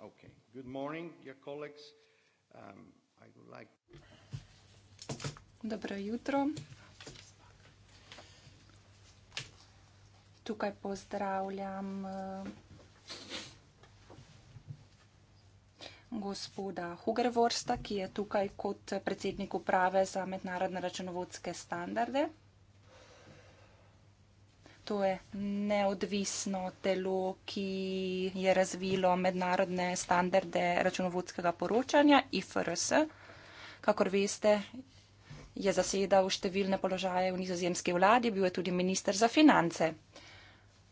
Okay. Good morning, dear colleagues. Um, I would like. Dobro jutro. Tukaj pozdravljam eh, gospoda Hugervorsta, ki je tukaj kot predsednik uprave za mednarodne računovodske standarde. To je neodvisno telo, ki je razvilo mednarodne standarde računovodskega poročanja IFRS. Kakor veste, je zasedal številne položaje v nizozemski vladi, bil je tudi minister za finance.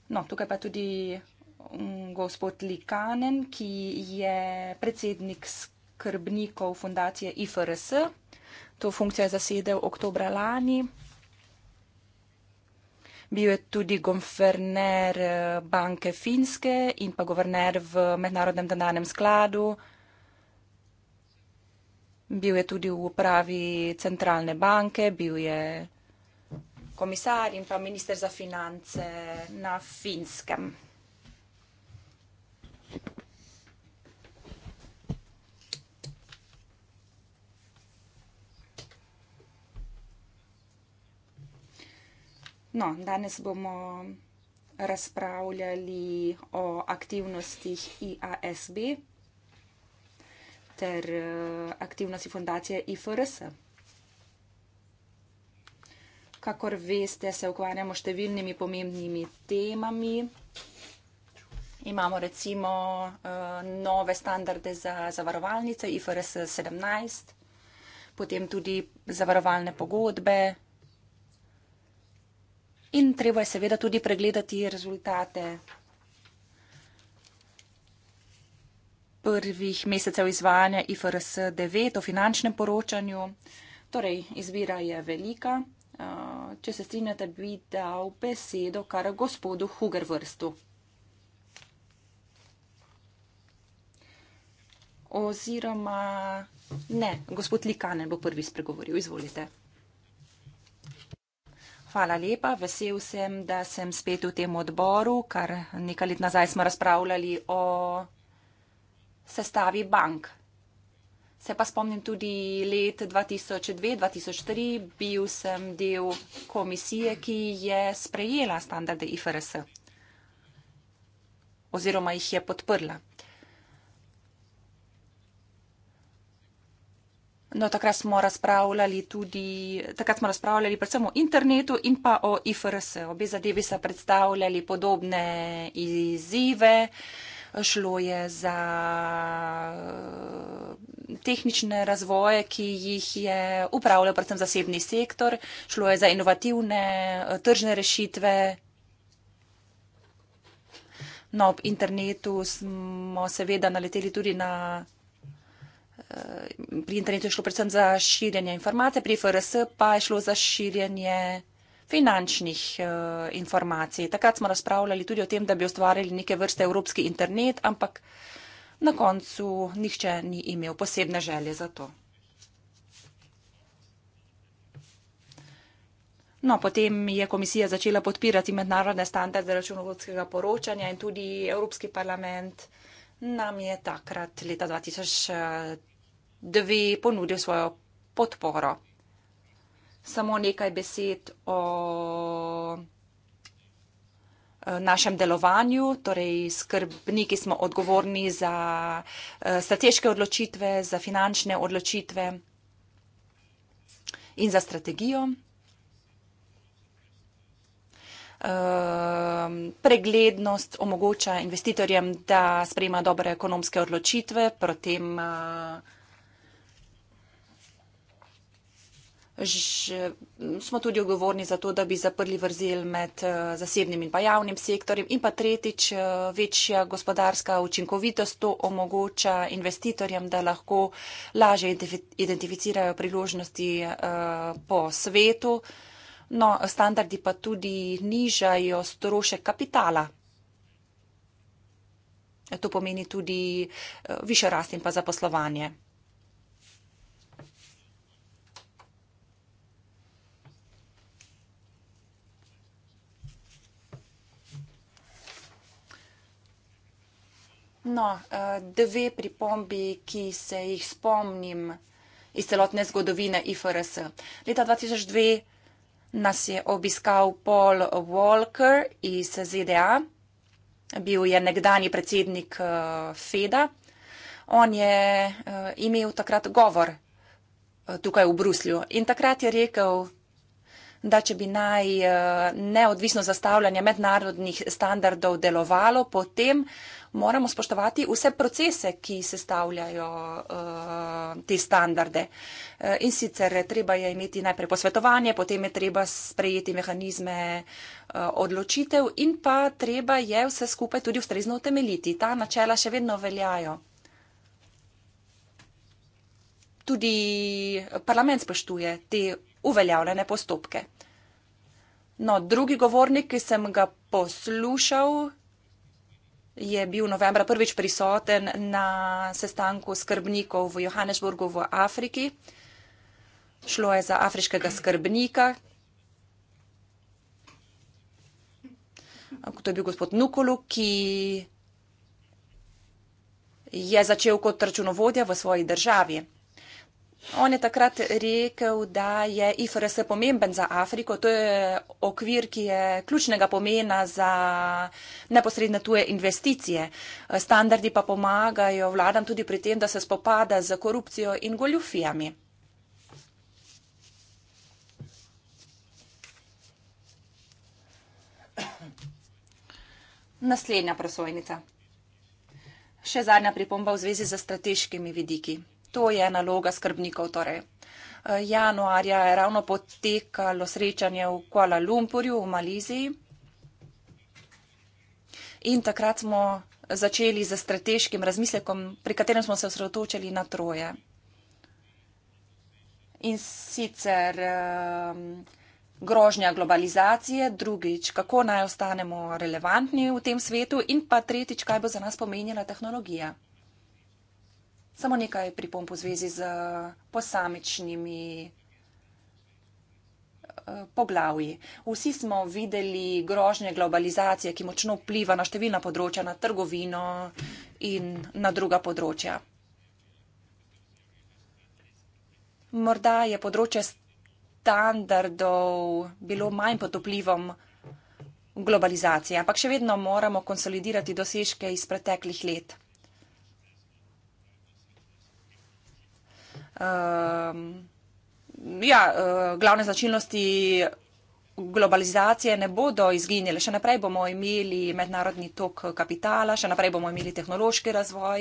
No, tukaj pa tudi mm, gospod Likanen, ki je predsednik skrbnikov fundacije IFRS. To funkcijo je zasedel oktober lani. Bil je tudi gonferner eh, banke Finske in pa gonferner v mednarodnem denarnem skladu. Bil je tudi v upravi centralne banke, bil je komisar in pa minister za finance na Finskem. No, danes bomo razpravljali o aktivnostih IASB ter eh, aktivnosti fundacije IFRS. Kakor veste, se ukvarjamo številnimi pomembnimi temami. Imamo recimo eh, nove standarde za zavarovalnice IFRS 17, potem tudi zavarovalne pogodbe IFRS in treba je seveda tudi pregledati rezultate prvih mesecev izvajanja IFRS 9 o finančnem poročanju. Torej, izbira je velika. Če se strinjate, bi dal besedo kar gospodu Hugervrstu. Oziroma, ne, gospod Likanen bo prvi spregovoril. Izvolite. Hvala lepa. Vesel sem, da sem spet v tem odboru, kar nekaj let nazaj smo razpravljali o sestavi bank. Se pa spomnim tudi let 2002-2003, bil sem del komisije, ki je sprejela standarde IFRS oziroma jih je podprla. No, takrat smo razpravljali tudi, takrat smo razpravljali predvsem o internetu in pa o IFRS. Obe zadevi so predstavljali podobne izzive. Šlo je za eh, tehnične razvoje, ki jih je upravljal predvsem zasebni sektor, šlo je za inovativne eh, tržne rešitve. No, ob internetu smo seveda naleteli tudi na pri internetu je šlo predvsem za širjenje informacije, pri FRS pa je šlo za širjenje finančnih eh, informacij. Takrat smo razpravljali tudi o tem, da bi ustvarili neke vrste evropski internet, ampak na koncu nihče ni imel posebne želje za to. No, potem je komisija začela podpirati mednarodne standarde računovodskega poročanja in tudi Evropski parlament nam je takrat leta 2013 da bi ponudil svojo podporo. Samo nekaj besed o eh, našem delovanju, torej skrbniki smo odgovorni za eh, strateške odločitve, za finančne odločitve in za strategijo. Ehm, preglednost omogoča investitorjem, da sprejema dobre ekonomske odločitve, potem že, mm, smo tudi odgovorni za to, da bi zaprli vrzel med eh, zasebnim in pa javnim sektorjem. In pa tretjič, eh, večja gospodarska učinkovitost to omogoča investitorjem, da lahko laže identificirajo priložnosti eh, po svetu. No, standardi pa tudi nižajo strošek kapitala. To pomeni tudi višjo rast in pa zaposlovanje. No, eh, dve pripombi, ki se jih spomnim iz celotne zgodovine IFRS. Leta 2002 nas je obiskal Paul Walker iz ZDA, bil je nekdani predsednik eh, FEDA. On je eh, imel takrat govor tukaj v Bruslju in takrat je rekel, da če bi naj neodvisno zastavljanje mednarodnih standardov delovalo, potem moramo spoštovati vse procese, ki sestavljajo uh, te standarde. Uh, in sicer treba je imeti najprej posvetovanje, potem je treba sprejeti mehanizme uh, odločitev in pa treba je vse skupaj tudi ustrezno utemeljiti. Ta načela še vedno veljajo. Tudi parlament spoštuje te uveljavljene postopke. No, drugi govornik, ki sem ga poslušal, je bil novembra prvič prisoten na sestanku skrbnikov v Johannesburgu v Afriki. Šlo je za afriškega skrbnika. To je bil gospod Nukulu, ki je začel kot računovodja v svoji državi. On je takrat rekel, da je IFRS pomemben za Afriko, to je okvir, ki je ključnega pomena za neposredne tuje investicije. Standardi pa pomagajo vladam tudi pri tem, da se spopada z korupcijo in goljufijami. Naslednja prosojnica. Še zadnja pripomba v zvezi z strateškimi vidiki. To je naloga skrbnikov. Torej. Eh, januarja je ravno potekalo srečanje v Kuala Lumpurju v Maliziji in takrat smo začeli z strateškim razmislekom, pri katerem smo se osredotočili na troje. In sicer ehm, grožnja globalizacije, drugič, kako naj ostanemo relevantni v tem svetu in pa tretjič, kaj bo za nas pomenila tehnologija samo nekaj pripomp v zvezi z eh, posamičnimi eh, poglavji. Vsi smo videli grožnje globalizacije, ki močno vpliva na številna področja, na trgovino in na druga področja. Morda je področje standardov bilo manj pod vplivom globalizacije, ampak še vedno moramo konsolidirati dosežke iz preteklih let. Ehm, ja, eh, glavne značilnosti globalizacije ne bodo izginjale. Še naprej bomo imeli mednarodni tok kapitala, še naprej bomo imeli tehnološki razvoj.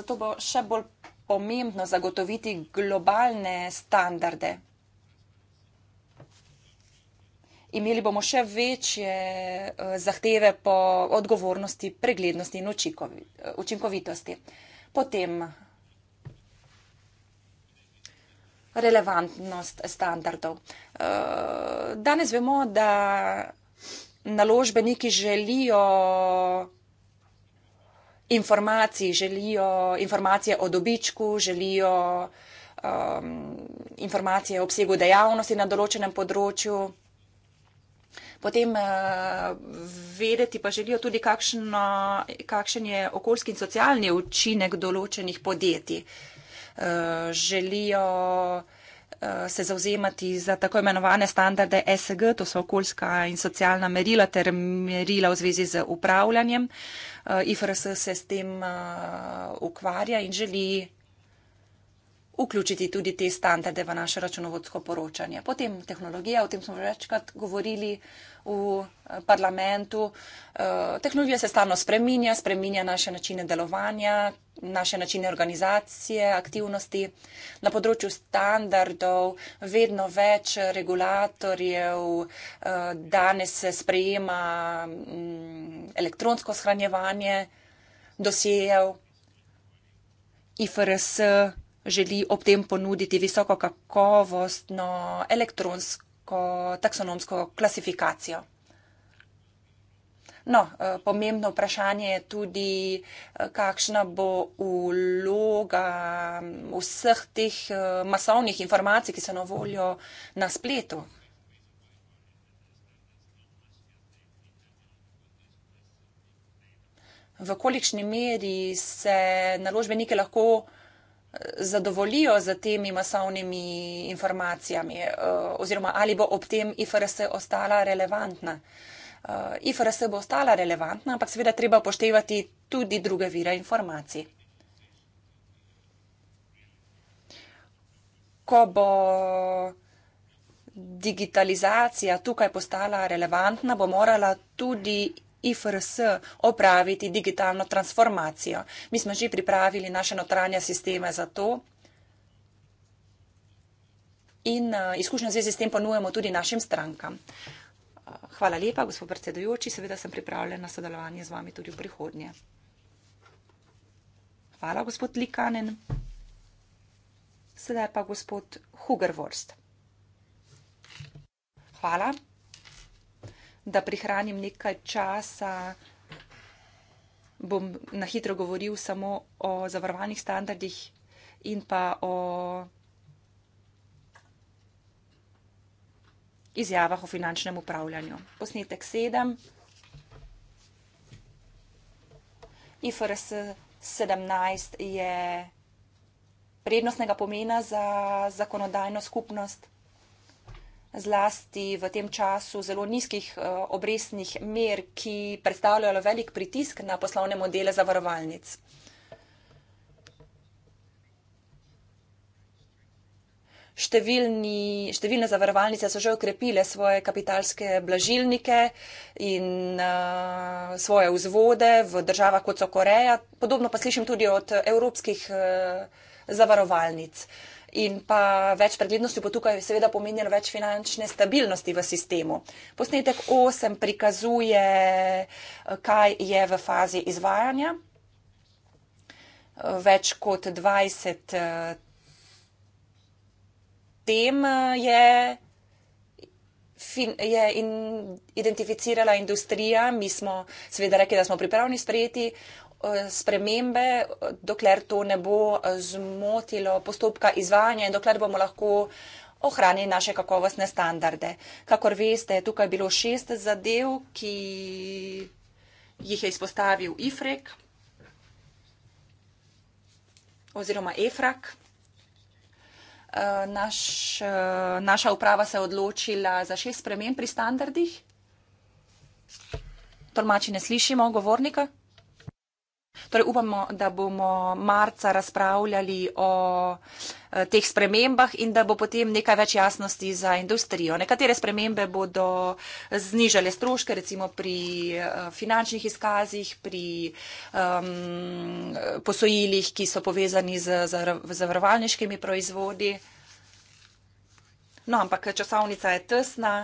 Zato bo še bolj pomembno zagotoviti globalne standarde imeli bomo še večje eh, zahteve po odgovornosti, preglednosti in eh, učinkovitosti. Potem relevantnost standardov. Eh, danes vemo, da naložbeniki želijo informacij, želijo informacije o dobičku, želijo um, informacije o obsegu dejavnosti na določenem področju potem eh, vedeti pa želijo tudi, kakšno, kakšen je okoljski in socialni učinek določenih podjetij. Eh, želijo eh, se zauzemati za tako imenovane standarde SG, to so okoljska in socialna merila ter merila v zvezi z upravljanjem. IFRS se s tem ukvarja in želi vključiti tudi te standarde v naše računovodsko poročanje. Potem tehnologija, o tem smo večkrat govorili v eh, parlamentu. Eh, tehnologija se stalno spreminja, spreminja naše načine delovanja, naše načine organizacije, aktivnosti. Na področju standardov vedno več regulatorjev, eh, danes se sprejema mm, elektronsko shranjevanje dosijev, IFRS, želi ob tem ponuditi visoko kakovostno elektronsko taksonomsko klasifikacijo. No, eh, pomembno vprašanje je tudi, eh, kakšna bo vloga vseh teh eh, masovnih informacij, ki so na voljo na spletu. V kolikšni meri se naložbenike lahko vloga, zadovoljijo z temi masovnimi informacijami eh, oziroma ali bo ob tem IFRS ostala relevantna. Eh, IFRS bo ostala relevantna, ampak seveda treba upoštevati tudi druge vire informacij. Ko bo digitalizacija tukaj postala relevantna, bo morala tudi IFRS opraviti digitalno transformacijo. Mi smo že pripravili naše notranje sisteme za to. In eh, izkušnje v zvezi s tem ponujemo tudi našim strankam. Eh, hvala lepa, gospod predsedujoči. Seveda sem pripravljen na sodelovanje z vami tudi v prihodnje. Hvala, gospod Likanen. Sedaj pa gospod Hugervorst. Hvala da prihranim nekaj časa, bom na hitro govoril samo o zavarovalnih standardih in pa o izjavah o finančnem upravljanju. Posnetek 7. IFRS 17 je prednostnega pomena za zakonodajno skupnost zlasti v tem času zelo nizkih eh, obrestnih mer, ki predstavljajo velik pritisk na poslovne modele zavarovalnic. Številni, številne zavarovalnice so že ukrepile svoje kapitalske blažilnike in uh, svoje vzvode v državah kot so Koreja. Podobno pa slišim tudi od evropskih uh, zavarovalnic. Uh, in pa več preglednosti bo tukaj seveda pomenilo več finančne stabilnosti v sistemu. Posnetek 8 prikazuje, eh, kaj je v fazi izvajanja. Eh, več kot 20 eh, tem je, je in identificirala industrija. Mi smo seveda rekli, da smo pripravljeni sprejeti Eh, spremembe, dokler to ne bo eh, zmotilo postopka izvajanja in dokler bomo lahko ohranili naše kakovostne standarde. Kakor veste, tukaj je bilo šest zadev, ki jih je izpostavil IFREK oziroma EFRAK. Eh, naš, naša uprava se je odločila za šest sprememb pri standardih. Tolmači ne slišimo govornika. Torej upamo, da bomo marca razpravljali o eh, teh spremembah in da bo potem nekaj več jasnosti za industrijo. Nekatere spremembe bodo znižale stroške, recimo pri eh, finančnih izkazih, pri um, posojilih, ki so povezani z zavarovalniškimi proizvodi. No, ampak časovnica je tesna.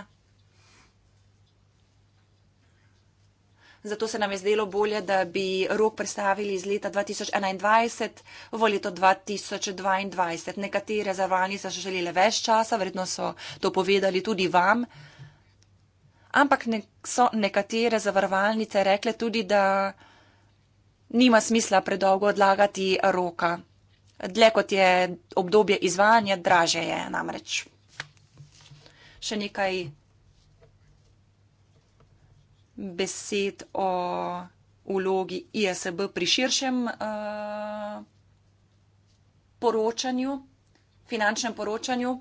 zato se nam je zdelo bolje, da bi rok predstavili iz leta 2021 v leto 2022. Nekatere zavarovalnice so želele več časa, verjetno so to povedali tudi vam, ampak ne, so nekatere zavarovalnice rekle tudi, da nima smisla predolgo odlagati roka. Dle kot je obdobje izvajanja, draže je namreč. Še nekaj besed o vlogi ISB pri širšem uh, poročanju, finančnem poročanju.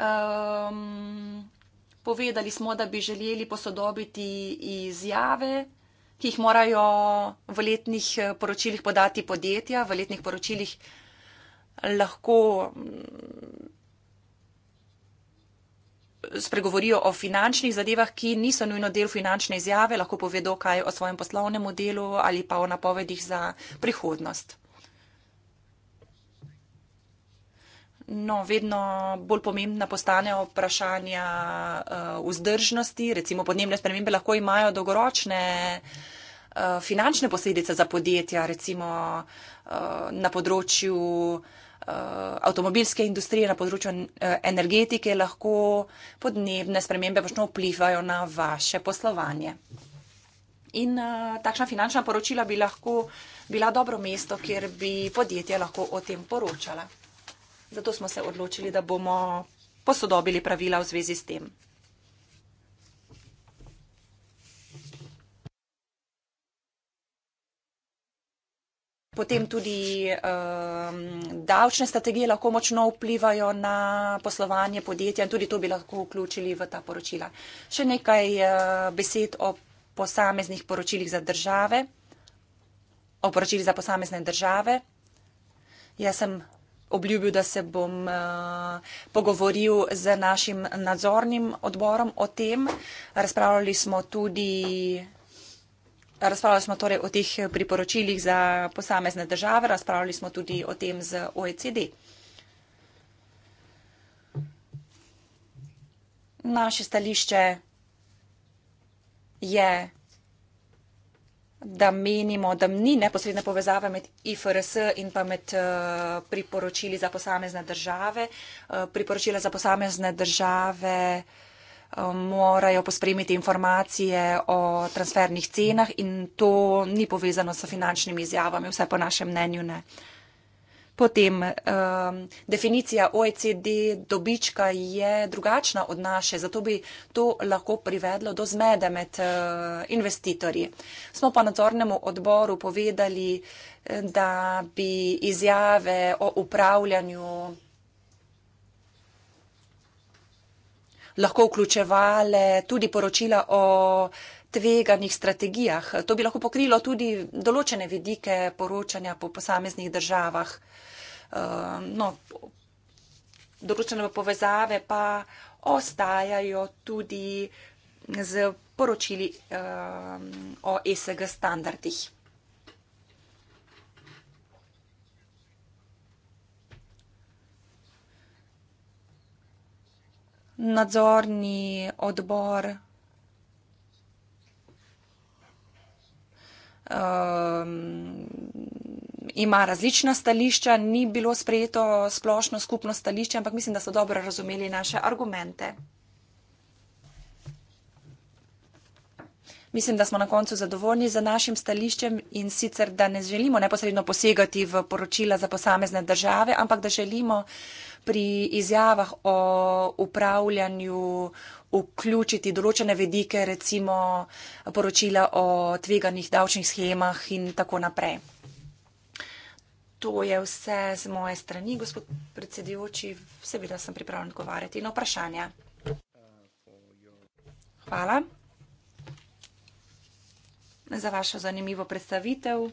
Um, povedali smo, da bi želeli posodobiti izjave, ki jih morajo v letnih eh, poročilih podati podjetja, v letnih poročilih lahko. Um, spregovorijo o finančnih zadevah, ki niso nujno del finančne izjave, lahko povedo kaj o svojem poslovnem modelu ali pa o napovedih za prihodnost. No, vedno bolj pomembna postanejo vprašanja eh, vzdržnosti, uh, recimo podnebne spremembe lahko imajo dolgoročne uh, finančne posledice za podjetja, recimo uh, na področju uh, Eh, avtomobilske industrije, na področju eh, energetike, lahko podnebne spremembe počno vplivajo na vaše poslovanje. In uh, takšna finančna poročila bi lahko bila dobro mesto, kjer bi podjetja lahko o tem poročala. Zato smo se odločili, da bomo posodobili pravila v zvezi s tem. potem tudi um, davčne strategije lahko močno vplivajo na poslovanje podjetja in tudi to bi lahko vključili v ta poročila. Še nekaj uh, besed o posameznih poročilih za države, o poročilih za posamezne države. Jaz sem obljubil, da se bom uh, pogovoril z našim nadzornim odborom o tem. Razpravljali smo tudi Razpravljali smo torej o teh priporočilih za posamezne države, razpravljali smo tudi o tem z OECD. Naše stališče je, da menimo, da ni neposredne povezave med IFRS in pa med eh, priporočili za posamezne države. Eh, priporočila za posamezne države morajo pospremiti informacije o transfernih cenah in to ni povezano s finančnimi izjavami, vse po našem mnenju ne. Potem, um, definicija OECD dobička je drugačna od naše, zato bi to lahko privedlo do zmede med uh, investitorji. Smo pa nadzornemu odboru povedali, eh, da bi izjave o upravljanju lahko vključevale tudi poročila o tveganih strategijah. To bi lahko pokrilo tudi določene vidike poročanja po posameznih državah. Ehm, no, določene povezave pa ostajajo tudi z poročili ehm, o ESG standardih. nadzorni odbor um, ima različna stališča, ni bilo sprejeto splošno skupno stališče, ampak mislim, da so dobro razumeli naše argumente. Mislim, da smo na koncu zadovoljni z za našim stališčem in sicer, da ne želimo neposredno posegati v poročila za posamezne države, ampak da želimo uh, pri izjavah o upravljanju vključiti določene vedike, recimo poročila o tveganih davčnih schemah in tako naprej. To je vse z moje strani, gospod predsedujoči. Seveda sem pripravljen odgovarjati na vprašanja. Hvala za vašo zanimivo predstavitev.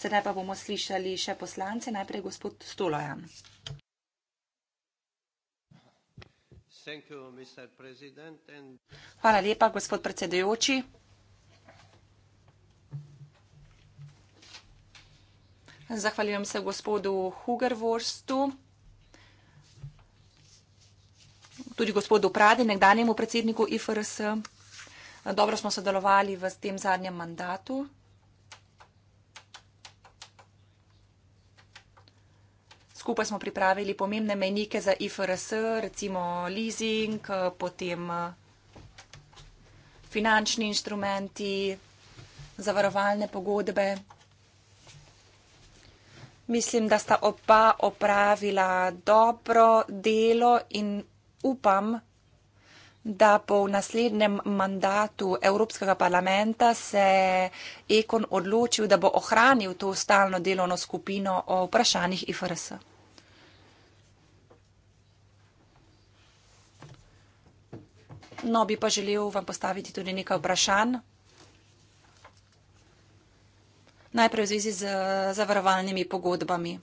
Sedaj pa bomo slišali še poslance, najprej gospod Stolojan. Hvala lepa, gospod predsedujoči. Zahvaljujem se gospodu Hugervorstu, tudi gospodu Pradi, nekdanjemu predsedniku IFRS. Dobro smo sodelovali v tem zadnjem mandatu. Skupaj smo pripravili pomembne menike za IFRS, recimo leasing, eh, potem eh, finančni instrumenti, zavarovalne pogodbe. Mislim, da sta oba opravila dobro delo in upam, da da po naslednjem mandatu Evropskega parlamenta se Ekon odločil, da bo ohranil to stalno delovno skupino o vprašanjih IFRS. No, bi pa želel vam postaviti tudi nekaj vprašanj. Najprej v zvezi z zavarovalnimi pogodbami.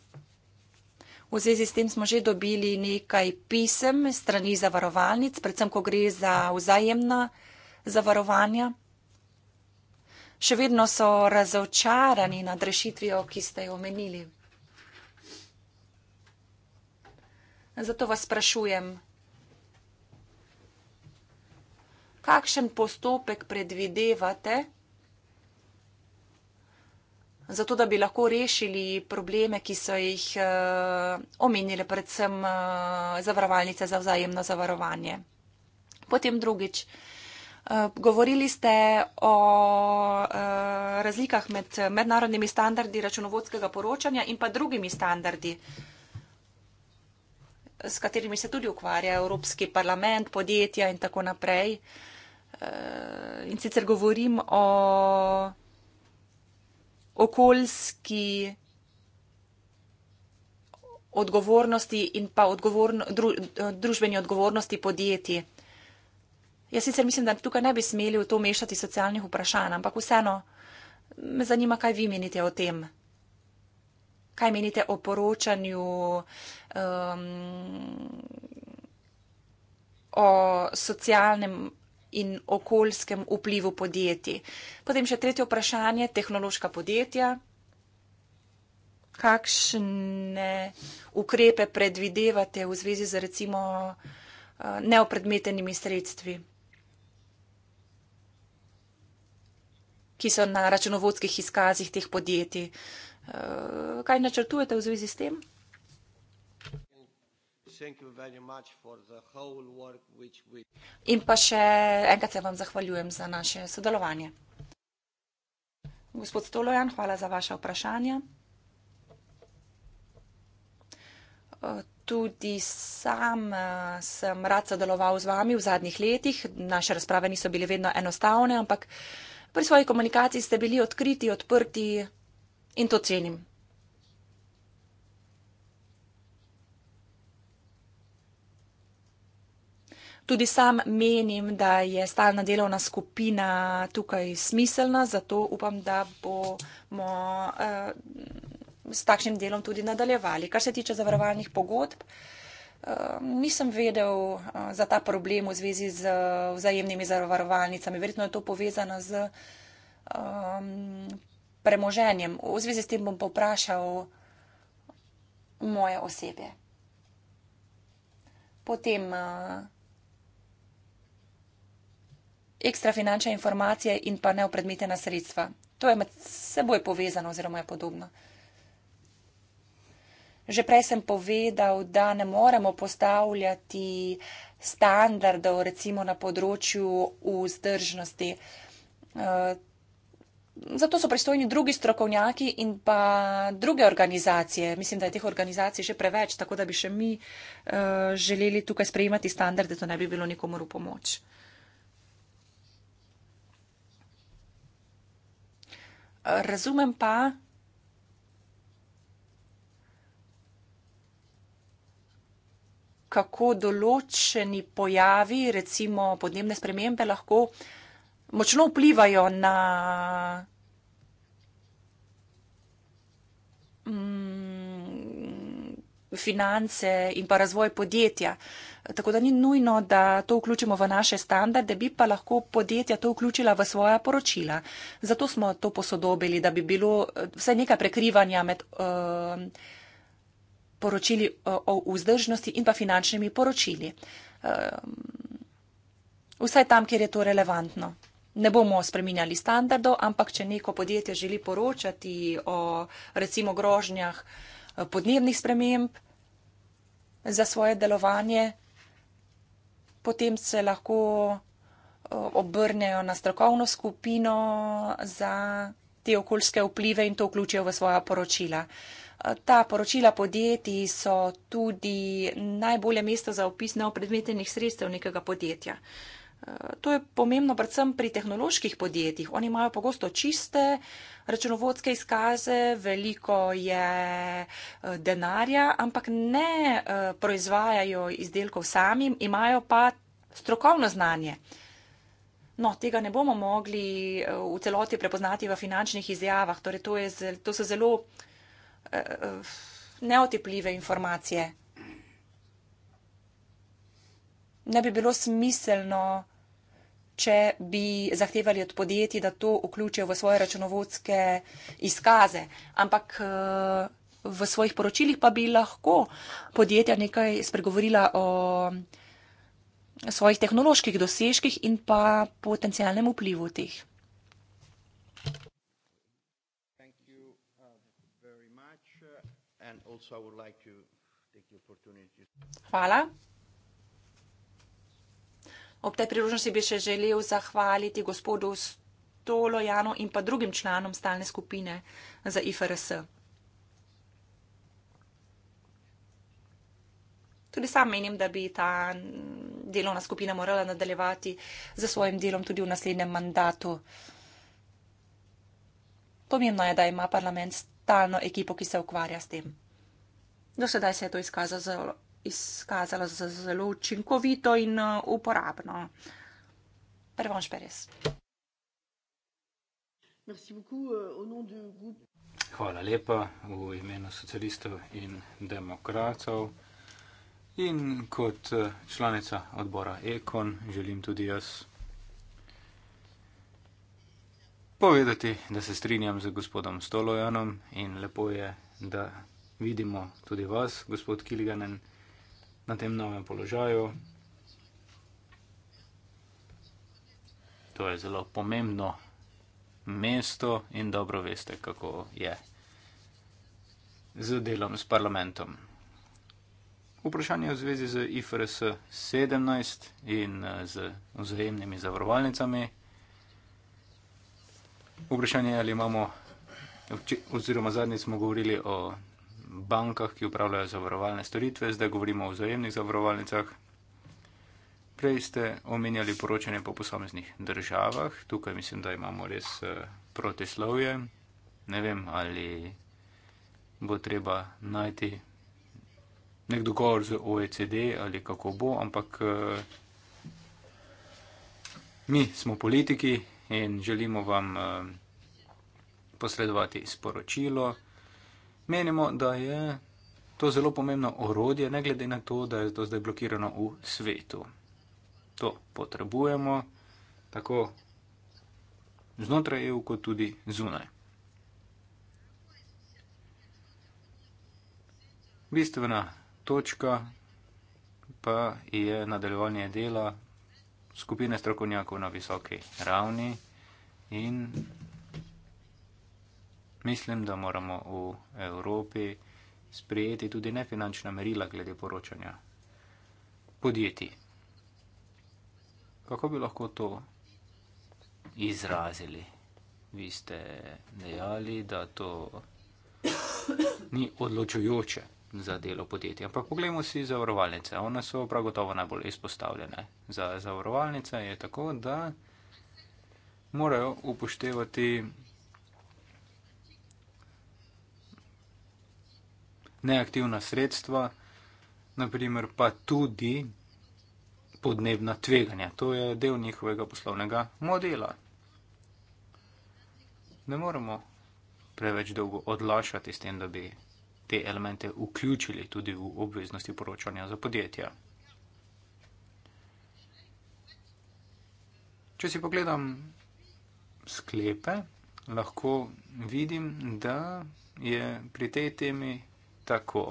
V zvezi s tem smo že dobili nekaj pisem strani zavarovalnic, predvsem, ko gre za vzajemna zavarovanja. Še vedno so razočarani nad rešitvijo, ki ste jo omenili. Zato vas sprašujem, kakšen postopek predvidevate? zato da bi lahko rešili probleme, ki so jih uh, omenile predvsem uh, zavarovalnice za vzajemno zavarovanje. Potem drugič, uh, govorili ste o uh, razlikah med mednarodnimi standardi računovodskega poročanja in pa drugimi standardi, s katerimi se tudi ukvarja Evropski parlament, podjetja in tako naprej. Uh, in sicer govorim o okoljski odgovornosti in pa odgovorn, dru, družbeni odgovornosti podjetij. Jaz sicer mislim, da tukaj ne bi smeli v to mešati socialnih vprašanj, ampak vseeno me zanima, kaj vi menite o tem. Kaj menite o poročanju, um, o socialnem in okoljskem vplivu podjetij. Potem še tretje vprašanje, tehnološka podjetja. Kakšne ukrepe predvidevate v zvezi z recimo eh, neopredmetenimi sredstvi, ki so na računovodskih izkazih teh podjetij? Eh, kaj načrtujete v zvezi s tem? In pa še enkrat se vam zahvaljujem za naše sodelovanje. Gospod Stolojan, hvala za vaše vprašanje. Tudi sam eh, sem rad sodeloval z vami v zadnjih letih. Naše razprave niso bile vedno enostavne, ampak pri svoji komunikaciji ste bili odkriti, odprti in to cenim. Tudi sam menim, da je stalna delovna skupina tukaj smiselna, zato upam, da bomo eh, s takšnim delom tudi nadaljevali. Kar se tiče zavarovalnih pogodb, eh, nisem vedel eh, za ta problem v zvezi z vzajemnimi zavarovalnicami. Verjetno je to povezano z premoženjem. V zvezi s tem bom poprašal moje osebe. Potem uh, ekstra finančne informacije in pa neopredmetena sredstva. To je med seboj povezano oziroma je podobno. Že prej sem povedal, da ne moremo postavljati standardov recimo na področju vzdržnosti. Eh, zato so pristojni drugi strokovnjaki in pa druge organizacije. Mislim, da je teh organizacij že preveč, tako da bi še mi uh, želeli tukaj sprejemati standarde, da to ne bi bilo nikomu v pomoč. razumem pa, kako določeni pojavi, recimo podnebne spremembe, lahko močno vplivajo na mm, finance in pa razvoj podjetja. Uh, Tako da ni nujno, da to vključimo v naše standarde, bi pa lahko podjetja to vključila v svoja poročila. Zato smo to posodobili, da bi bilo eh, vsaj nekaj prekrivanja med uh, poročili eh, o vzdržnosti in pa finančnimi poročili. Uh, vsaj tam, kjer je to relevantno. Ne bomo spreminjali standardov, ampak če neko podjetje želi poročati o recimo grožnjah podnebnih sprememb za svoje delovanje, potem se lahko eh, obrnejo na strokovno skupino za te okoljske vplive in to vključijo v svoja poročila. Eh, ta poročila podjetij so tudi najbolje mesto za opis neopredmetenih sredstev nekega podjetja. Uh, To je pomembno predvsem pri tehnoloških podjetjih. Oni imajo pogosto čiste računovodske izkaze, veliko je eh, denarja, ampak ne eh, proizvajajo izdelkov samim, imajo pa strokovno znanje. No, tega ne bomo mogli eh, v celoti prepoznati v finančnih izjavah. Torej, to, je, to so zelo neotepljive informacije ne bi bilo smiselno, če bi zahtevali od podjetij, da to vključijo v svoje računovodske izkaze. Ampak eh, v svojih poročilih pa bi lahko podjetja nekaj spregovorila o svojih tehnoloških dosežkih in pa potencijalnem vplivu teh. Uh, uh, Hvala. Ob tej priložnosti bi še želel zahvaliti gospodu Stolojanu in pa drugim članom stalne skupine za IFRS. Tudi sam menim, da bi ta delovna skupina morala nadaljevati za svojim delom tudi v naslednjem mandatu. Pomembno je, da ima parlament stalno ekipo, ki se ukvarja s tem. Do sedaj se je to izkazalo izkazalo za zelo učinkovito in eh, uporabno. Prvo šperes. Eh, Hvala lepa v imenu socialistov in demokratov. In kot eh, članica odbora Ekon želim tudi jaz povedati, da se strinjam z gospodom Stolojanom in lepo je, da vidimo tudi vas, gospod Kiliganen na tem novem položaju. To je zelo pomembno mesto in dobro veste, kako je z delom s parlamentom. Vprašanje v zvezi z IFRS 17 in z vzajemnimi zavarovalnicami. Vprašanje je, ali imamo, oziroma zadnji smo govorili o bankah, ki upravljajo zavarovalne storitve, zdaj govorimo o vzajemnih zavarovalnicah. Prej ste omenjali poročanje po posameznih državah, tukaj mislim, da imamo res eh, protislovje. Ne vem, ali bo treba najti nek dogovor z OECD ali kako bo, ampak eh, mi smo politiki in želimo vam eh, posredovati sporočilo. Menimo, da je to zelo pomembno orodje, ne glede na to, da je to zdaj blokirano v svetu. To potrebujemo tako znotraj EU, kot tudi zunaj. Bistvena točka pa je nadaljevanje dela skupine strokovnjakov na visoki ravni in Mislim, da moramo v Evropi sprejeti tudi nefinančna merila glede poročanja podjetij. Kako bi lahko to izrazili? Vi ste dejali, da to ni odločujoče za delo podjetja. Ampak poglejmo si zavarovalnice. One so prav gotovo najbolj izpostavljene. Za zavarovalnice je tako, da morajo upoštevati neaktivna sredstva, naprimer pa tudi podnebna tveganja. To je del njihovega poslovnega modela. Ne moremo preveč dolgo odlašati s tem, da bi te elemente vključili tudi v obveznosti poročanja za podjetja. Če si pogledam sklepe, lahko vidim, da je pri tej temi tako.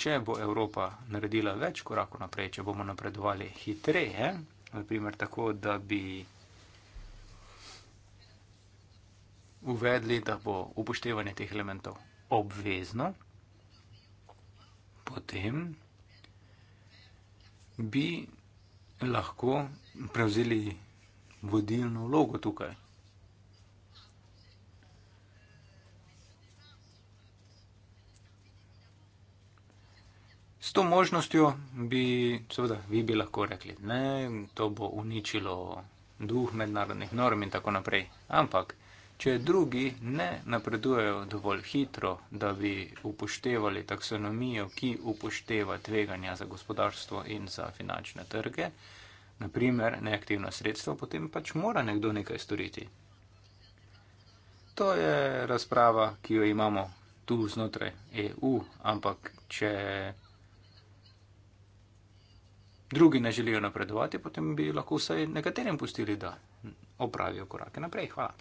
Če bo Evropa naredila več korakov naprej, če bomo napredovali hitreje, naprimer tako, da bi uvedli, da bo upoštevanje teh elementov obvezno, potem bi lahko prevzeli vodilno vlogo tukaj. S to možnostjo bi, seveda, vi bi lahko rekli, ne, to bo uničilo duh mednarodnih norm in tako naprej. Ampak, če drugi ne napredujejo dovolj hitro, da bi upoštevali taksonomijo, ki upošteva tveganja za gospodarstvo in za finančne trge, naprimer neaktivna sredstva, potem pač mora nekdo nekaj storiti. To je razprava, ki jo imamo tu znotraj EU, ampak če drugi ne želijo napredovati, potem bi lahko vsaj nekaterim pustili, da opravijo korake naprej. Hvala.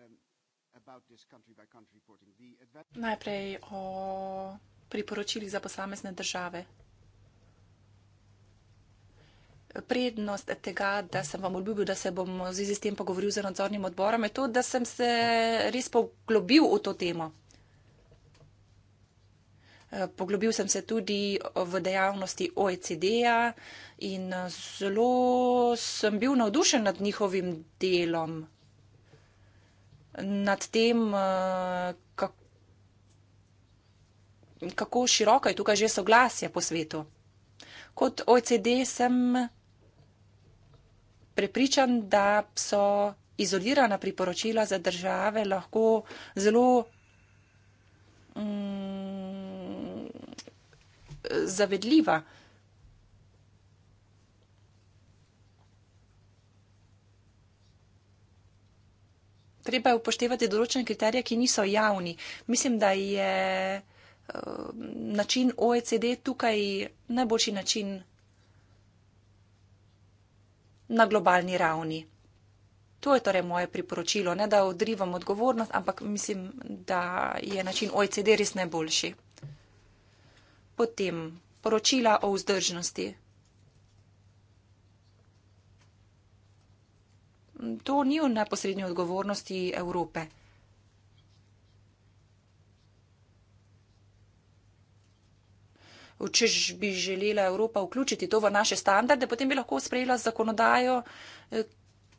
Um, Najprej o priporočilih za posamezne države prednost tega, da sem vam obljubil, da se bom z istim pogovoril z nadzornim odborom, je to, da sem se res poglobil v to temo. Eh, poglobil sem se tudi v dejavnosti OECD-ja in zelo sem bil navdušen nad njihovim delom, nad tem, eh, kako široko je tukaj že soglasje po svetu. Kot OECD sem prepričan, da so izolirana priporočila za države lahko zelo mm, zavedljiva. Treba je upoštevati določene kriterije, ki niso javni. Mislim, da je uh, način OECD tukaj najboljši način na globalni ravni. To je torej moje priporočilo, ne da odrivam odgovornost, ampak mislim, da je način OECD res najboljši. Potem poročila o vzdržnosti. To ni v neposrednji odgovornosti Evrope. če bi želela Evropa vključiti to v naše standarde, potem bi lahko sprejela zakonodajo, eh,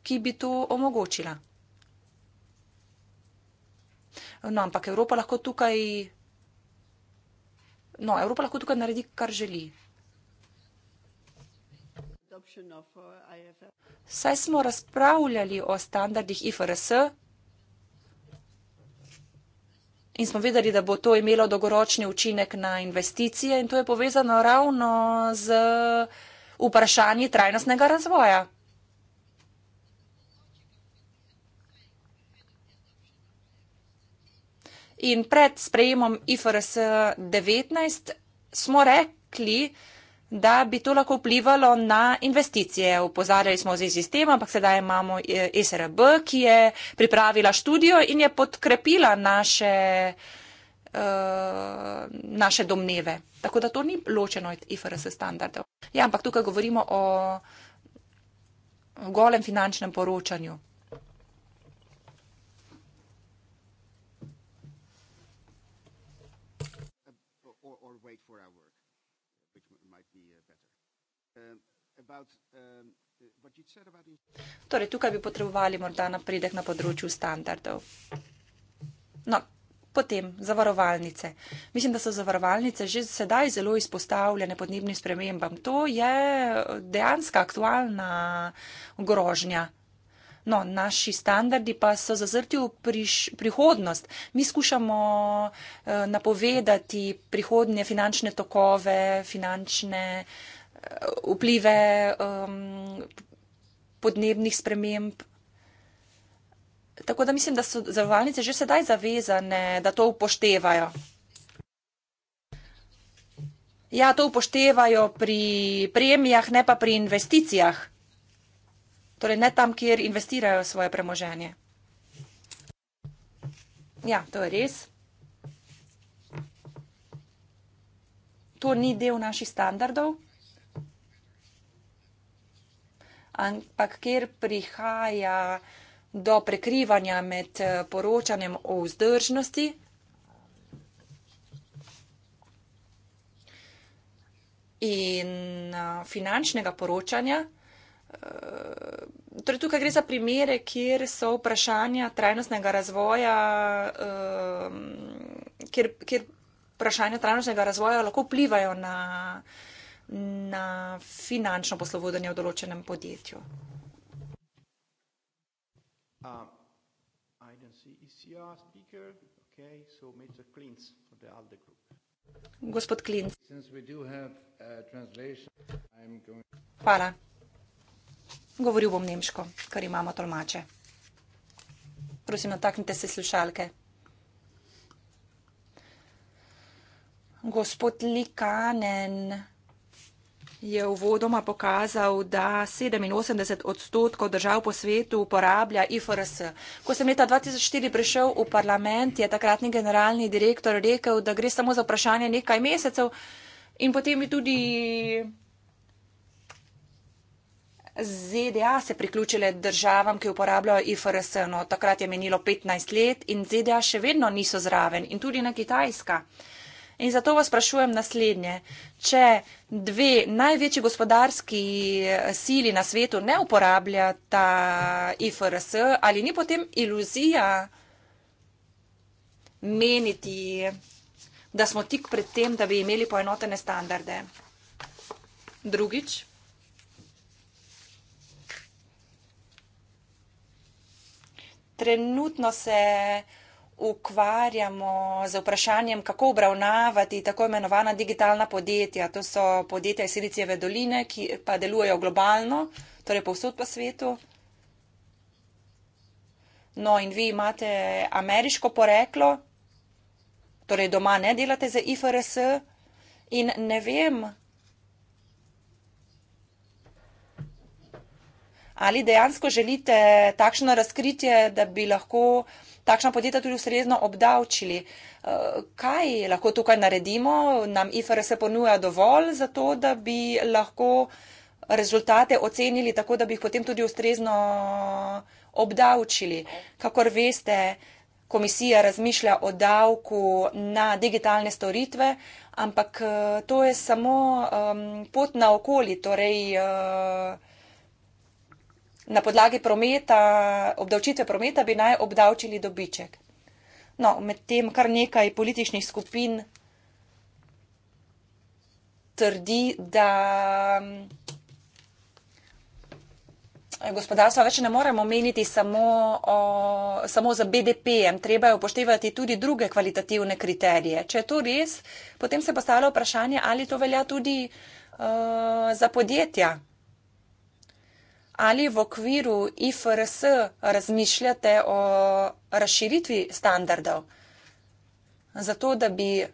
ki bi to omogočila. No, ampak Evropa lahko tukaj. No, Evropa lahko tukaj naredi, kar želi. Saj smo razpravljali o standardih IFRS, in smo vedeli, da bo to imelo dolgoročni učinek na investicije in to je povezano ravno z vprašanji trajnostnega razvoja. In pred sprejemom IFRS 19 smo rekli, da bi to lahko vplivalo na investicije. Upozarjali smo z izistem, ampak sedaj imamo eh, SRB, ki je pripravila študijo in je podkrepila naše, uh, naše domneve. Tako da to ni ločeno od IFRS standardov. Ja, ampak tukaj govorimo o golem finančnem poročanju. Um, uh, torej, tukaj bi potrebovali morda napredek na področju standardov. No, potem zavarovalnice. Mislim, da so zavarovalnice že sedaj zelo izpostavljene podnebnim spremembam. To je dejansko aktualna grožnja. No, naši standardi pa so zazrti v priš, prihodnost. Mi skušamo eh, napovedati prihodnje finančne tokove, finančne. Eh, vplive um, podnebnih sprememb. Tako da mislim, da so zavarovalnice že sedaj zavezane, da to upoštevajo. Ja, to upoštevajo pri premijah, ne pa pri investicijah. Torej, ne tam, kjer investirajo svoje premoženje. Ja, to je res. To ni del naših standardov. ampak kjer prihaja do prekrivanja med eh, poročanjem o vzdržnosti. In eh, finančnega poročanja. Eh, torej tukaj gre za primere, kjer so vprašanja trajnostnega razvoja, kjer, kjer vprašanja trajnostnega razvoja lahko vplivajo na, na finančno poslovodanje v določenem podjetju. Uh, e Gospod Klinc. Uh, Hvala. Govoril bom nemško, ker imamo tolmače. Prosim, nataknite se slušalke. Gospod Likanen je uvodoma pokazal, da 87 odstotkov držav po svetu uporablja IFRS. Ko sem leta 2004 prišel v parlament, je takratni generalni direktor rekel, da gre samo za vprašanje nekaj mesecev in potem je tudi ZDA se priključile državam, ki uporabljajo IFRS. No, takrat je menilo 15 let in ZDA še vedno niso zraven in tudi na Kitajska. In zato vas sprašujem naslednje. Če dve največji gospodarski eh, sili na svetu ne uporabljata IFRS, ali ni potem iluzija meniti, da smo tik pred tem, da bi imeli poenotene standarde? Drugič. Trenutno se ukvarjamo z vprašanjem, kako obravnavati tako imenovana digitalna podjetja. To so podjetja iz Silicijeve doline, ki pa delujejo globalno, torej povsod po svetu. No, in vi imate ameriško poreklo, torej doma ne delate za IFRS in ne vem, ali dejansko želite takšno razkritje, da bi lahko takšna podjetja tudi ustrezno obdavčili. Eh, kaj lahko tukaj naredimo? Nam IFRS ponuja dovolj za to, da bi lahko rezultate ocenili tako, da bi jih potem tudi ustrezno obdavčili. Kakor veste, komisija razmišlja o davku na digitalne storitve, ampak eh, to je samo um, pot na okoli. Torej, uh, na podlagi prometa, obdavčitve prometa bi naj obdavčili dobiček. No, medtem kar nekaj političnih skupin trdi, da mm, gospodarstva več ne moremo meniti samo, o, samo za BDP-em, treba je upoštevati tudi druge kvalitativne kriterije. Če je to res, potem se postavlja vprašanje, ali to velja tudi uh, za podjetja ali v okviru IFRS razmišljate o razširitvi standardov, zato da bi uh,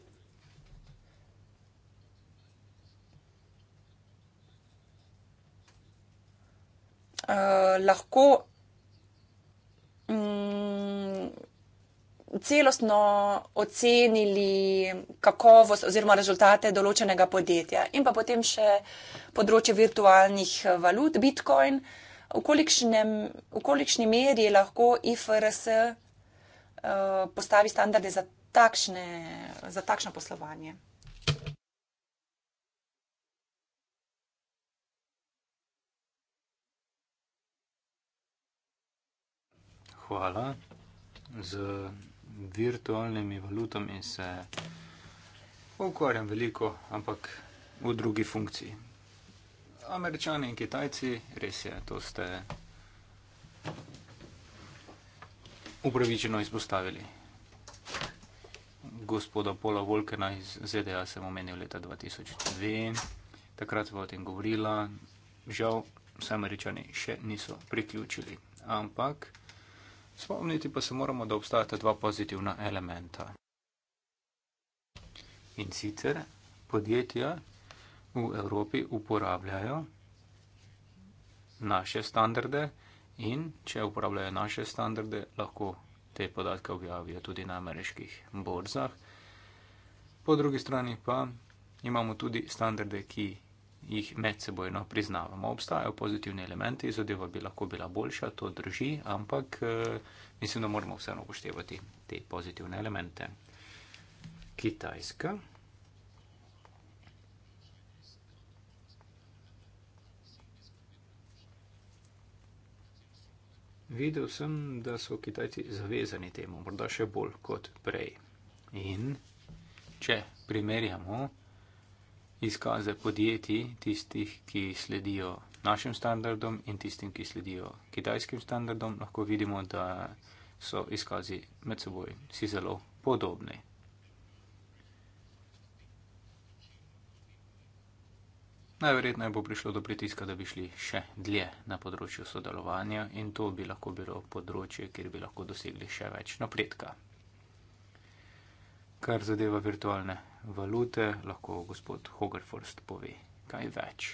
lahko um, celostno ocenili kakovost oziroma rezultate določenega podjetja in pa potem še področje virtualnih eh, valut, bitcoin, v kolikšni meri lahko IFRS eh, postavi standarde za, takšne, za takšno poslovanje. Hvala za virtualnimi valutami in se ukvarjam veliko, ampak v drugi funkciji. Američani in Kitajci, res je, to ste upravičeno izpostavili. Gospoda Paula Volkena iz ZDA sem omenil leta 2002, takrat sem o tem govorila, žal se Američani še niso priključili, ampak Spomniti pa se moramo, da obstajata dva pozitivna elementa. In sicer podjetja v Evropi uporabljajo naše standarde in če uporabljajo naše standarde, lahko te podatke objavijo tudi na ameriških borzah. Po drugi strani pa imamo tudi standarde, ki jih medsebojno priznavamo. Obstajajo pozitivni elementi, zadeva bi lahko bila boljša, to drži, ampak eh, mislim, da moramo vseeno upoštevati te pozitivne elemente. Kitajska. Videl sem, da so Kitajci zavezani temu, morda še bolj kot prej. In če primerjamo izkaze podjetij, tistih, ki sledijo našim standardom in tistim, ki sledijo kitajskim standardom, lahko vidimo, da so izkazi med seboj vsi zelo podobni. Najverjetneje bo prišlo do pritiska, da bi šli še dlje na področju sodelovanja in to bi lahko bilo področje, kjer bi lahko dosegli še več napredka. Kar zadeva virtualne valute, lahko gospod Hogarforst pove kaj več.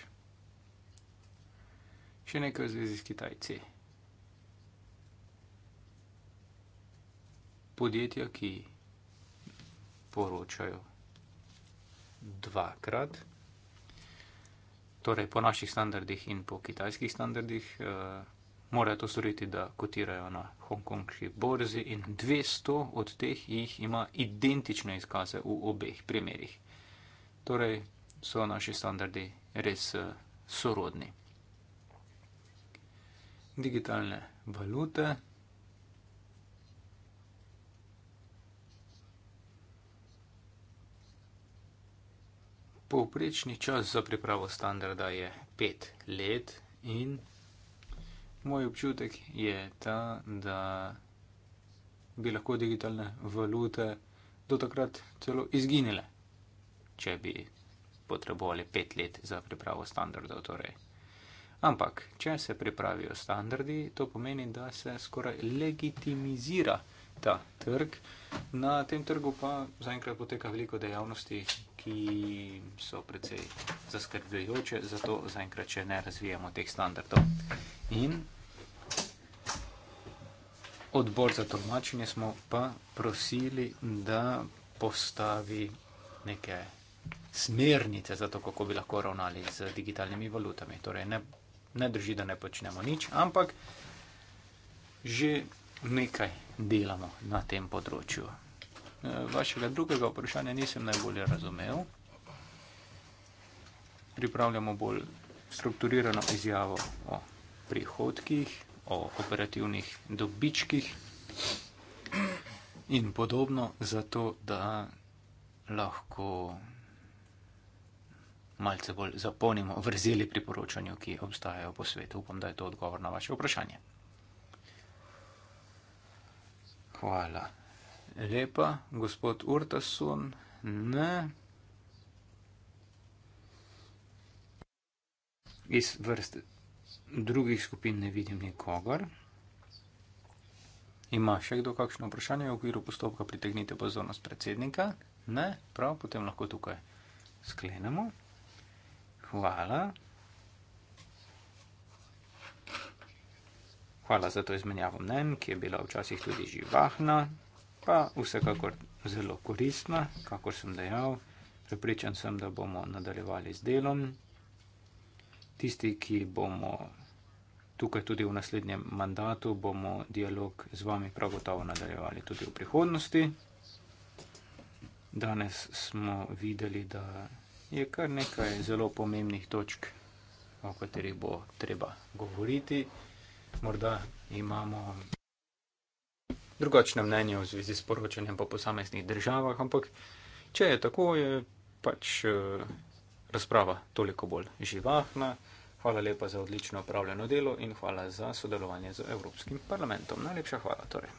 Še nekaj v zvezi s Kitajci. Podjetja, ki poročajo dvakrat, torej po naših standardih in po kitajskih standardih, uh, morajo to storiti, da kotirajo na hongkonški borzi in 200 od teh jih ima identične izkaze v obeh primerjih. Torej so naši standardi res eh, sorodni. Digitalne valute. Povprečni čas za pripravo standarda je 5 let in Moj občutek je ta, da bi lahko digitalne valute do takrat celo izginile, če bi potrebovali pet let za pripravo standardov. Torej. Ampak, če se pripravijo standardi, to pomeni, da se skoraj legitimizira ta trg. Na tem trgu pa zaenkrat poteka veliko dejavnosti, ki so precej zaskrbljujoče, zato zaenkrat še ne razvijamo teh standardov in odbor za tolmačenje smo pa prosili, da postavi neke smernice za to, kako bi lahko ravnali z digitalnimi valutami. Torej, ne, ne drži, da ne počnemo nič, ampak že nekaj delamo na tem področju. E, vašega drugega vprašanja nisem najbolj razumel. Pripravljamo bolj strukturirano izjavo o prihodkih, o operativnih dobičkih in podobno, zato da lahko malce bolj zapolnimo vrzeli priporočanju, ki obstajajo po svetu. Upam, da je to odgovor na vaše vprašanje. Hvala. Lepa, gospod Urtasun. Ne. Iz vrste drugih skupin ne vidim nikogar. Ima še kdo kakšno vprašanje v okviru postopka, pritegnite pozornost predsednika? Ne, prav, potem lahko tukaj sklenemo. Hvala. Hvala za to izmenjavo mnen, ki je bila včasih tudi živahna, pa vsekakor zelo koristna, kakor sem dejal. Prepričan sem, da bomo nadaljevali z delom. Tisti, ki bomo tukaj tudi v naslednjem mandatu bomo dialog z vami prav gotovo nadaljevali tudi v prihodnosti. Danes smo videli, da je kar nekaj zelo pomembnih točk, o katerih bo treba govoriti. Morda imamo drugačne mnenje v zvezi s poročanjem po posameznih državah, ampak če je tako, je pač eh, razprava toliko bolj živahna. Hvala lepa za odlično opravljeno delo in hvala za sodelovanje z Evropskim parlamentom. Najlepša hvala. Torej.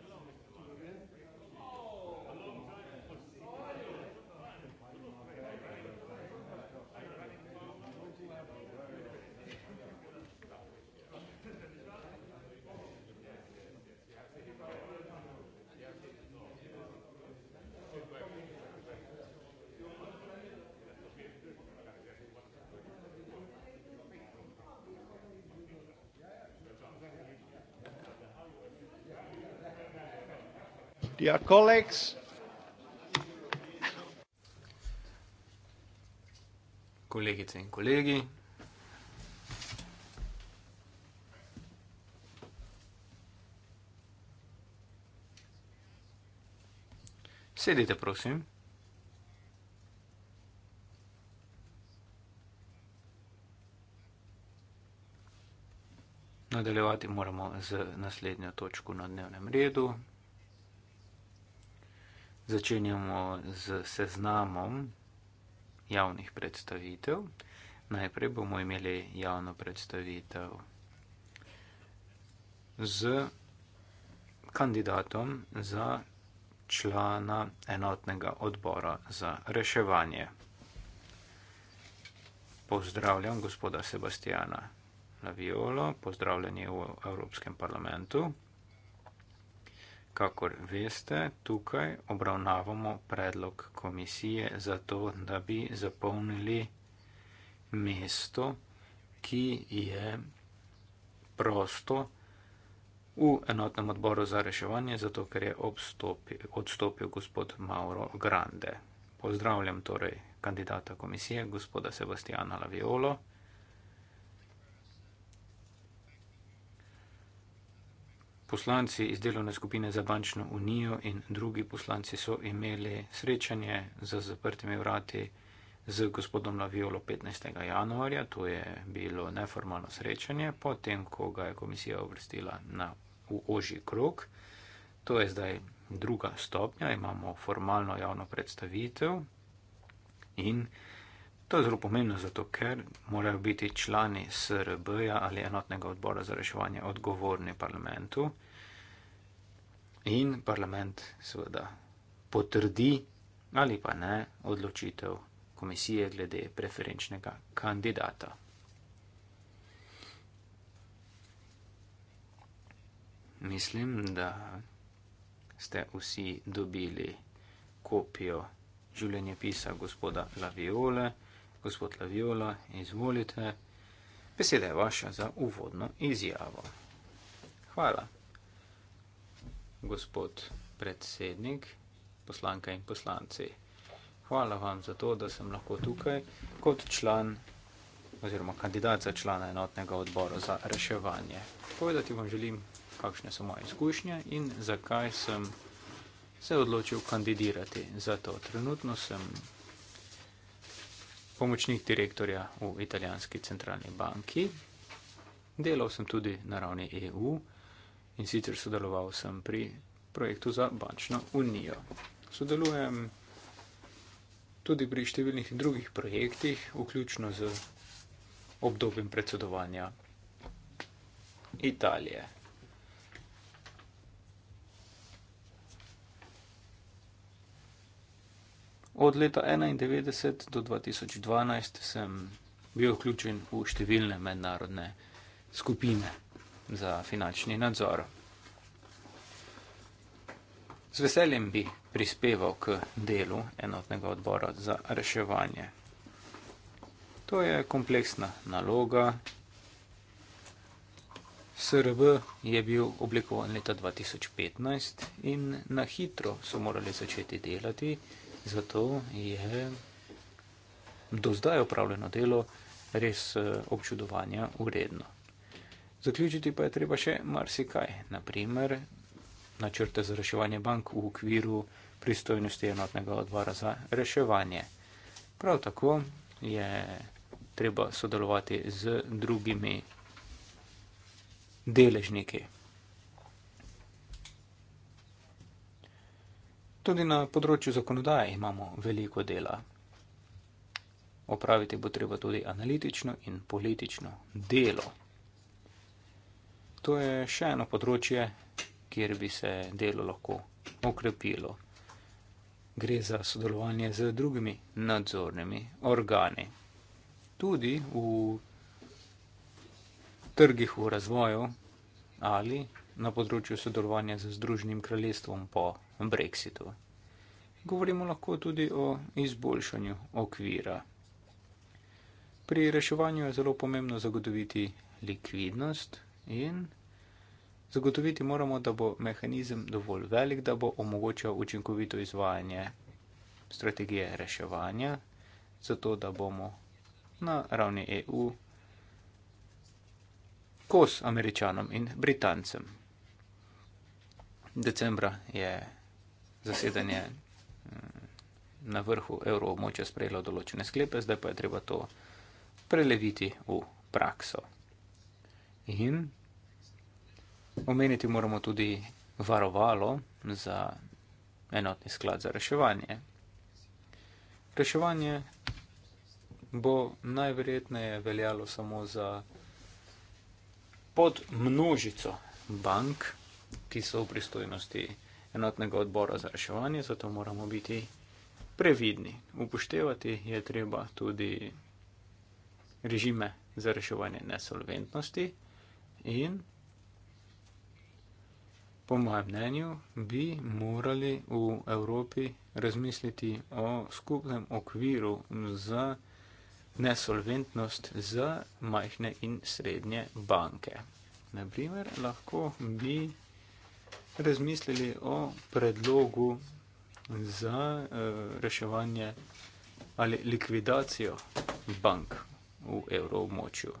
Dear colleagues, kolegice in kolegi, sedite, prosim. Nadaljevati moramo z naslednjo točko na dnevnem redu. Začenjamo z seznamom javnih predstavitev. Najprej bomo imeli javno predstavitev z kandidatom za člana enotnega odbora za reševanje. Pozdravljam gospoda Sebastiana Laviolo, pozdravljanje v Evropskem parlamentu. Kakor veste, tukaj obravnavamo predlog komisije za to, da bi zapolnili mesto, ki je prosto v enotnem odboru za reševanje, zato ker je obstopi, odstopil gospod Mauro Grande. Pozdravljam torej kandidata komisije, gospoda Sebastiana Laviolo. poslanci iz delovne skupine za bančno unijo in drugi poslanci so imeli srečanje z zaprtimi vrati z gospodom Laviolo 15. januarja. To je bilo neformalno srečanje, potem ko ga je komisija uvrstila na oži krok. To je zdaj druga stopnja, imamo formalno javno predstavitev in To je zelo pomembno, zato ker morajo biti člani SRB-ja ali enotnega odbora za reševanje odgovorni parlamentu in parlament seveda potrdi ali pa ne odločitev komisije glede preferenčnega kandidata. Mislim, da ste vsi dobili kopijo življenjepisa gospoda Laviole gospod Laviola, izvolite. Beseda je vaša za uvodno izjavo. Hvala. Gospod predsednik, poslanke in poslanci, hvala vam za to, da sem lahko tukaj kot član oziroma kandidat za člana enotnega odbora za reševanje. Povedati vam želim, kakšne so moje izkušnje in zakaj sem se odločil kandidirati. Zato trenutno sem pomočnik direktorja v italijanski centralni banki. Delal sem tudi na ravni EU in sicer sodeloval sem pri projektu za bančno unijo. Sodelujem tudi pri številnih drugih projektih, vključno z obdobjem predsedovanja Italije. Od leta 1991 do 2012 sem bil vključen v številne mednarodne skupine za finančni nadzor. Z veseljem bi prispeval k delu enotnega odbora za reševanje. To je kompleksna naloga. SRB je bil oblikovan leta 2015 in na hitro so morali začeti delati. Zato je do zdaj opravljeno delo res eh, občudovanja uredno. Zaključiti pa je treba še marsikaj, naprimer načrte za reševanje bank v okviru pristojnosti enotnega odvara za reševanje. Prav tako je treba sodelovati z drugimi deležniki. Tudi na področju zakonodaje imamo veliko dela. Opraviti bo treba tudi analitično in politično delo. To je še eno področje, kjer bi se delo lahko okrepilo. Gre za sodelovanje z drugimi nadzornimi organi. Tudi v trgih v razvoju ali na področju sodelovanja z Združenim kraljestvom po Brexitu. Govorimo lahko tudi o izboljšanju okvira. Pri reševanju je zelo pomembno zagotoviti likvidnost in zagotoviti moramo, da bo mehanizem dovolj velik, da bo omogočal učinkovito izvajanje strategije reševanja, zato da bomo na ravni EU kos američanom in britancem decembra je zasedanje mm, na vrhu evroobmočja sprejelo določene sklepe, zdaj pa je treba to preleviti v prakso. In omeniti moramo tudi varovalo za enotni sklad za reševanje. Reševanje bo najverjetneje veljalo samo za pod množico bank, ki so v pristojnosti enotnega odbora za reševanje, zato moramo biti previdni. Upoštevati je treba tudi režime za reševanje nesolventnosti in po mojem mnenju bi morali v Evropi razmisliti o skupnem okviru za nesolventnost za majhne in srednje banke. Naprimer, lahko bi razmislili o predlogu za uh, reševanje ali likvidacijo bank v evroobmočju.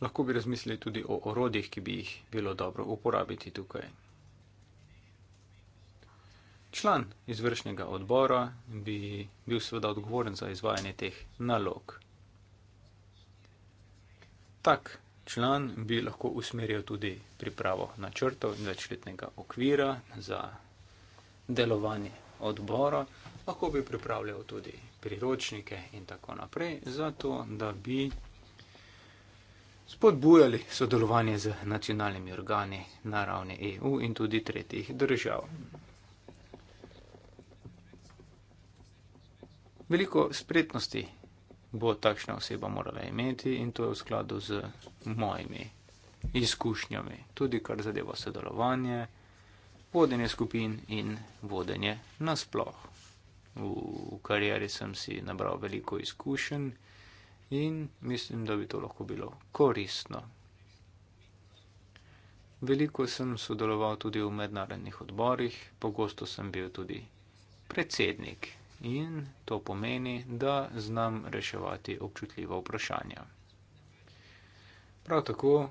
Lahko bi razmislili tudi o orodjih, ki bi jih bilo dobro uporabiti tukaj. Član izvršnega odbora bi bil seveda odgovoren za izvajanje teh nalog. Tak član bi lahko usmerjal tudi pripravo načrtov in večletnega okvira za delovanje odbora, lahko bi pripravljal tudi priročnike in tako naprej, zato da bi spodbujali sodelovanje z nacionalnimi organi na ravni EU in tudi tretjih držav. Veliko spretnosti bo takšna oseba morala imeti in to je v skladu z mojimi izkušnjami, tudi kar zadeva sodelovanje, vodenje skupin in vodenje nasploh. V karieri sem si nabral veliko izkušenj in mislim, da bi to lahko bilo koristno. Veliko sem sodeloval tudi v mednarodnih odborih, pogosto sem bil tudi predsednik in to pomeni, da znam reševati občutljiva vprašanja. Prav tako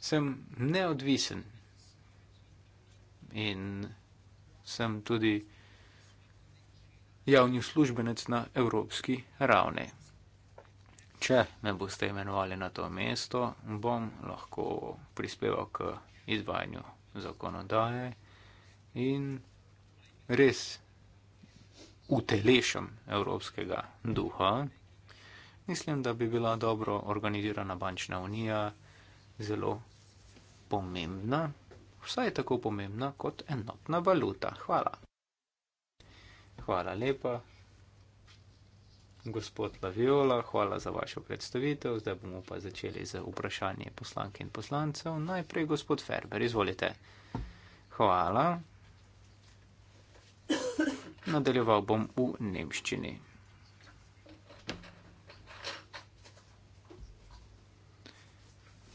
sem neodvisen in sem tudi javni službenec na evropski ravni. Če me boste imenovali na to mesto, bom lahko prispeval k izvajanju zakonodaje in res utelešam evropskega duha. Mislim, da bi bila dobro organizirana bančna unija zelo pomembna, vsaj tako pomembna kot enotna valuta. Hvala. Hvala lepa, gospod Laviola, hvala za vašo predstavitev. Zdaj bomo pa začeli z vprašanjem poslank in poslancev. Najprej gospod Ferber, izvolite. Hvala. Nadaljeval bom v nemščini.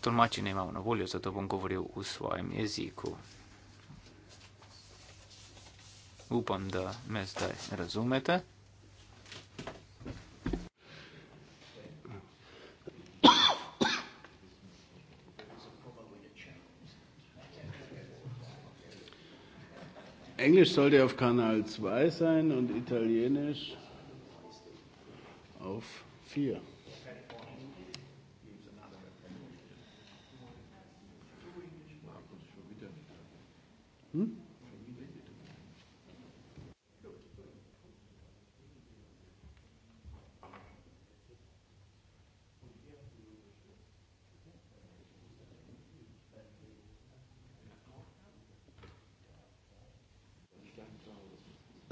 Tolmačenje imam na voljo, zato bom govoril v svojem jeziku. Upam, da me zdaj razumete. Englisch sollte auf Kanal 2 sein und Italienisch auf 4. Hm?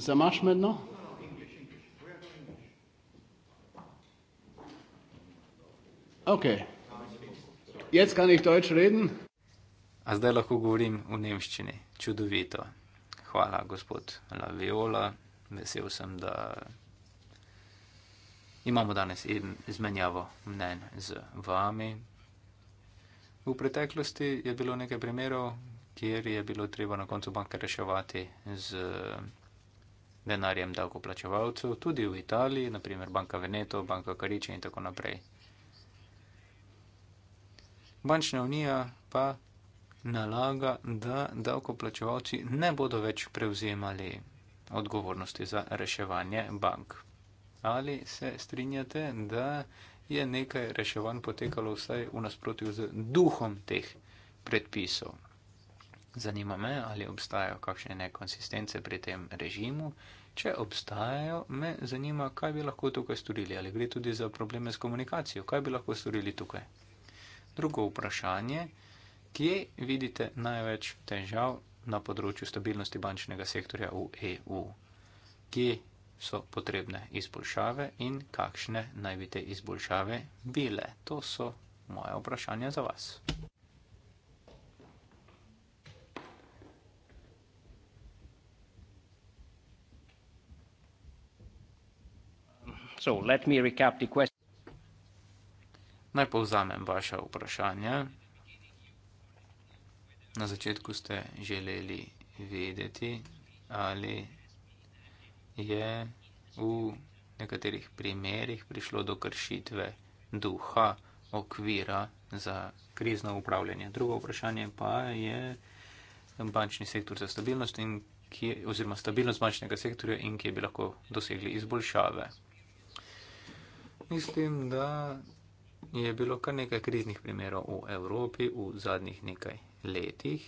Zamaš medno? Okay. Jetzt kann ich Deutsch reden. A zdaj lahko govorim v nemščini. Čudovito. Hvala, gospod Laviola. Vesel sem, da imamo danes izmenjavo mnen z vami. V preteklosti je bilo nekaj primerov, kjer je bilo treba na koncu banke reševati z denarjem davkoplačevalcev, tudi v Italiji, naprimer Banka Veneto, Banka Kariče in tako naprej. Bančna unija pa nalaga, da davkoplačevalci ne bodo več prevzemali odgovornosti za reševanje bank. Ali se strinjate, da je nekaj reševanj potekalo vsaj v nasprotju z duhom teh predpisov? Zanima me, ali obstajajo kakšne nekonsistence pri tem režimu. Če obstajajo, me zanima, kaj bi lahko tukaj storili, ali gre tudi za probleme s komunikacijo, kaj bi lahko storili tukaj. Drugo vprašanje, kje vidite največ težav na področju stabilnosti bančnega sektorja v EU? Kje so potrebne izboljšave in kakšne naj bi te izboljšave bile? To so moje vprašanja za vas. Naj povzamem vaše vprašanje. Na začetku ste želeli vedeti, ali je v nekaterih primerjih prišlo do kršitve duha okvira za krizno upravljanje. Drugo vprašanje pa je bančni sektor za stabilnost, in, kje, oziroma stabilnost bančnega sektorja in kje bi lahko dosegli izboljšave mislim, da je bilo kar nekaj kriznih primerov v Evropi v zadnjih nekaj letih.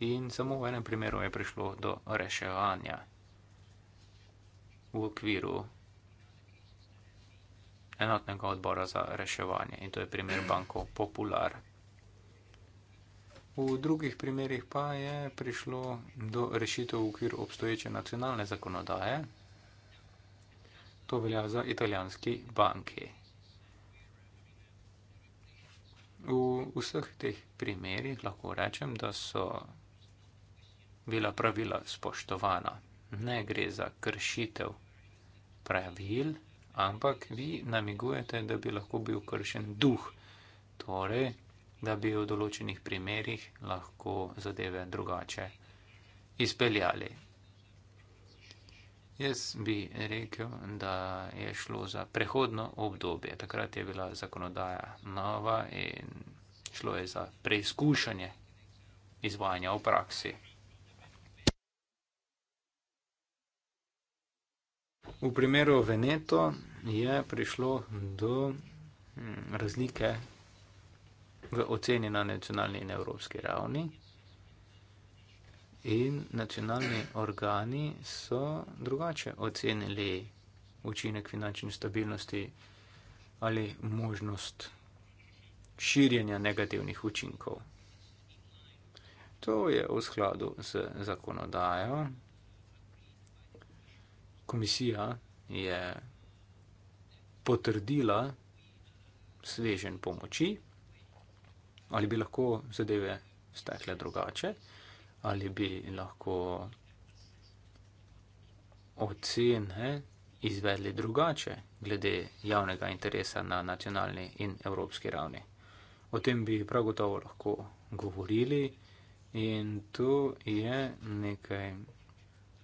In samo v enem primeru je prišlo do reševanja v okviru enotnega odbora za reševanje in to je primer banko Popular. V drugih primerih pa je prišlo do rešitev v okviru obstoječe nacionalne zakonodaje, to velja za italijanski banki. V vseh teh primerjih lahko rečem, da so bila pravila spoštovana. Ne gre za kršitev pravil, ampak vi namigujete, da bi lahko bil kršen duh, torej, da bi v določenih primerjih lahko zadeve drugače izpeljali. Jaz bi rekel, da je šlo za prehodno obdobje. Takrat je bila zakonodaja nova in šlo je za preizkušanje izvajanja v praksi. V primeru Veneto je prišlo do hm, razlike v oceni na nacionalni in evropski ravni. In nacionalni organi so drugače ocenili učinek finančne stabilnosti ali možnost širjenja negativnih učinkov. To je v skladu z zakonodajo. Komisija je potrdila svežen pomoči, ali bi lahko zadeve stekle drugače ali bi lahko ocene izvedli drugače glede javnega interesa na nacionalni in evropski ravni. O tem bi prav gotovo lahko govorili in to je nekaj,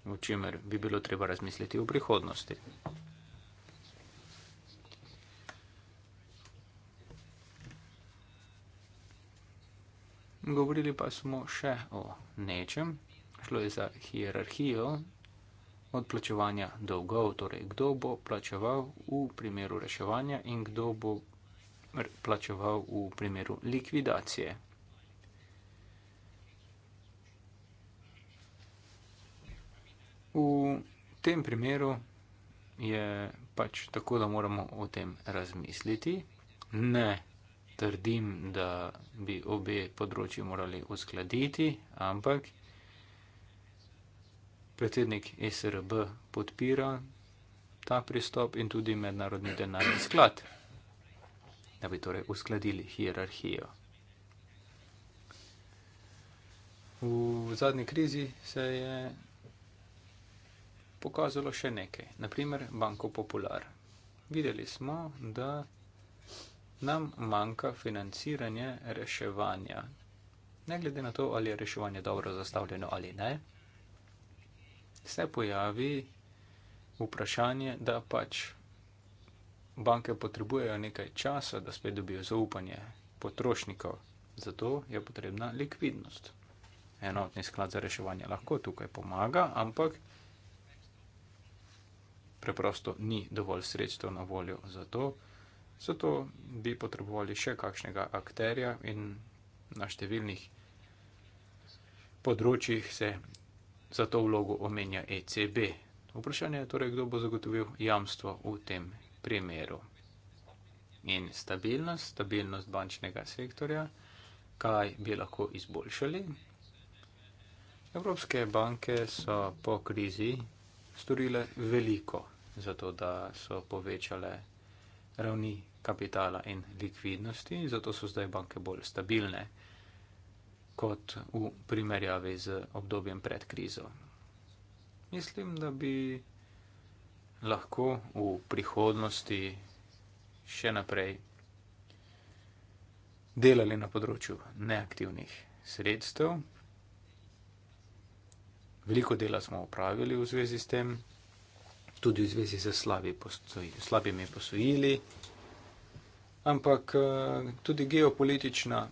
o čemer bi bilo treba razmisliti v prihodnosti. Govorili pa smo še o nečem, šlo je za hierarhijo odplačevanja dolgov, torej kdo bo plačeval v primeru reševanja in kdo bo plačeval v primeru likvidacije. V tem primeru je pač tako, da moramo o tem razmisliti. Ne trdim, da bi obe področji morali uskladiti, ampak predsednik SRB podpira ta pristop in tudi mednarodni denarni sklad, da bi torej uskladili hierarhijo. V zadnji krizi se je pokazalo še nekaj, naprimer Banko Popular. Videli smo, da nam manjka financiranje reševanja. Ne glede na to, ali je reševanje dobro zastavljeno ali ne, se pojavi vprašanje, da pač banke potrebujejo nekaj časa, da spet dobijo zaupanje potrošnikov. Zato je potrebna likvidnost. Enotni sklad za reševanje lahko tukaj pomaga, ampak preprosto ni dovolj sredstev na voljo za to. Zato bi potrebovali še kakšnega akterja in na številnih področjih se za to vlogo omenja ECB. Vprašanje je torej, kdo bo zagotovil jamstvo v tem primeru. In stabilnost, stabilnost bančnega sektorja, kaj bi lahko izboljšali. Evropske banke so po krizi storile veliko, zato da so povečale ravni kapitala in likvidnosti, zato so zdaj banke bolj stabilne kot v primerjavi z obdobjem pred krizo. Mislim, da bi lahko v prihodnosti še naprej delali na področju neaktivnih sredstev. Veliko dela smo upravili v zvezi s tem, tudi v zvezi z slabimi posojili ampak eh, tudi geopolitična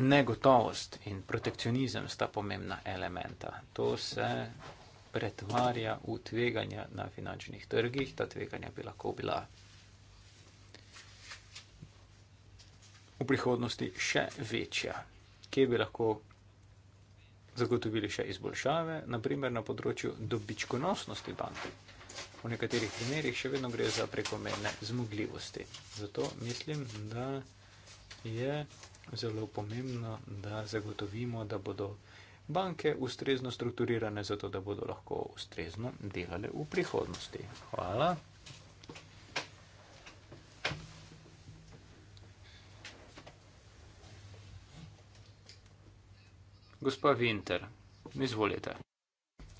negotovost in protekcionizem sta pomembna elementa. To se pretvarja v tveganja na finančnih trgih, ta tveganja bi lahko bila v prihodnosti še večja, kje bi lahko zagotovili še izboljšave, naprimer na področju dobičkonosnosti banke v nekaterih primerjih še vedno gre za prekomerne zmogljivosti. Zato mislim, da je zelo pomembno, da zagotovimo, da bodo banke ustrezno strukturirane, zato da bodo lahko ustrezno delale v prihodnosti. Hvala. Gospa Vinter, izvolite.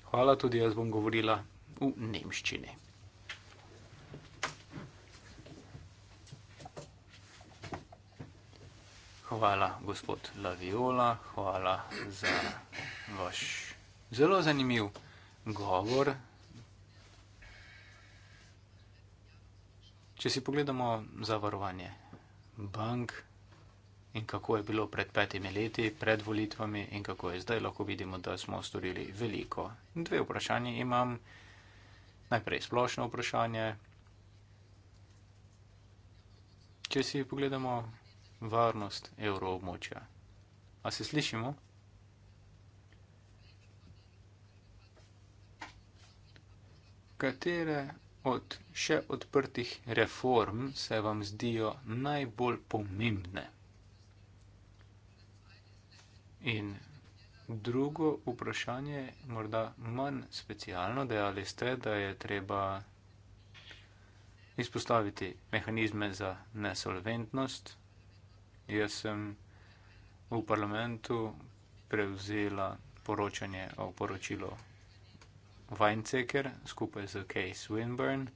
Hvala, tudi jaz bom govorila v nemščini. Hvala, gospod Laviola, hvala za vaš zelo zanimiv govor. Če si pogledamo zavarovanje bank in kako je bilo pred petimi leti, pred volitvami in kako je zdaj, lahko vidimo, da smo storili veliko. Dve vprašanje imam najprej splošno vprašanje. Če si pogledamo varnost evroobmočja, a se slišimo? Katere od še odprtih reform se vam zdijo najbolj pomembne? In Drugo vprašanje, morda manj specialno, dejali ste, da je treba izpostaviti mehanizme za nesolventnost. Jaz sem v parlamentu prevzela poročanje o poročilu Weinzeker skupaj z Case Winburn.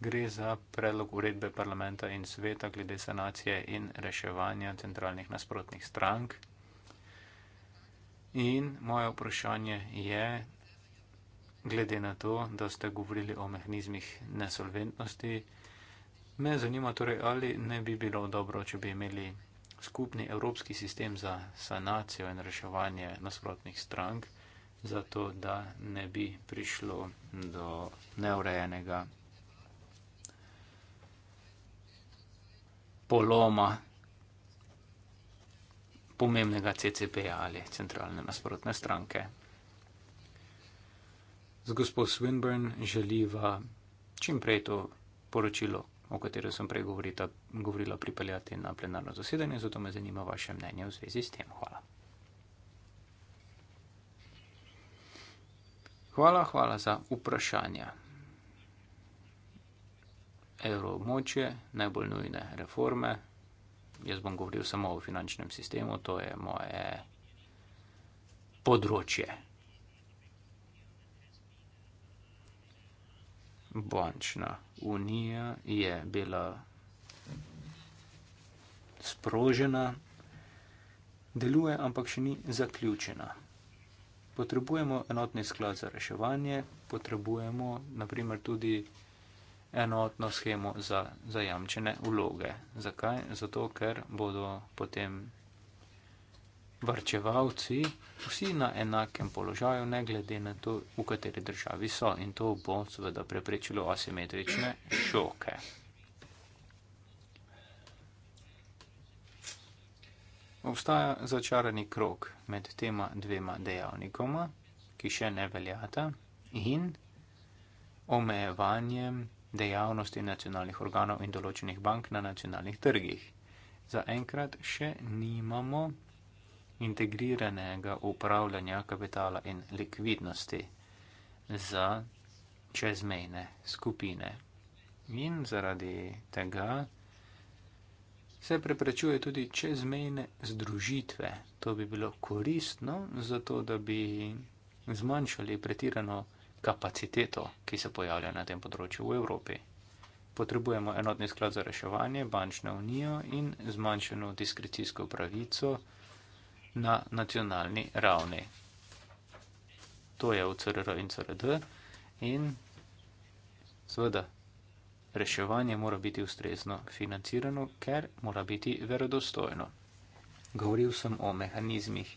Gre za predlog uredbe parlamenta in sveta glede sanacije in reševanja centralnih nasprotnih strank, In moje vprašanje je, glede na to, da ste govorili o mehanizmih nesolventnosti, me zanima torej, ali ne bi bilo dobro, če bi imeli skupni evropski sistem za sanacijo in reševanje nasprotnih strank, zato da ne bi prišlo do neurejenega poloma pomembnega CCP-ja ali centralne nasprotne stranke. Z gospod Swinburn želiva čim prej to poročilo, o katerem sem prej govorita, govorila, pripeljati na plenarno zasedanje, zato me zanima vaše mnenje v zvezi s tem. Hvala. Hvala, hvala za vprašanja. Evroobmočje, najbolj nujne reforme, jaz bom govoril samo o finančnem sistemu, to je moje področje. Bančna unija je bila sprožena, deluje, ampak še ni zaključena. Potrebujemo enotni sklad za reševanje, potrebujemo naprimer tudi enotno schemo za zajamčene vloge. Zakaj? Zato, ker bodo potem varčevalci vsi na enakem položaju, ne glede na to, v kateri državi so. In to bo seveda preprečilo asimetrične šoke. Obstaja začarani krok med tema dvema dejavnikoma, ki še ne veljata, in omejevanjem dejavnosti nacionalnih organov in določenih bank na nacionalnih trgih. Zaenkrat še nimamo integriranega upravljanja kapitala in likvidnosti za čezmejne skupine. In zaradi tega se preprečuje tudi čezmejne združitve. To bi bilo koristno, zato da bi zmanjšali pretirano kapaciteto, ki se pojavlja na tem področju v Evropi. Potrebujemo enotni sklad za reševanje, bančno unijo in zmanjšano diskrecijsko pravico na nacionalni ravni. To je v CRR in CRD in seveda reševanje mora biti ustrezno financirano, ker mora biti verodostojno. Govoril sem o mehanizmih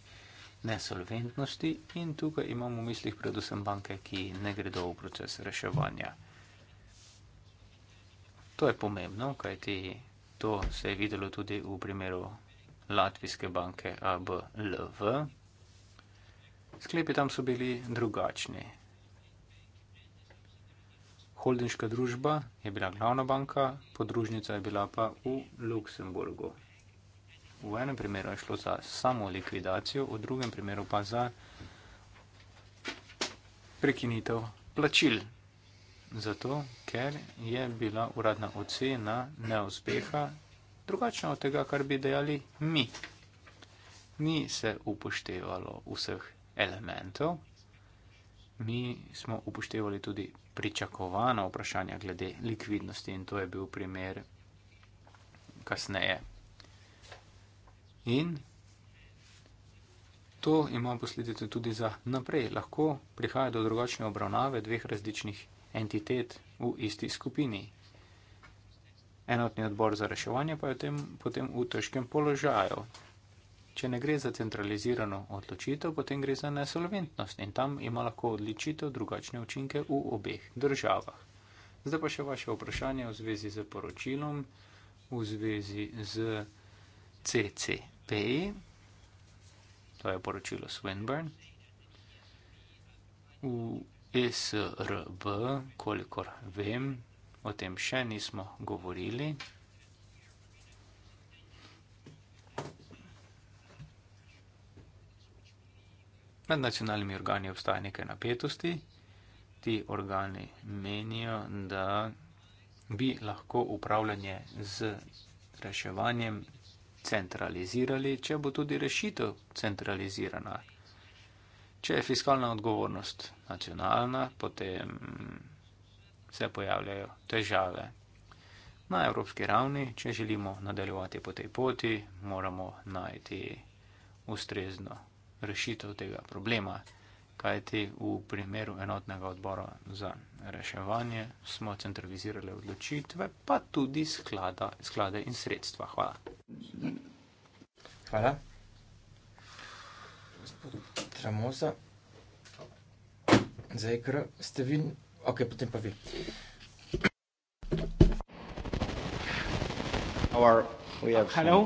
nesolventnosti in tukaj imamo v mislih predvsem banke, ki ne gredo v proces reševanja. To je pomembno, kajti to se je videlo tudi v primeru latvijske banke ABLV. Sklepi tam so bili drugačni. Holdinška družba je bila glavna banka, podružnica je bila pa v Luksemburgu. V enem primeru je šlo za samo likvidacijo, v drugem primeru pa za prekinitev plačil. Zato, ker je bila uradna ocena neuspeha drugačna od tega, kar bi dejali mi. Ni se upoštevalo vseh elementov, mi smo upoštevali tudi pričakovano vprašanje glede likvidnosti in to je bil primer kasneje In to ima posledice tudi za naprej. Lahko prihaja do drugačne obravnave dveh različnih entitet v isti skupini. Enotni odbor za reševanje pa je tem, potem v težkem položaju. Če ne gre za centralizirano odločitev, potem gre za nesolventnost in tam ima lahko odločitev drugačne učinke v obeh državah. Zdaj pa še vaše vprašanje v zvezi z poročilom, v zvezi z CC. P, to je poročilo Swinburne, v e SRB, kolikor vem, o tem še nismo govorili. Med nacionalnimi organi obstaja nekaj napetosti. Ti organi menijo, da bi lahko upravljanje z reševanjem centralizirali, če bo tudi rešitev centralizirana. Če je fiskalna odgovornost nacionalna, potem se pojavljajo težave. Na evropski ravni, če želimo nadaljevati po tej poti, moramo najti ustrezno rešitev tega problema kajti v primeru enotnega odbora za reševanje smo centralizirali odločitve, pa tudi sklada, sklade in sredstva. Hvala. Hvala. Gospod Tramosa, zdaj e kar ste vi, ok, potem pa vi. Our, we have Hello. Some...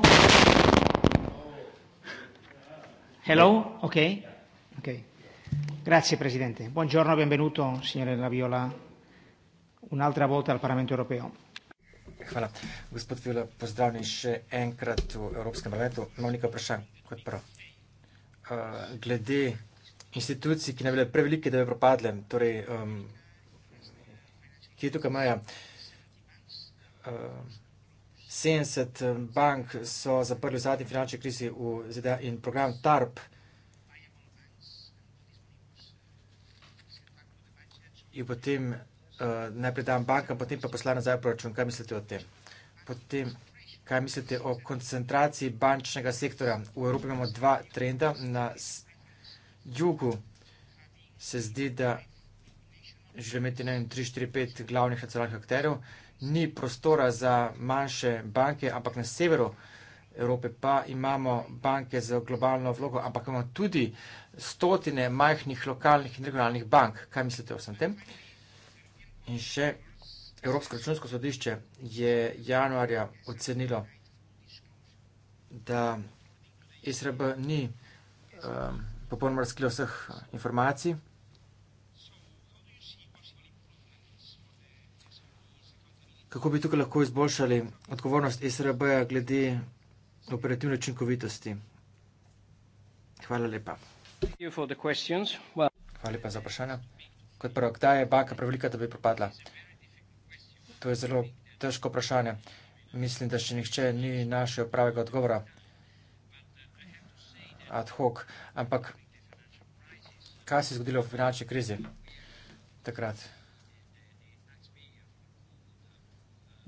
Hello. Okay. Okay. Grazie Presidente. Buongiorno e benvenuto, signore La Viola, un'altra volta al Parlamento europeo. Hvala. Gospod Viola, pozdravljen še enkrat v Evropskem parlamentu. Imam nekaj vprašanj kot prvo. Uh, glede institucij, ki ne bile prevelike, da bi propadle, torej, um, ki je tukaj maja, uh, 70 bank so zaprli v zadnji finančni krizi v ZDA in program TARP uh, in potem uh, eh, najprej dam bankam, potem pa poslam nazaj v proračun. Kaj mislite o tem? Potem, kaj mislite o koncentraciji bančnega sektorja? V Evropi imamo dva trenda. Na jugu se zdi, da želimo imeti 3-4-5 glavnih nacionalnih akterjev. Ni prostora za manjše banke, ampak na severu. Evrope pa imamo banke z globalno vlogo, ampak imamo tudi stotine majhnih lokalnih in regionalnih bank. Kaj mislite o vsem tem? In še Evropsko računsko sodišče je januarja ocenilo, da SRB ni um, popolnoma razkrilo vseh informacij. Kako bi tukaj lahko izboljšali odgovornost SRB glede operativne učinkovitosti. Hvala lepa. Hvala lepa za vprašanje. Kot prvo, kdaj je banka prevelika, da bi propadla? To je zelo težko vprašanje. Mislim, da še nihče ni našel pravega odgovora ad hoc. Ampak kaj se je zgodilo v finančni krizi takrat?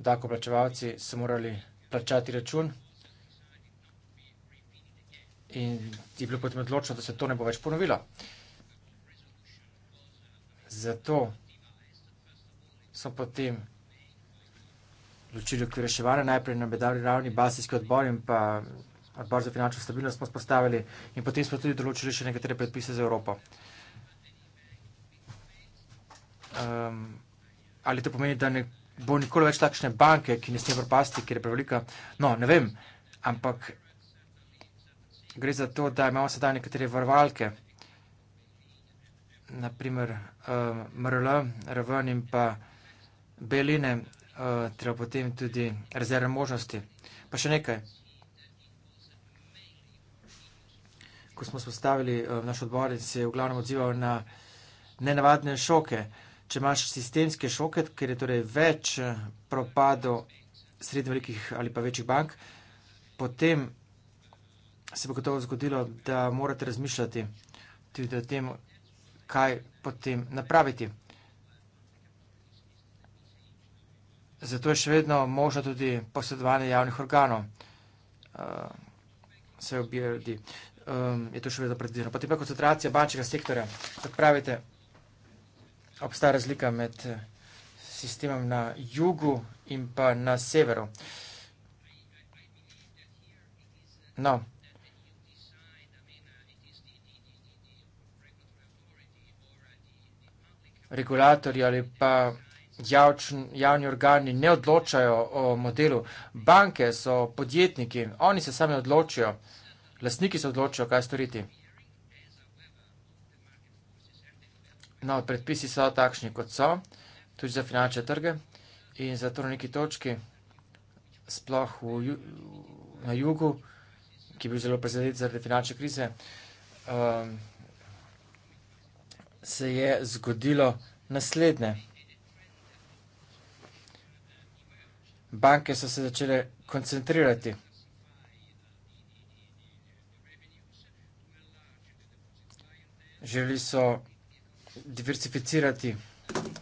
Dakoplačevalci so morali plačati račun, in je bilo potem odločeno, da se to ne bo več ponovilo. Zato so potem ločili okvire ševare, najprej na medavni ravni, basijski odbor in pa odbor za finančno stabilnost smo spostavili in potem smo tudi določili še nekatere predpise za Evropo. Um, ali to pomeni, da ne bo nikoli več takšne banke, ki ne sme propasti, ker je prevelika? No, ne vem, ampak gre za to, da imamo sedaj nekatere varovalke, naprimer uh, eh, MRL, Raven in pa Beline, uh, treba potem tudi rezervne možnosti. Pa še nekaj. Ko smo spostavili uh, naš odbor in se je v glavnem odzival na nenavadne šoke, če imaš sistemske šoke, ker je torej več propadov srednjih velikih ali pa večjih bank, potem se bo gotovo zgodilo, da morate razmišljati tudi o tem, kaj potem napraviti. Zato je še vedno možno tudi posredovanje javnih organov, uh, se objavljati. Um, ehm, je to še vedno predvideno. Potem pa koncentracija bančnega sektorja. Kot pravite, obstaja razlika med eh, sistemom na jugu in pa na severu. No, regulatorji ali pa javčn, javni organi ne odločajo o modelu. Banke so podjetniki, oni se sami odločijo, lastniki se odločijo, kaj storiti. No, predpisi so takšni, kot so, tudi za finančne trge in zato na neki točki, sploh v, na jugu, ki je bil zelo prizadet zaradi finančne krize. Um, se je zgodilo naslednje. Banke so se začele koncentrirati. Želeli so diversificirati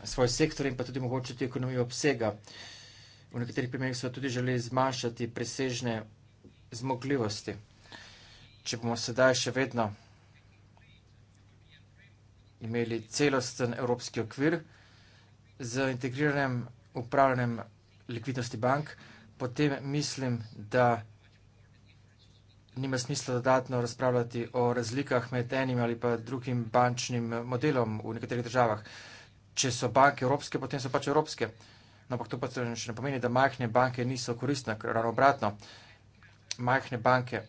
svoj sektor in pa tudi omogočiti ekonomijo obsega. V nekaterih primerjih so tudi želeli zmanjšati presežne zmogljivosti. Če bomo sedaj še vedno imeli celosten evropski okvir z integriranjem upravljanjem likvidnosti bank, potem mislim, da nima smisla dodatno razpravljati o razlikah med enim ali pa drugim bančnim modelom v nekaterih državah. Če so banke evropske, potem so pač evropske. No, ampak to pa še ne pomeni, da majhne banke niso koristne, ker ravno obratno. Majhne banke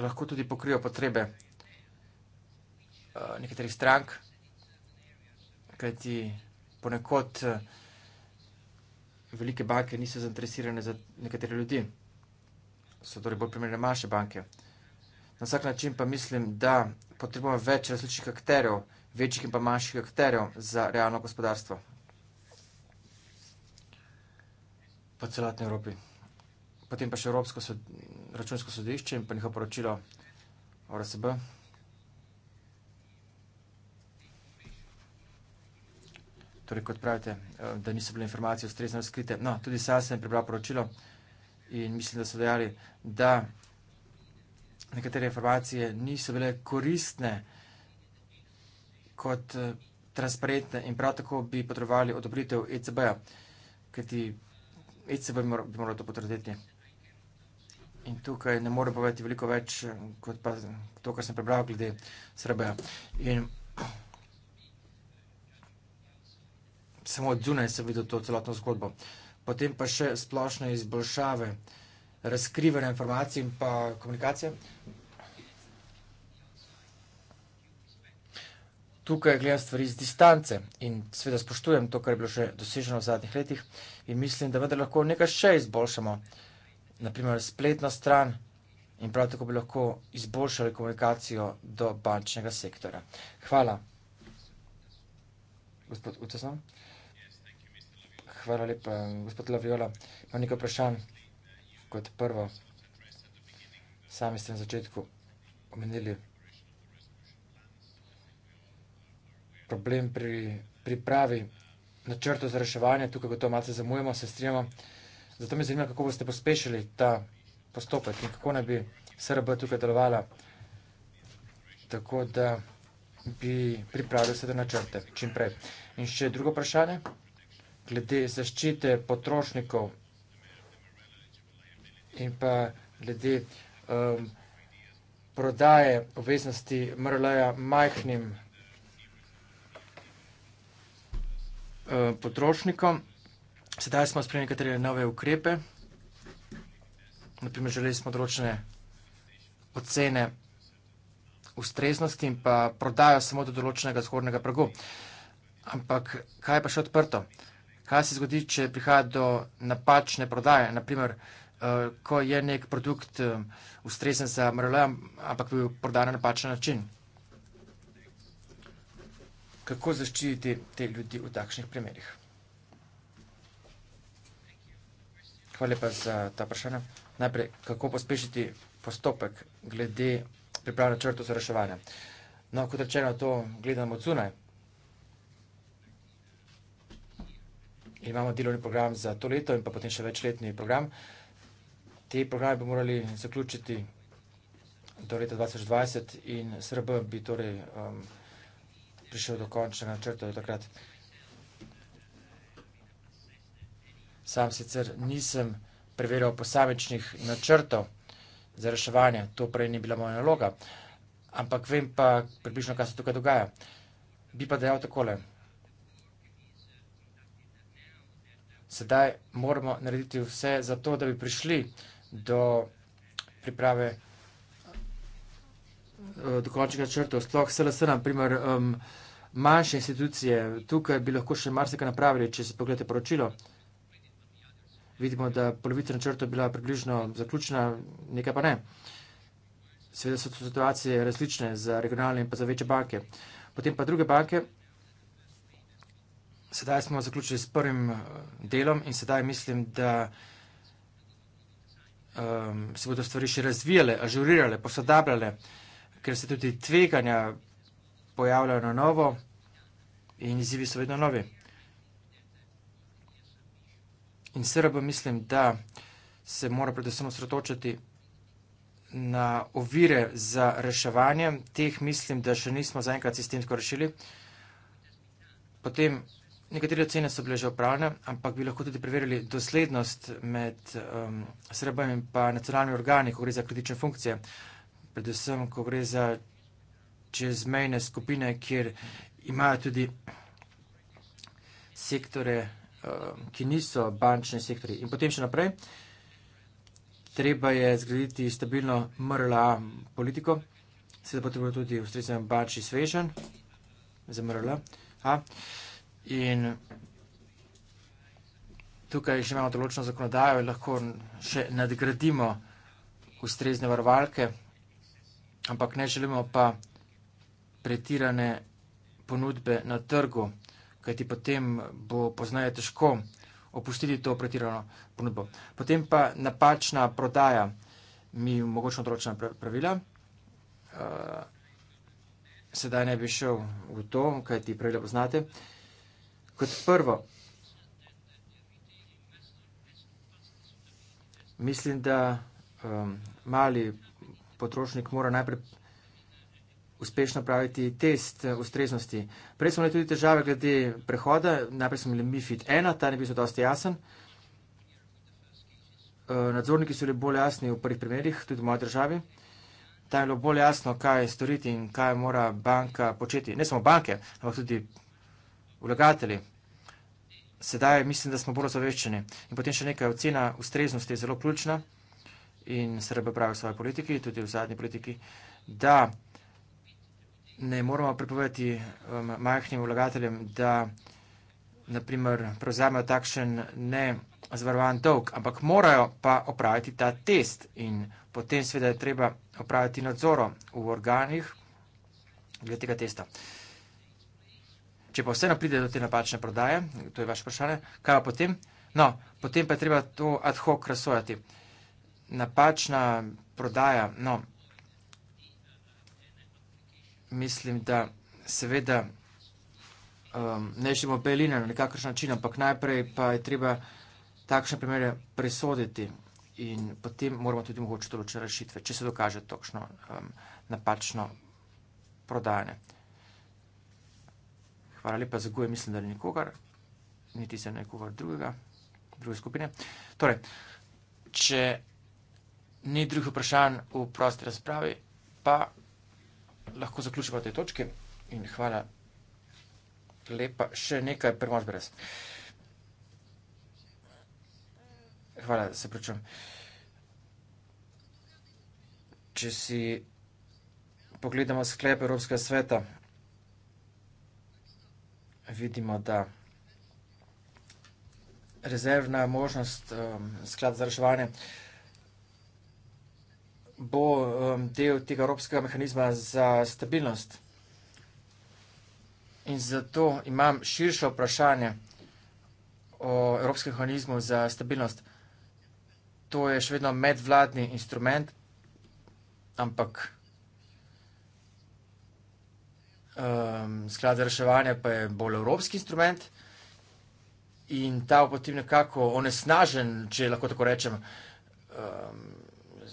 lahko tudi pokrijo potrebe Eh, nekaterih strank, kajti ponekod eh, velike banke niso zainteresirane za nekatere ljudi, so torej bolj primerne manjše banke. Na vsak način pa mislim, da potrebujemo več različnih akterjev, večjih in pa manjših akterjev za realno gospodarstvo. Po celotni Evropi. Potem pa še Evropsko računsko sodišče in pa njihovo poročilo ORSB. torej kot pravite, eh, da niso bile informacije ustrezno razkrite. No, tudi sam sem prebral poročilo in mislim, da so dejali, da nekatere informacije niso bile koristne kot eh, transparentne in prav tako bi potrebovali odobritev ECB-ja, kajti ECB bi moralo to potrditi. In tukaj ne morem povedati veliko več eh, kot pa to, kar sem prebral glede SRB-ja. In samo od zunaj sem videl to celotno zgodbo. Potem pa še splošne izboljšave, razkrivanje informacij in pa komunikacije. Tukaj gledam stvari iz distance in sveda spoštujem to, kar je bilo še doseženo v zadnjih letih in mislim, da vendar lahko nekaj še izboljšamo. Naprimer spletno stran in prav tako bi lahko izboljšali komunikacijo do bančnega sektora. Hvala. Gospod Utesan. Hvala lepa, gospod Laviola. Imam nekaj vprašanj kot prvo. Sami ste na začetku omenili problem pri pripravi načrtu za reševanje, tukaj ko to malce zamujemo, se strijamo. Zato me zanima, kako boste pospešili ta postopek in kako naj bi SRB tukaj delovala, tako da bi pripravili vse te načrte čim prej. In še drugo vprašanje glede zaščite potrošnikov in pa glede um, prodaje obveznosti MRL-ja majhnim uh, potrošnikom. Sedaj smo sprejeli nekatere nove ukrepe. Naprimer, želeli smo določene ocene ustreznosti in pa prodajo samo do določenega zgornjega pragu. Ampak kaj je pa še odprto? kaj se zgodi, če prihaja do napačne prodaje. Naprimer, eh, ko je nek produkt eh, ustrezen za MRL, ampak bi prodan na napačen način. Kako zaščititi te ljudi v takšnih primerih? Hvala lepa za ta vprašanja. Najprej, kako pospešiti postopek glede priprave črto za reševanje. No, kot rečeno, to gledamo od zunaj. imamo delovni program za to leto in pa potem še večletni program. Te programe bi morali zaključiti do leta 2020 in SRB bi torej um, prišel do končnega načrta do takrat. Sam sicer nisem preveril posamičnih načrtov za reševanje, to prej ni bila moja naloga, ampak vem pa približno, kaj se tukaj dogaja. Bi pa dejal takole. sedaj moramo narediti vse za to, da bi prišli do priprave eh, do končnega črta, sploh SLS, naprimer, um, manjše institucije, tukaj bi lahko še marsikaj napravili, če se pogledate poročilo. Vidimo, da polovica načrta bila približno zaključena, nekaj pa ne. Seveda so to situacije različne za regionalne in pa za večje banke. Potem pa druge banke, sedaj smo zaključili s prvim eh, delom in sedaj mislim, da um, se bodo stvari še razvijale, ažurirale, posodabljale, ker se tudi tveganja pojavljajo na novo in izzivi so vedno novi. In srb mislim, da se mora predvsem osredotočiti na ovire za reševanje. Teh mislim, da še nismo zaenkrat sistemsko rešili. Potem Nekatere ocene so bile že opravljene, ampak bi lahko tudi preverili doslednost med um, srbami in pa nacionalnimi organi, ko gre za kritične funkcije. Predvsem, ko gre za čezmejne skupine, kjer imajo tudi sektore, um, ki niso bančni sektori. In potem še naprej, treba je zgraditi stabilno MRLA politiko, seveda potrebuje tudi ustrezen bančni svežen za MRLA. A. In tukaj že imamo določeno zakonodajo in lahko še nadgradimo ustrezne varovalke, ampak ne želimo pa pretirane ponudbe na trgu, kajti potem bo poznaje težko opustiti to pretirano ponudbo. Potem pa napačna prodaja, mi mogočno določena pravila. Eh, sedaj ne bi šel v to, kajti pravila poznate. Kot prvo, mislim, da um, mali potrošnik mora najprej uspešno praviti test uh, ustreznosti. Prej smo imeli tudi težave glede prehoda, najprej smo imeli MIFID 1, ta ne bi bil dosti jasen. Uh, nadzorniki so bili bolj jasni v prvih primerih, tudi v moji državi. Tam je bilo bolj jasno, kaj storiti in kaj mora banka početi. Ne samo banke, ampak tudi vlagatelji. Sedaj mislim, da smo bolj zaveščeni. In potem še nekaj, ocena ustreznosti je zelo ključna in se rebe pravi v svoji politiki, tudi v zadnji politiki, da ne moramo pripovedati um, majhnim vlagateljem, da naprimer prevzamejo takšen ne zavarovan dolg, ampak morajo pa opraviti ta test in potem seveda je treba opraviti nadzoro v organih glede tega testa. Če pa vseeno pride do te napačne prodaje, to je vaše vprašanje, kaj pa potem? No, potem pa je treba to ad hoc razsojati. Napačna prodaja, no, mislim, da seveda um, ne želimo beline na nekakšen način, ampak najprej pa je treba takšne primere presoditi in potem moramo tudi mogoče določene rešitve, če se dokaže točno um, napačno prodajanje. Hvala lepa za goje, mislim, da ni nikogar, niti se nekogar drugega, druge skupine. Torej, če ni drugih vprašanj v prosti razpravi, pa lahko zaključimo te točke in hvala lepa. Še nekaj premož brez. Hvala, se pričujem. Če si pogledamo sklep Evropskega sveta vidimo, da rezervna možnost um, sklad za reševanje bo um, del tega evropskega mehanizma za stabilnost. In zato imam širše vprašanje o evropskem mehanizmu za stabilnost. To je še vedno medvladni instrument, ampak um, sklad za reševanje pa je bolj evropski instrument in ta bo potem nekako onesnažen, če lahko tako rečem, um,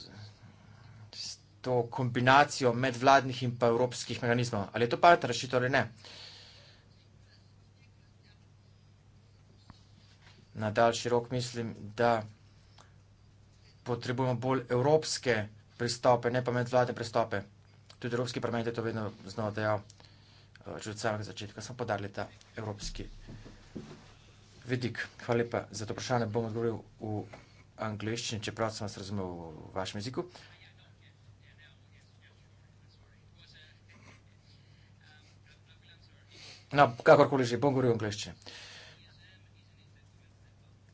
s to kombinacijo medvladnih in pa evropskih mehanizmov. Ali je to pa ta rešitev ali ne? Na daljši rok mislim, da potrebujemo bolj evropske pristope, ne pa medvladne pristope. Tudi Evropski parlament je to vedno znova dejal. Eh, že od samega začetka, smo podali ta evropski vidik. Hvala lepa za to vprašanje. Bom odgovoril v angliščini, čeprav sem vas razumel v vašem jeziku. No, kakorkoli že, bom govoril v angliščini.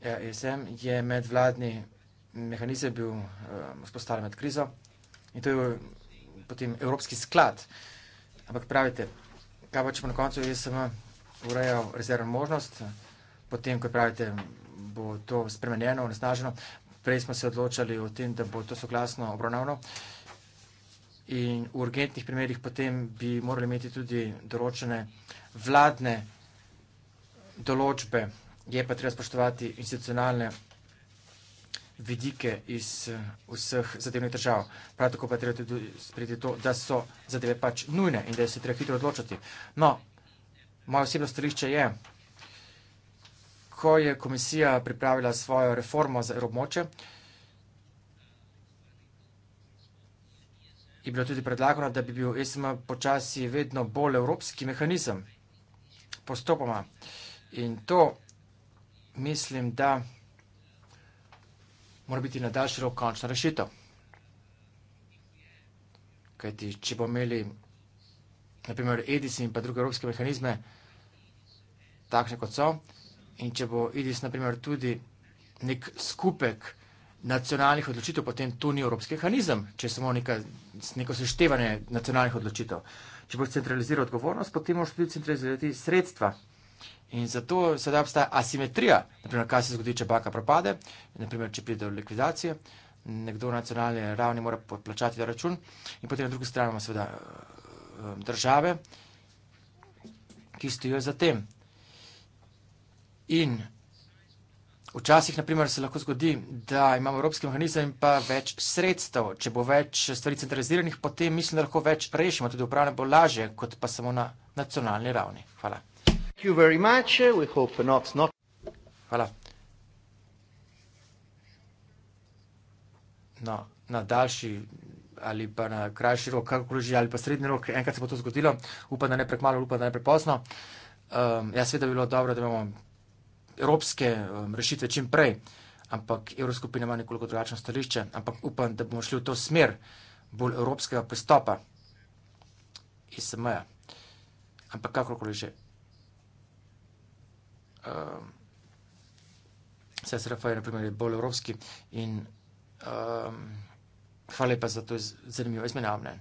ESM ja, je medvladni mehanizem bil eh, vzpostavljen med krizo in to je potem evropski sklad. Ampak pravite, kaj pa če pa na koncu ISM urejo rezervno možnost, potem, ko pravite, bo to spremenjeno, onesnaženo. Prej smo se odločali o tem, da bo to soglasno obravnavno. In v urgentnih primerjih potem bi morali imeti tudi določene vladne določbe, je pa treba spoštovati institucionalne vidike iz eh, vseh zadevnih držav. Prav tako pa treba tudi sprejeti to, da so zadeve pač nujne in da se treba hitro odločiti. No, moje osebno stališče je, ko je komisija pripravila svojo reformo za evromoče, je bilo tudi predlagano, da bi bil ESM počasi vedno bolj evropski mehanizem postopoma. In to mislim, da je mora biti na daljši rok končna rešitev. Kajti, če bomo imeli naprimer EDIS in pa druge evropske mehanizme, takšne kot so, in če bo EDIS naprimer tudi nek skupek nacionalnih odločitev, potem to ni evropski mehanizem, če je samo neka, neko seštevanje nacionalnih odločitev. Če boš centraliziral odgovornost, potem moraš tudi centralizirati sredstva. In zato sedaj obstaja asimetrija. Naprimer, kaj se zgodi, če banka propade, naprimer, če pride do likvidacije, nekdo na nacionalni ravni mora plačati ta račun, in potem na drugi strani imamo seveda eh, eh, države, ki stojijo za tem. In včasih, naprimer, se lahko zgodi, da imamo evropski mehanizem in pa več sredstev. Če bo več stvari centraliziranih, potem mislim, da lahko več rešimo, tudi upravljanje bo lažje, kot pa samo na nacionalni ravni. Hvala. Uh, Hvala. No, na daljši ali pa na krajši rok, kako že ali pa srednji rok, enkrat se bo to zgodilo, upam, da ne prek malo, upam, da ne prepozno. Um, Jaz seveda bi bilo dobro, da imamo evropske um, rešitve čim prej, ampak Evroskupina ima nekoliko drugačno stališče, ampak upam, da bomo šli v to smer bolj evropskega pristopa iz SMA. Ampak kakorkoli že uh, SRF je, na primer, bolj evropski in um, hvala lepa za to zanimivo izmenjavanje.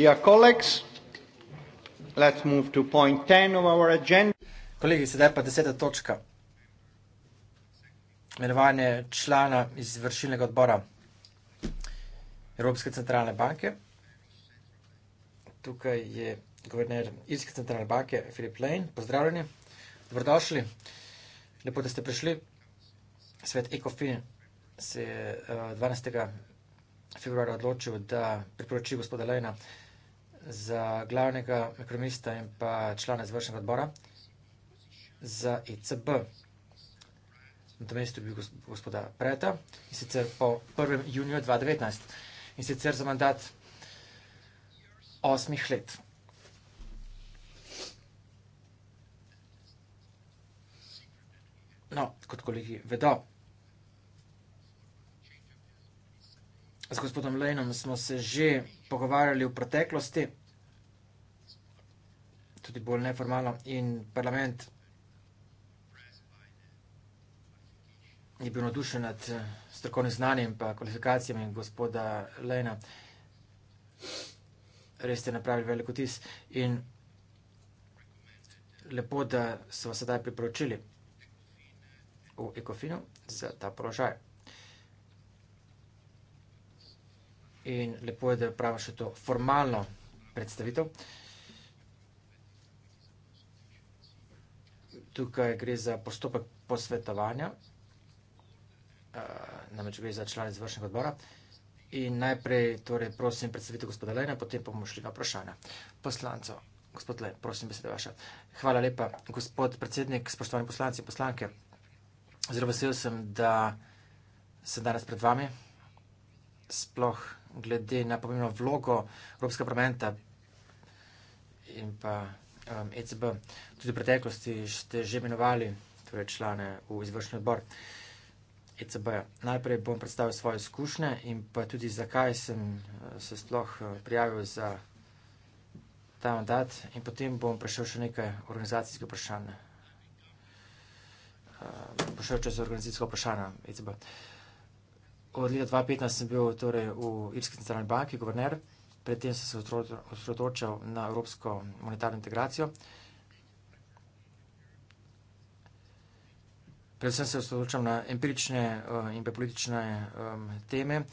Dear colleagues, let's move to point 10 of our agenda. Kolegi, sedaj pa deseta točka. Imenovanje člana iz vršilnega odbora Evropske centralne banke. Tukaj je guverner Irske centralne banke, Filip Lane. Pozdravljeni, dobrodošli. Lepo, da ste prišli. Svet ECOFIN se je 12. Eh, februarja odločil, da priporoči gospoda Lejna za glavnega ekonomista in pa člana izvršnega odbora za ECB. Na tem mestu je bil gospoda Preta in sicer po 1. juniju 2019 in sicer za mandat osmih let. No, kot kolegi vedo, z gospodom Lejnom smo se že pogovarjali v preteklosti, tudi bolj neformalno, in parlament je bil nadušen nad eh, strokovnim znanjem in kvalifikacijami gospoda Lena. Res ste napravili veliko tis in lepo, da so vas sedaj priporočili v Ekofinu za ta položaj. in lepo je, da je pravi še to formalno predstavitev. Tukaj gre za postopek posvetovanja, eh, namreč gre za član izvršnega odbora. In najprej torej prosim predstavitev gospoda Lejna, potem pa bomo šli na vprašanja. Poslanco, gospod Lej, prosim, beseda vaša. Hvala lepa, gospod predsednik, spoštovani poslanci in poslanke. Zelo vesel sem, da sem danes pred vami. Sploh glede na pomembno vlogo Evropskega parlamenta in pa um, ECB. Tudi v preteklosti ste že imenovali torej člane v izvršni odbor ECB. -ja. Najprej bom predstavil svoje izkušnje in pa tudi zakaj sem uh, se sploh uh, prijavil za ta mandat in potem bom prešel še nekaj organizacijskih vprašanj. Uh, prešel čez organizacijsko vprašanje ECB. -ja od leta 2015 sem bil torej, v Irski centralni banki, guverner, predtem sem se osredotočal na evropsko monetarno integracijo. Predvsem se osredotočam na empirične uh, in pa politične um, teme.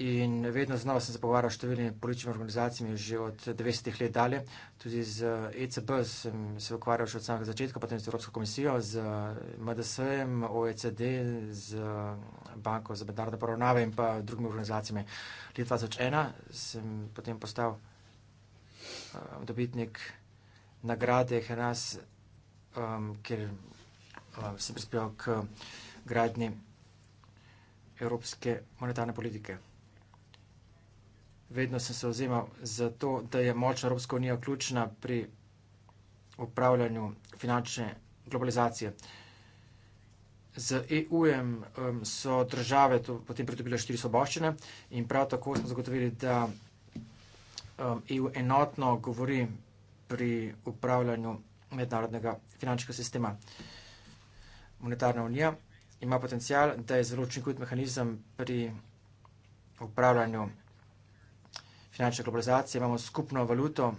In vedno znova sem se pogovarjal s številnimi političnimi organizacijami, že od 90. let dalje. Tudi z ECB eh, e sem se ukvarjal še od samega začetka, potem z Evropsko komisijo, z eh, MDS-em, OECD, z eh, Banko za mednarodne poravnave in pa drugimi organizacijami. Leta 2001 sem potem postal um, dobitnik nagrade HNAS, um, ehm, ker um, sem prispeval k gradni evropske monetarne politike vedno sem se ozimal za to, da je moč Evropske unije ključna pri upravljanju finančne globalizacije. Z EU-jem um, so države to potem pridobile štiri soboščine in prav tako smo zagotovili, da um, EU enotno govori pri upravljanju mednarodnega finančnega sistema. Monetarna unija ima potencial, da je zelo učinkovit mehanizem pri upravljanju finančne globalizacije, imamo skupno valuto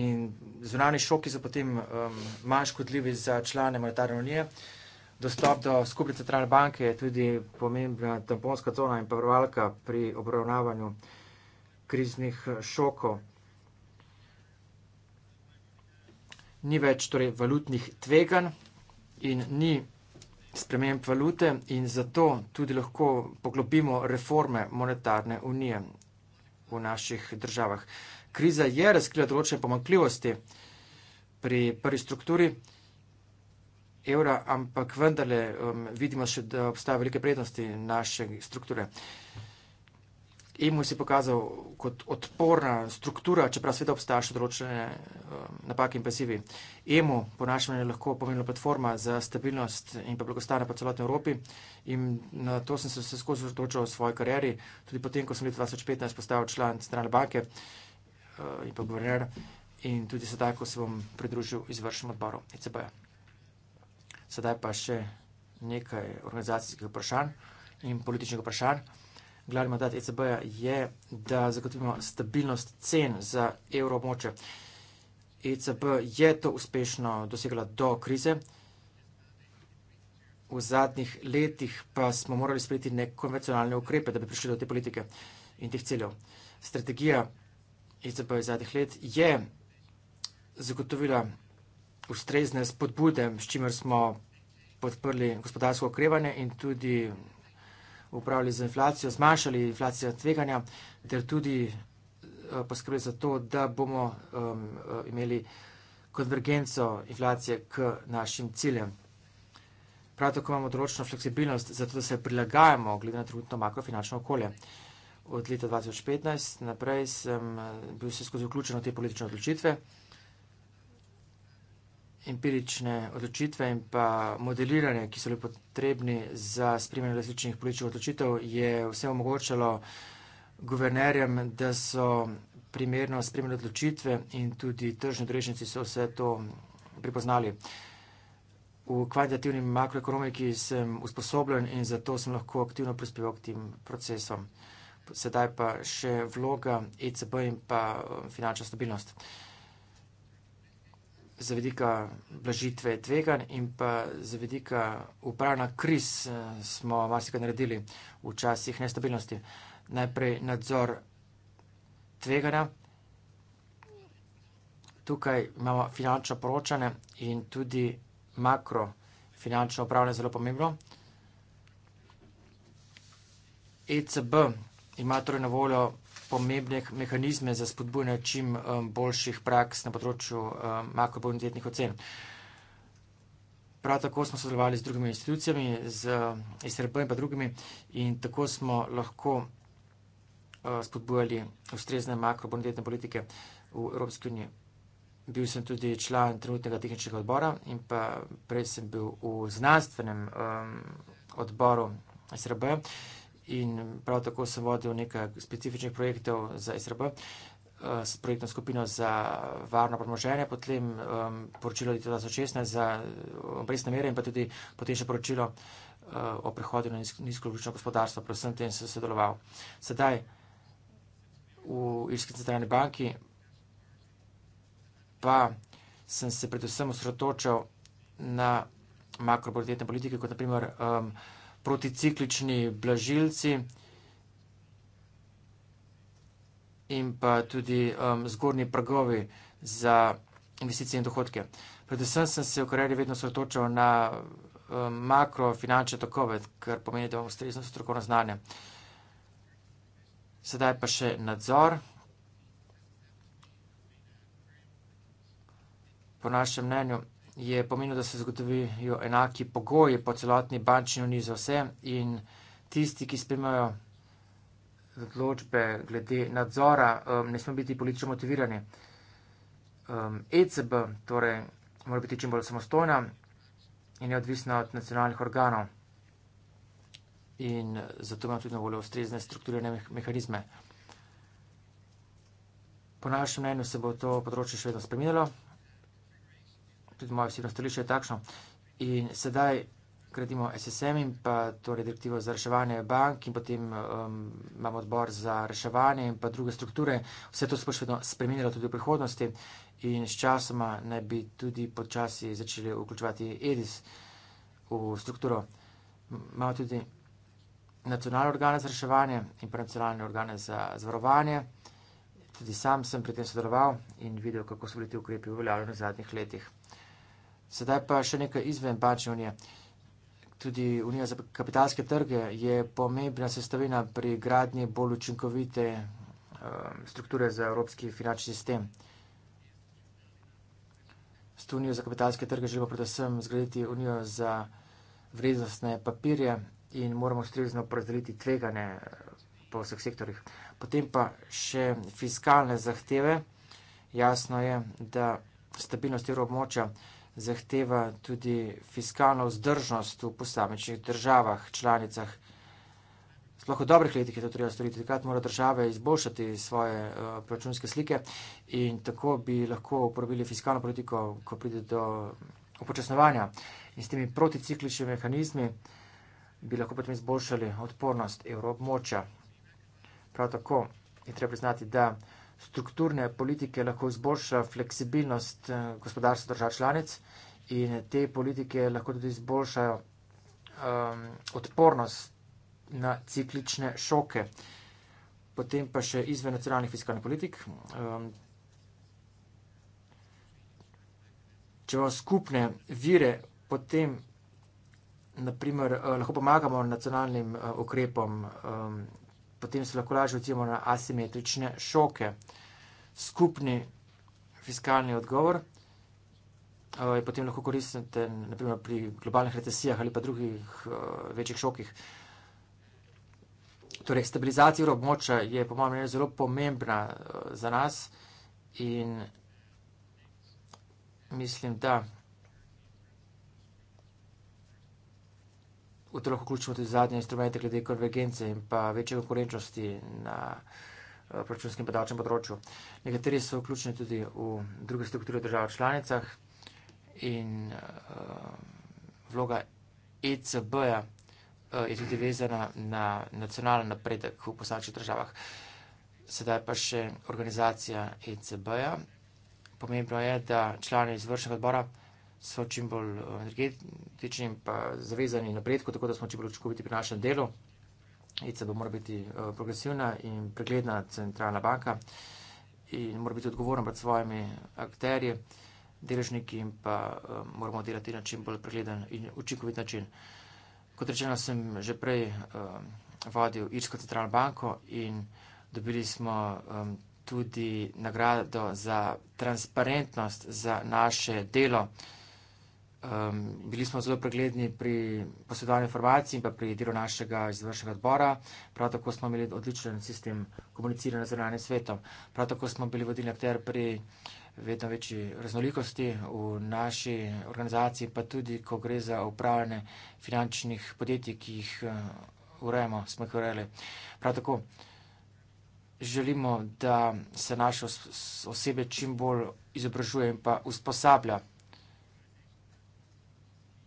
in zunani šoki so potem um, manj škodljivi za člane monetarne unije. Dostop do skupne centralne banke je tudi pomembna tamponska cona in pavrovalka pri obravnavanju kriznih šokov. Ni več torej, valutnih tvegan in ni sprememb valute in zato tudi lahko poglobimo reforme monetarne unije v naših državah. Kriza je razkrila določene pomakljivosti pri prvi strukturi evra, ampak vendarle um, vidimo še, da obstaja velike prednosti naše strukture emu si pokazal kot odporna struktura, čeprav sveda obstajajo še določene um, napake in pasivi. Emu, po našem mnenju, lahko pomenilo platforma za stabilnost in pa blagostanje po celotni Evropi in na to sem se vse skozi zrotočal v svoji karieri, tudi potem, ko sem leta 2015 postal član strane banke uh, in pa guverner in tudi sedaj, ko se bom pridružil izvršnjem odboru ECB-ja. Sedaj pa še nekaj organizacijskih vprašanj in političnih vprašanj glavni mandat ECB-ja je, da zagotovimo stabilnost cen za evroobmoče. ECB je to uspešno dosegla do krize. V zadnjih letih pa smo morali sprejeti nekonvencionalne ukrepe, da bi prišli do te politike in teh ciljev. Strategija ECB iz zadnjih let je zagotovila ustrezne spodbude, s čimer smo podprli gospodarsko okrevanje in tudi upravljali z inflacijo, zmanjšali inflacijo tveganja ter tudi eh, poskrbeli za to, da bomo um, eh, imeli konvergenco inflacije k našim ciljem. Prav tako imamo določeno fleksibilnost, zato da se prilagajamo glede na trenutno makrofinančno okolje. Od leta 2015 naprej sem eh, bil se skozi vključen v te politične odločitve empirične odločitve in pa modeliranje, ki so bili potrebni za spremljanje različnih političnih odločitev, je vse omogočalo guvernerjem, da so primerno spremljali odločitve in tudi tržni odrešnici so vse to pripoznali. V kvantitativni makroekonomiki sem usposobljen in zato sem lahko aktivno prispeval k tem procesom. Sedaj pa še vloga ECB in pa um, finančna stabilnost zavedika blažitve tvegan in pa zavedika upravna kriz eh, smo marsikaj naredili v časih nestabilnosti. Najprej nadzor tvegana. Tukaj imamo finančno poročanje in tudi makro finančno upravljanje zelo pomembno. ECB ima torej na voljo pomembne mehanizme za spodbujanje čim um, boljših praks na področju um, makrobonitetnih ocen. Prav tako smo sodelovali z drugimi institucijami, z SRB um, in pa drugimi in tako smo lahko uh, spodbujali ustrezne makrobonitetne politike v Evropski uniji. Bil sem tudi član trenutnega tehničnega odbora in pa prej sem bil v znanstvenem um, odboru SRB. -ja in prav tako sem vodil nekaj specifičnih projektov za SRB, eh, s projektno skupino za varno premoženje, potem um, poročilo 2016 za eh, obrestne mere in pa tudi potem še poročilo uh, o prehodu na nizkoglično nizko gospodarstvo. Predvsem tem sem sodeloval. Sedaj v Irski centralni banki pa sem se predvsem osredotočal na makrobonitetne politike, kot naprimer um, ehm, proticiklični blažilci in pa tudi um, zgornji pragovi za investicije in dohodke. Predvsem sem se v karieri vedno sotočal na um, makrofinančne tokove, kar pomeni, da imam ustrezno strokovno znanje. Sedaj pa še nadzor. Po našem mnenju je pomenilo, da se zagotovijo enaki pogoji po celotni bančni uniji za vse in tisti, ki spremajo odločbe glede nadzora, um, ne smemo biti politično motivirani. Um, ECB torej mora biti čim bolj samostojna in neodvisna od nacionalnih organov in zato imamo tudi na voljo ustrezne strukturirane mehanizme. Po našem mnenju se bo to področje še vedno spremenilo tudi moje osebno stališče je takšno. In sedaj gradimo SSM in pa torej direktivo za reševanje bank in potem um, imamo odbor za reševanje in pa druge strukture. Vse to se bo še vedno spremenilo tudi v prihodnosti in s časoma naj bi tudi počasi začeli vključevati EDIS v strukturo. Imamo tudi nacionalne organe za reševanje in pa nacionalne organe za zvarovanje. Tudi sam sem pri tem sodeloval in videl, kako so bili ti ukrepi uveljavljeni v zadnjih letih. Sedaj pa še nekaj izven bančne unije. Tudi unija za kapitalske trge je pomembna sestavina pri gradnji bolj učinkovite um, strukture za evropski finančni sistem. S to unijo za kapitalske trge želimo predvsem zgraditi unijo za vrednostne papirje in moramo ustrezno porazdeliti tvegane uh, po vseh sektorjih. Potem pa še fiskalne zahteve. Jasno je, da stabilnost evroobmoča zahteva tudi fiskalno vzdržnost v posamečnih državah, članicah. Sploh v dobrih letih je to treba storiti, takrat mora država izboljšati svoje eh, proračunske slike in tako bi lahko uporabili fiskalno politiko, ko pride do upočasnovanja. In s temi proticikličnimi mehanizmi bi lahko potem izboljšali odpornost evroobmoča. Prav tako je treba priznati, da strukturne politike lahko izboljša fleksibilnost eh, gospodarstva držav članic in te politike lahko tudi izboljšajo um, odpornost na ciklične šoke. Potem pa še izven nacionalnih fiskalnih politik. Um, če imamo skupne vire, potem naprimer, eh, lahko pomagamo nacionalnim uh, ukrepom. Um, potem se lahko lažje odzivamo na asimetrične šoke. Skupni fiskalni odgovor eh, je potem lahko koristite naprimer pri globalnih recesijah ali pa drugih eh, večjih šokih. Torej, stabilizacija evroobmoča je po mojem mnenju zelo pomembna eh, za nas in mislim, da v to lahko vključimo tudi zadnje instrumente glede konvergence in pa večje konkurenčnosti na eh, proračunskem podavčnem področju. Nekateri so vključeni tudi v druge strukture držav članicah in uh, vloga ECB-ja uh, eh, je tudi vezana na nacionalen napredek v posamečnih državah. Sedaj pa še organizacija ECB-ja. Pomembno je, da člani izvršnega odbora so čim bolj eh, energetični in pa zavezani napredku, tako da smo čim bolj učinkoviti pri našem delu. ECB mora biti eh, progresivna in pregledna centralna banka in mora biti odgovorna pred svojimi akterji, deležniki in pa eh, moramo delati na čim bolj pregleden in učinkovit način. Kot rečeno, sem že prej vodil Irsko centralno banko in dobili smo tudi nagrado za transparentnost za naše delo. Um, bili smo zelo pregledni pri posedovanju informacij in pa pri delu našega izvršnega odbora. Prav tako smo imeli odličen sistem komuniciranja z realnim svetom. Prav tako smo bili vodilni akter pri vedno večji raznolikosti v naši organizaciji, pa tudi, ko gre za upravljanje finančnih podjetij, ki jih uh, urejamo, smo jih urejali. Prav tako želimo, da se naše osebe čim bolj izobražuje in pa usposablja.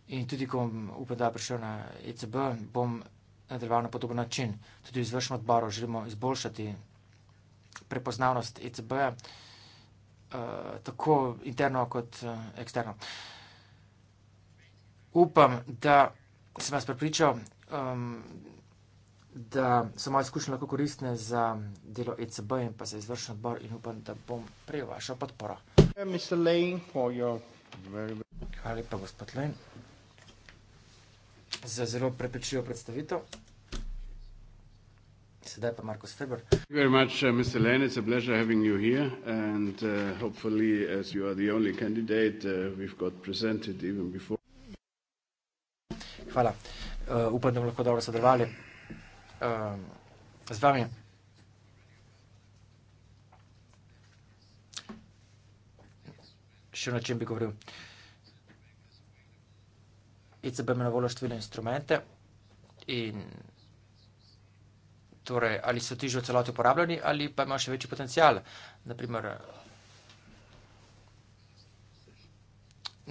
In tudi, ko bom upal, da prišel na ECB, bom nadaljeval na podoben način. Tudi v izvršnem odboru želimo izboljšati prepoznavnost ECB-ja, eh, tako interno kot eh, eksterno. Upam, da sem vas pripričal, ehm, da so moje izkušnje lahko koristne za delo ECB in pa za izvršen odbor in upam, da bom prejel vašo podporo. Hvala lepa, gospod Lane za zelo prepričljivo predstavitev. Sedaj pa Markus Feber. Very much, uh, Mr. Lane, it's a pleasure having you here and uh, hopefully as you are the only candidate uh, we've got presented even before. Hvala. Uh, upam, da bomo lahko dobro sodelovali. Uh, z vami. Še o čem bi govoril. Uh, ECB ima na voljo številne instrumente in torej, ali so ti že v celoti uporabljeni ali pa imaš še večji potencial. Naprimer,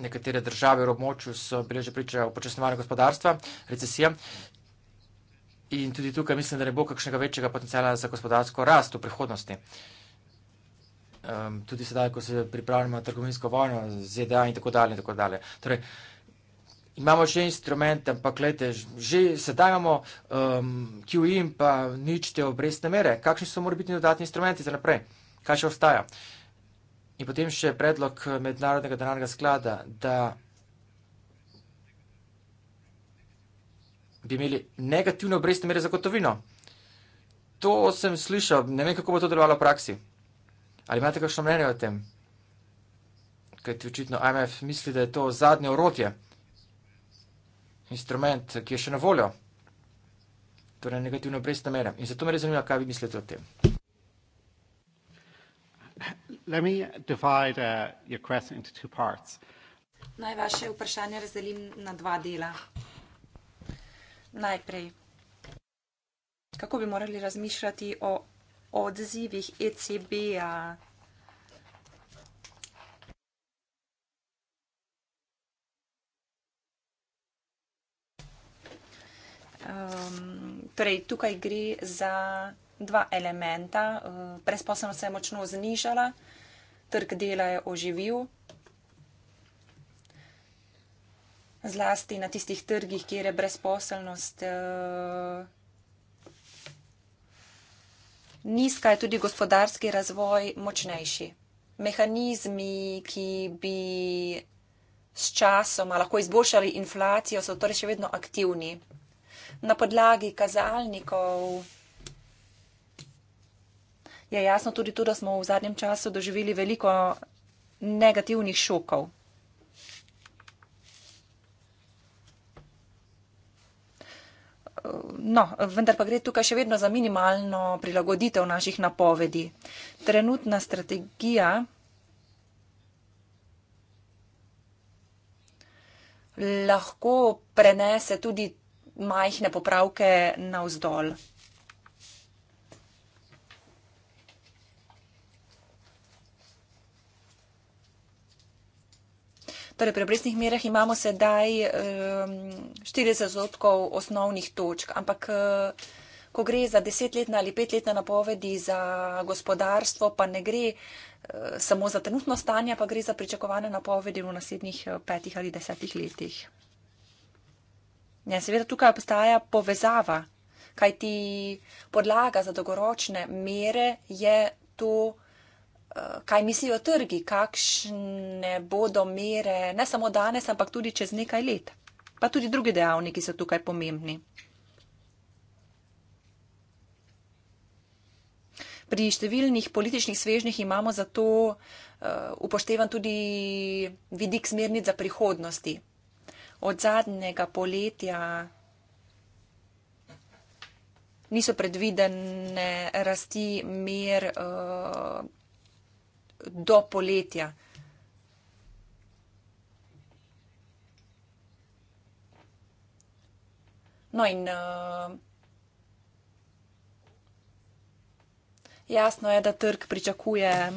nekatere države v območju so bile že priča o počasnevanju gospodarstva, recesije in tudi tukaj mislim, da ne bo kakšnega večjega potencijala za gospodarsko rast v prihodnosti. Um, tudi sedaj, ko se pripravljamo na trgovinsko vojno, ZDA in tako dalje. In tako dalje. Torej, Imamo še instrument, ampak gledajte, že sedaj imamo um, QE in pa nič te obrestne mere. Kakšni so morali biti dodatni instrumenti za naprej? Kaj še ostaja? In potem še predlog eh, Mednarodnega denarnega sklada, da bi imeli negativne obrestne mere za gotovino. To sem slišal, ne vem, kako bo to delovalo v praksi. Ali imate kakšno mnenje o tem? Kajti očitno IMF misli, da je to zadnje orodje instrument, ki je še na voljo. Torej, negativno brez namera. In zato me res zanima, kaj vi mislite o tem. Let me divide uh, your question into two parts. Naj vaše vprašanje razdelim na dva dela. Najprej, kako bi morali razmišljati o odzivih ECB-a Um, torej, tukaj gre za dva elementa. Uh, eh, Presposobnost se je močno znižala, trg dela je oživil. Zlasti na tistih trgih, kjer je brezposelnost eh, nizka, je tudi gospodarski razvoj močnejši. Mehanizmi, ki bi s časoma lahko izboljšali inflacijo, so torej še vedno aktivni na podlagi kazalnikov. Je jasno tudi to, da smo v zadnjem času doživeli veliko negativnih šokov. No, vendar pa gre tukaj še vedno za minimalno prilagoditev naših napovedi. Trenutna strategija lahko prenese tudi majhne popravke navzdol. Torej, pri obresnih merah imamo sedaj um, ehm, 40 odstotkov osnovnih točk, ampak uh, ko gre za desetletne ali petletne napovedi za gospodarstvo, pa ne gre uh, samo za trenutno stanje, pa gre za pričakovane napovedi v naslednjih eh, petih ali desetih letih. Ja, seveda tukaj obstaja povezava, kaj ti podlaga za dolgoročne mere je to, eh, kaj mislijo trgi, kakšne bodo mere ne samo danes, ampak tudi čez nekaj let. Pa tudi drugi dejavniki so tukaj pomembni. Pri številnih političnih svežnjih imamo zato uh, upoštevan tudi vidik smernic za prihodnosti, od zadnjega poletja niso predvidene rasti mer uh, do poletja. No in uh, jasno je, da trg pričakuje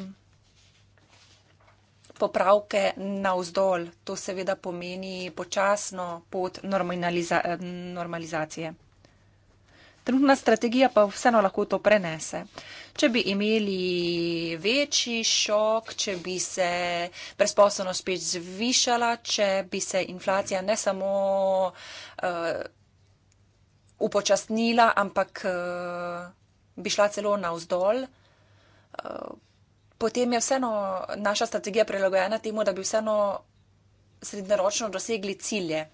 popravke navzdol. To seveda pomeni počasno pot normaliza normalizacije. Trenutna strategija pa vseeno lahko to prenese. Če bi imeli večji šok, če bi se brezposobnost spet zvišala, če bi se inflacija ne samo uh, upočasnila, ampak uh, bi šla celo navzdol, uh, potem je vseeno naša strategija prilagojena temu, da bi vseeno srednjeročno dosegli cilje.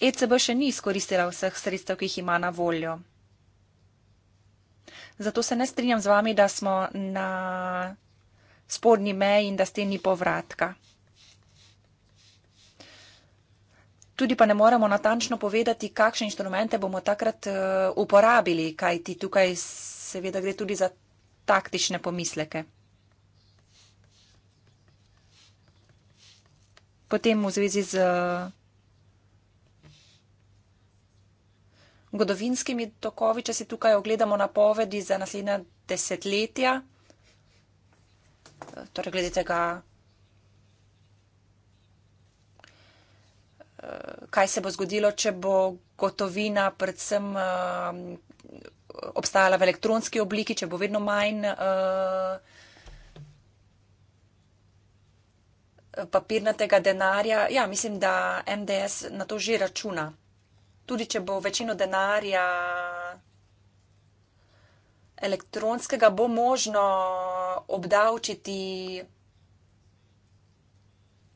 ECB še ni izkoristila vseh sredstev, ki jih ima na voljo. Zato se ne strinjam z vami, da smo na spodnji meji in da s tem ni povratka. tudi pa ne moremo natančno povedati, kakšne inštrumente bomo takrat eh, uporabili, kaj ti tukaj seveda gre tudi za taktične pomisleke. Potem v zvezi z eh, godovinskimi tokovi, če si tukaj ogledamo napovedi za naslednja desetletja, eh, torej glede tega kaj se bo zgodilo, če bo gotovina predvsem eh, obstajala v elektronski obliki, če bo vedno manj eh, papirnatega denarja. Ja, mislim, da MDS na to že računa. Tudi če bo večino denarja elektronskega, bo možno obdavčiti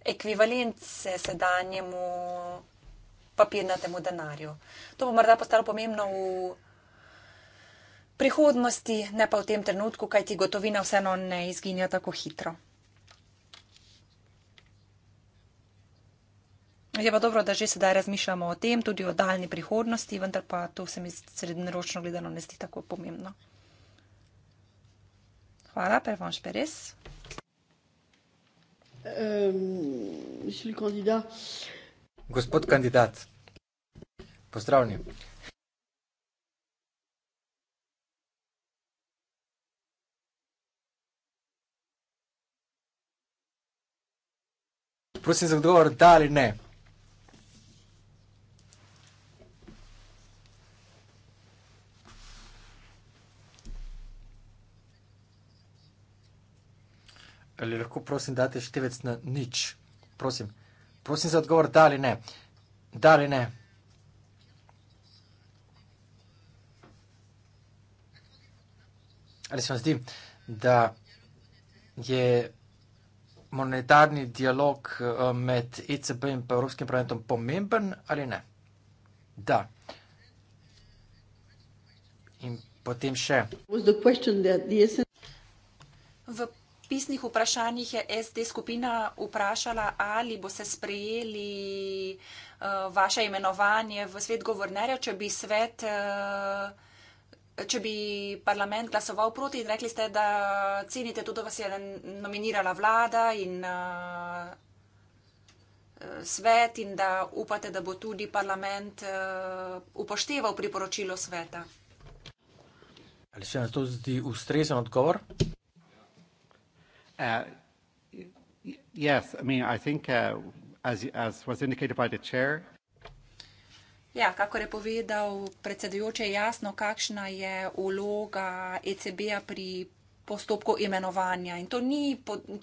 ekvivalent se sedanjemu papirnatemu denarju. To bo morda postalo pomembno v prihodnosti, ne pa v tem trenutku, kaj ti gotovina vseeno ne izginja tako hitro. Je pa dobro, da že sedaj razmišljamo o tem, tudi o daljni prihodnosti, vendar pa to se mi srednjeročno gledano ne zdi tako pomembno. Hvala, prevonš peres. Euh, monsieur le candidat. Gospod kandidat, pozdravljeni. Prosim za odgovor, da ali ne. Ali lahko prosim date števec na nič? Prosim, prosim za odgovor, da ali ne. Da ali ne. Ali se vam zdi, da je monetarni dialog eh, med ECB in pa Evropskim parlamentom pomemben ali ne? Da. In potem še. V pisnih vprašanjih je SD skupina vprašala, ali bo se sprejeli uh, vaše imenovanje v svet govornerja, če bi svet. Uh, Če bi parlament glasoval proti in rekli ste, da cenite tudi, da vas je nominirala vlada in uh, svet in da upate, da bo tudi parlament uh, upošteval priporočilo sveta. Ali se vam to zdi ustrezen odgovor? Uh, yes, I mean, I think uh, as was indicated by the chair. Ja, kakor je povedal predsedujoče, je jasno, kakšna je vloga ECB-a pri postopku imenovanja. In to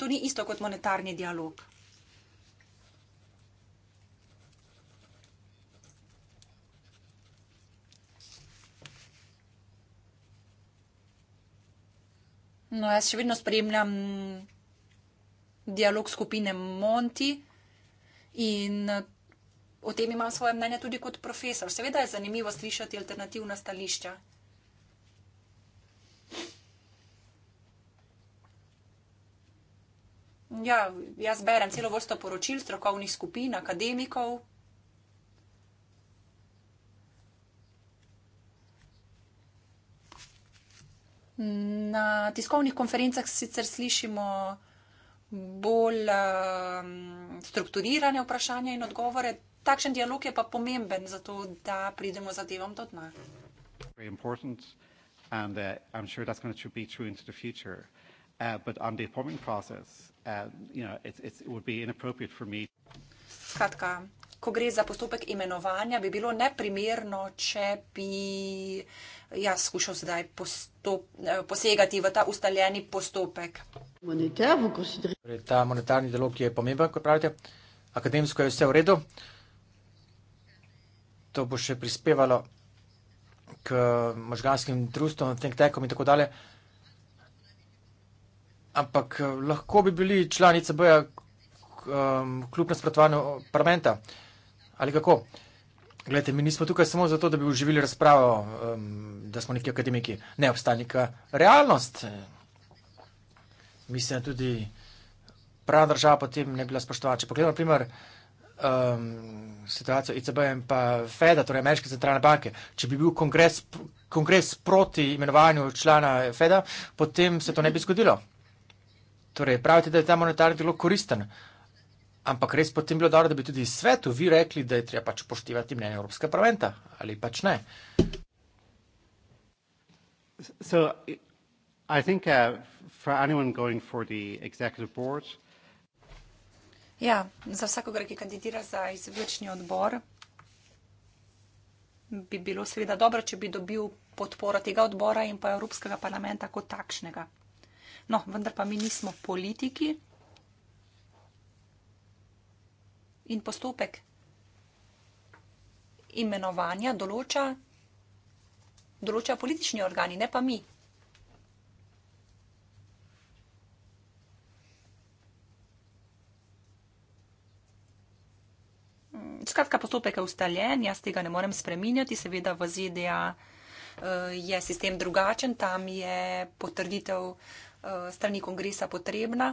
ni isto kot monetarni dialog. No, jaz še vedno spremljam dialog skupine Monti in eh, o tem imam svoje mnenje tudi kot profesor. Seveda je zanimivo slišati alternativna stališča. Ja, jaz berem celo vrsto poročil strokovnih skupin, akademikov. Na tiskovnih konferencah sicer slišimo bolj um, strukturirane vprašanja in odgovore. Takšen dialog je pa pomemben, zato da pridemo zadevam do dna. And uh, I'm sure that's going to be true into the future. Uh, but on the appointment process, uh, you know, it, it would be inappropriate for me. Skratka, ko gre za postopek imenovanja, bi bilo neprimerno, če bi jaz skušal zdaj postop, eh, posegati v ta ustaljeni postopek. Torej, ta monetarni delok je pomemben, kot pravite. Akademsko je vse v redu. To bo še prispevalo k možganskim družstvom, think tankom in tako dalje. Ampak eh, lahko bi bili članice boja um, ehm, kljub nasprotovanju parlamenta. Uh, Ali kako? Glede, mi nismo tukaj samo zato, da bi uživali razpravo, um, da smo neki akademiki. Ne obstaja neka realnost. Mislim, da tudi prava država potem ne bi bila spoštovana. Če pogledamo, naprimer, um, situacijo ICB in pa FED, torej Ameriške centralne banke, če bi bil kongres, kongres proti imenovanju člana FED, potem se to ne bi zgodilo. Torej, pravite, da je ta monetarni delo koristen. Uh, Ampak res potem bilo dobro, da bi tudi svetu vi rekli, da je treba pač upoštevati mnenje Evropskega parlamenta ali pač ne. So, I think uh, for anyone going for the executive board. Ja, za vsakogar, ki kandidira za izvršni odbor, bi bilo seveda dobro, če bi dobil podporo tega odbora in pa Evropskega parlamenta kot takšnega. No, vendar pa mi nismo politiki. in postopek imenovanja določa, določa politični organi, ne pa mi. Skratka, postopek je ustaljen, jaz tega ne morem spreminjati, seveda v ZDA eh, je sistem drugačen, tam je potrditev eh, strani kongresa potrebna.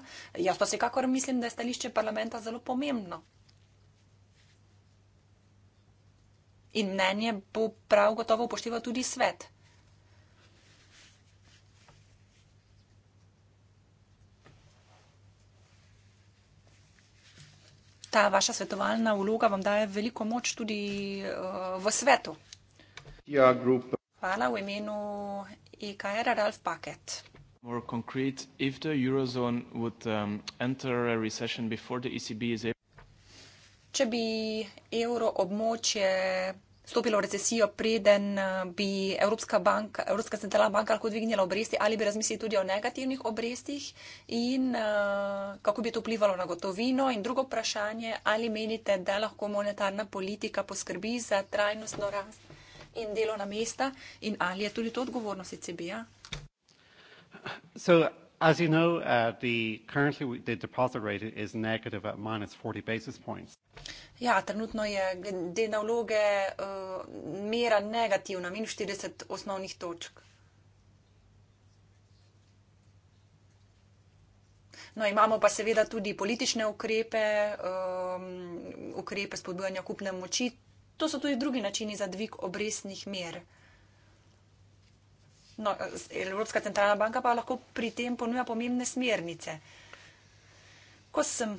Jaz pa vsekakor mislim, da je stališče parlamenta zelo pomembno. in mnenje bo prav gotovo upošteval tudi svet. Ta vaša svetovalna vloga vam daje veliko moč tudi uh, v svetu. Ja, Hvala v imenu EKR Ralf Paket. Concrete, would, um, able če bi evroobmočje stopilo v recesijo, preden eh, bi Evropska, banka, Evropska centralna banka lahko dvignila obresti, ali bi razmislili tudi o negativnih obrestih in uh, kako bi to vplivalo na gotovino. In drugo vprašanje, ali menite, da lahko monetarna politika poskrbi za trajnostno rast in delo na mesta in ali je tudi to odgovornost ECB-ja? As you know, uh, the currently, the deposit rate is negative at -40 basis points. Ja, trenutno je glede na vloge, uh, mera negativna, -40 osnovnih točk. No, imamo pa seveda tudi politične ukrepe, um, ukrepe spodbujanja kupne moči. To so tudi drugi načini za dvig obrestnih mer. No, Evropska centralna banka pa lahko pri tem ponuja pomembne smernice. Ko sem,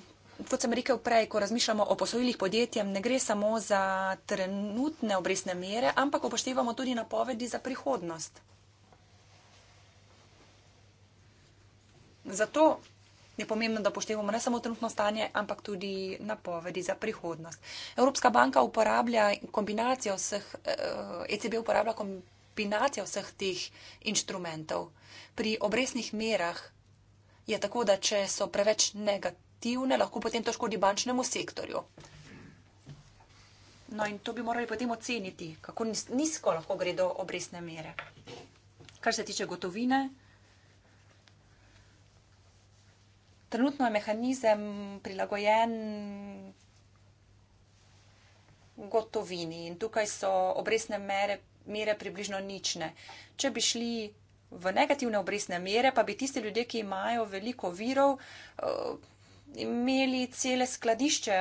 kot sem rekel prej, ko razmišljamo o posojilih podjetjem, ne gre samo za trenutne obresne mere, ampak upoštevamo tudi napovedi za prihodnost. Zato je pomembno, da upoštevamo ne samo trenutno stanje, ampak tudi napovedi za prihodnost. Evropska banka uporablja kombinacijo vseh, ECB eh, e uporablja kombinacijo kombinacija vseh teh inštrumentov. Pri obresnih merah je tako, da če so preveč negativne, lahko potem to škodi bančnemu sektorju. No in to bi morali potem oceniti, kako nizko lahko gre do obresne mere. Kar se tiče gotovine, trenutno je mehanizem prilagojen gotovini in tukaj so obresne mere prilagojene mere približno nične. Če bi šli v negativne obrestne mere, pa bi tisti ljudje, ki imajo veliko virov, eh, imeli cele skladišče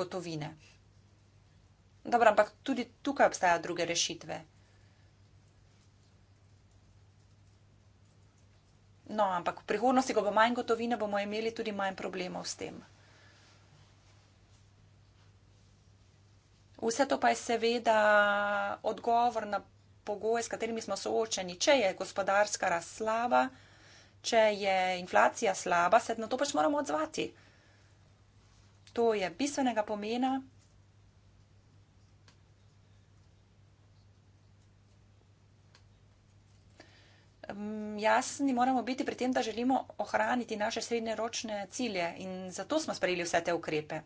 gotovine. Dobro, ampak tudi tukaj obstajajo druge rešitve. No, ampak v prihodnosti, ko bo manj gotovine, bomo imeli tudi manj problemov s tem. Vse to pa je seveda odgovor na pogoje, s katerimi smo soočeni. Če je gospodarska rast slaba, če je inflacija slaba, se na to pač moramo odzvati. To je bistvenega pomena. Mm, jasni moramo biti pri tem, da želimo ohraniti naše srednjeročne cilje in zato smo sprejeli vse te ukrepe.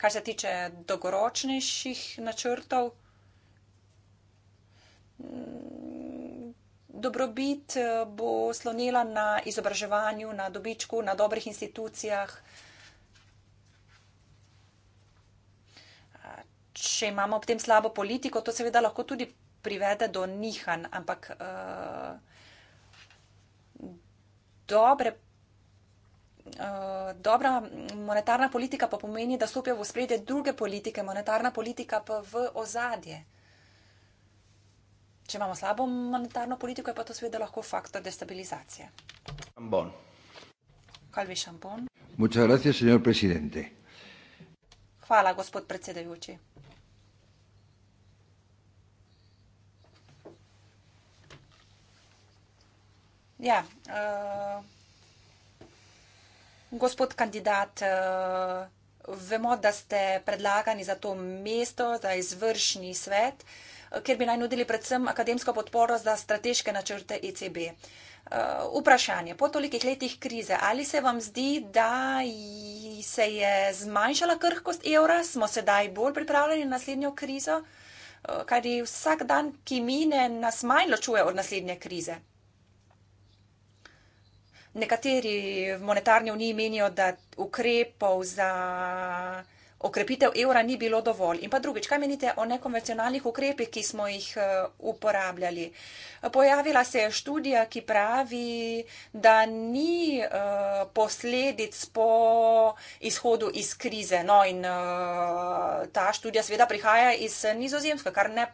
kar se tiče dolgoročnejših načrtov. Mm, dobrobit eh, bo slonila na izobraževanju, na dobičku, na dobrih institucijah. Če imamo ob tem slabo politiko, to seveda lahko tudi privede do nihanj, ampak uh, dobre uh, dobra monetarna politika pa pomeni, da stopijo v spredje druge politike, monetarna politika pa v ozadje. Če imamo slabo monetarno politiko, je pa to seveda lahko faktor destabilizacije. Šambon. Kaj bi šampon? Gracias, Hvala, gospod predsedajoči. Ja, uh, Gospod kandidat, eh, vemo, da ste predlagani za to mesto, za izvršni svet, eh, kjer bi naj nudili predvsem akademsko podporo za strateške načrte ECB. Eh, vprašanje, po tolikih letih krize, ali se vam zdi, da se je zmanjšala krhkost evra, smo sedaj bolj pripravljeni na naslednjo krizo, kajti vsak dan, ki mine, nas manj ločuje od naslednje krize? Nekateri v monetarni uniji menijo, da ukrepov za okrepitev evra ni bilo dovolj. In pa drugič, kaj menite o nekonvencionalnih ukrepih, ki smo jih eh, uporabljali? Pojavila se je študija, ki pravi, da ni uh, posledic po izhodu iz krize. No in uh, ta študija seveda prihaja iz nizozemske, kar ne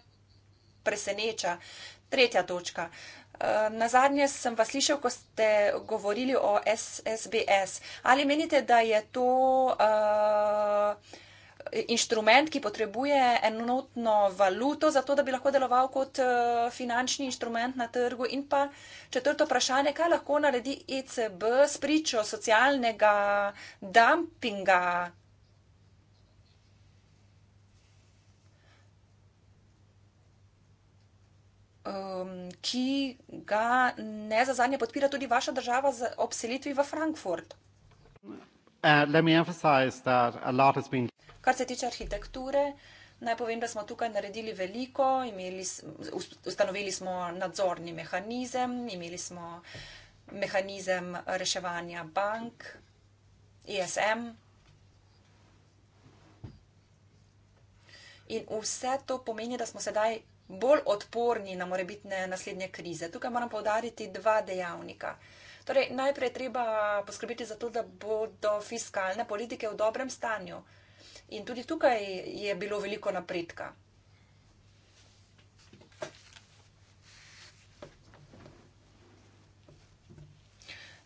preseneča. Tretja točka. Uh, Na zadnje sem vas slišal, ko ste govorili o SSBS. Ali menite, da je to uh, inštrument, ki potrebuje enotno valuto, zato da bi lahko deloval kot uh, finančni inštrument na trgu? In pa četrto vprašanje, kaj lahko naredi ECB s pričo socialnega dumpinga um, ki ga ne za zadnje podpira tudi vaša država z obselitvi v Frankfurt. Uh, been... Kar se tiče arhitekture, naj povem, da smo tukaj naredili veliko, imeli, ustanovili smo nadzorni mehanizem, imeli smo mehanizem reševanja bank, ISM. E In vse to pomeni, da smo sedaj bolj odporni na morebitne naslednje krize. Tukaj moram povdariti dva dejavnika. Torej, najprej treba poskrbeti za to, da bodo fiskalne politike v dobrem stanju. In tudi tukaj je bilo veliko napredka.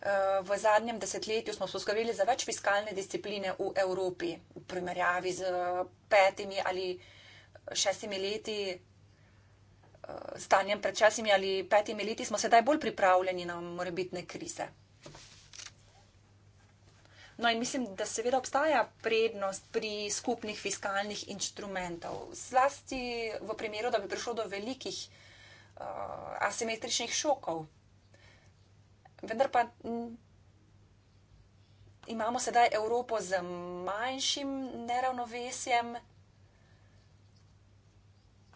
Eh, v zadnjem desetletju smo poskrbeli za več fiskalne discipline v Evropi v primerjavi z petimi ali šestimi leti Eh, stanjem pred časimi ali petimi leti, smo sedaj bolj pripravljeni na morebitne krize. No in mislim, da seveda obstaja prednost pri skupnih fiskalnih inštrumentov. Zlasti v primeru, da bi prišlo do velikih uh, asimetričnih šokov. Vendar pa m, mm, imamo sedaj Evropo z manjšim neravnovesjem,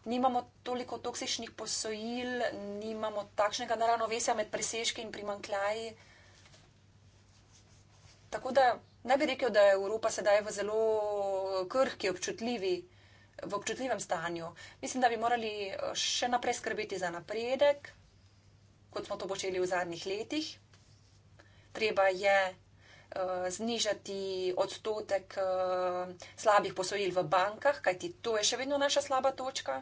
nimamo toliko toksičnih posojil, nimamo takšnega naravnovesja med presežki in primankljaji. Tako da ne bi rekel, da je Evropa sedaj v zelo eh, krhki, občutljivi. V občutljivem stanju. Mislim, da bi morali eh, še naprej skrbeti za napredek, kot smo to počeli v zadnjih letih. Treba je uh, znižati odstotek uh, slabih posojil v bankah, kajti to je še vedno naša slaba točka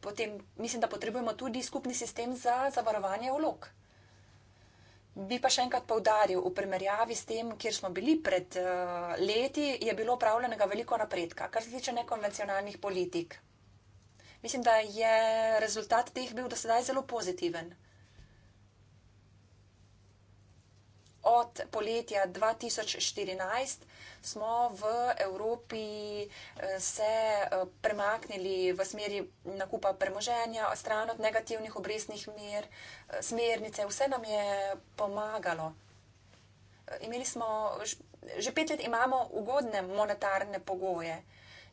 potem mislim, da potrebujemo tudi skupni sistem za zavarovanje vlog. Bi pa še enkrat povdaril, v primerjavi s tem, kjer smo bili pred uh, leti, je bilo upravljenega veliko napredka, kar se tiče nekonvencionalnih politik. Mislim, da je rezultat teh bil do sedaj zelo pozitiven. od poletja 2014 smo v Evropi eh, se eh, premaknili v smeri nakupa premoženja, stran od negativnih obrestnih mer, eh, smernice, vse nam je pomagalo. Imeli smo, že pet let imamo ugodne monetarne pogoje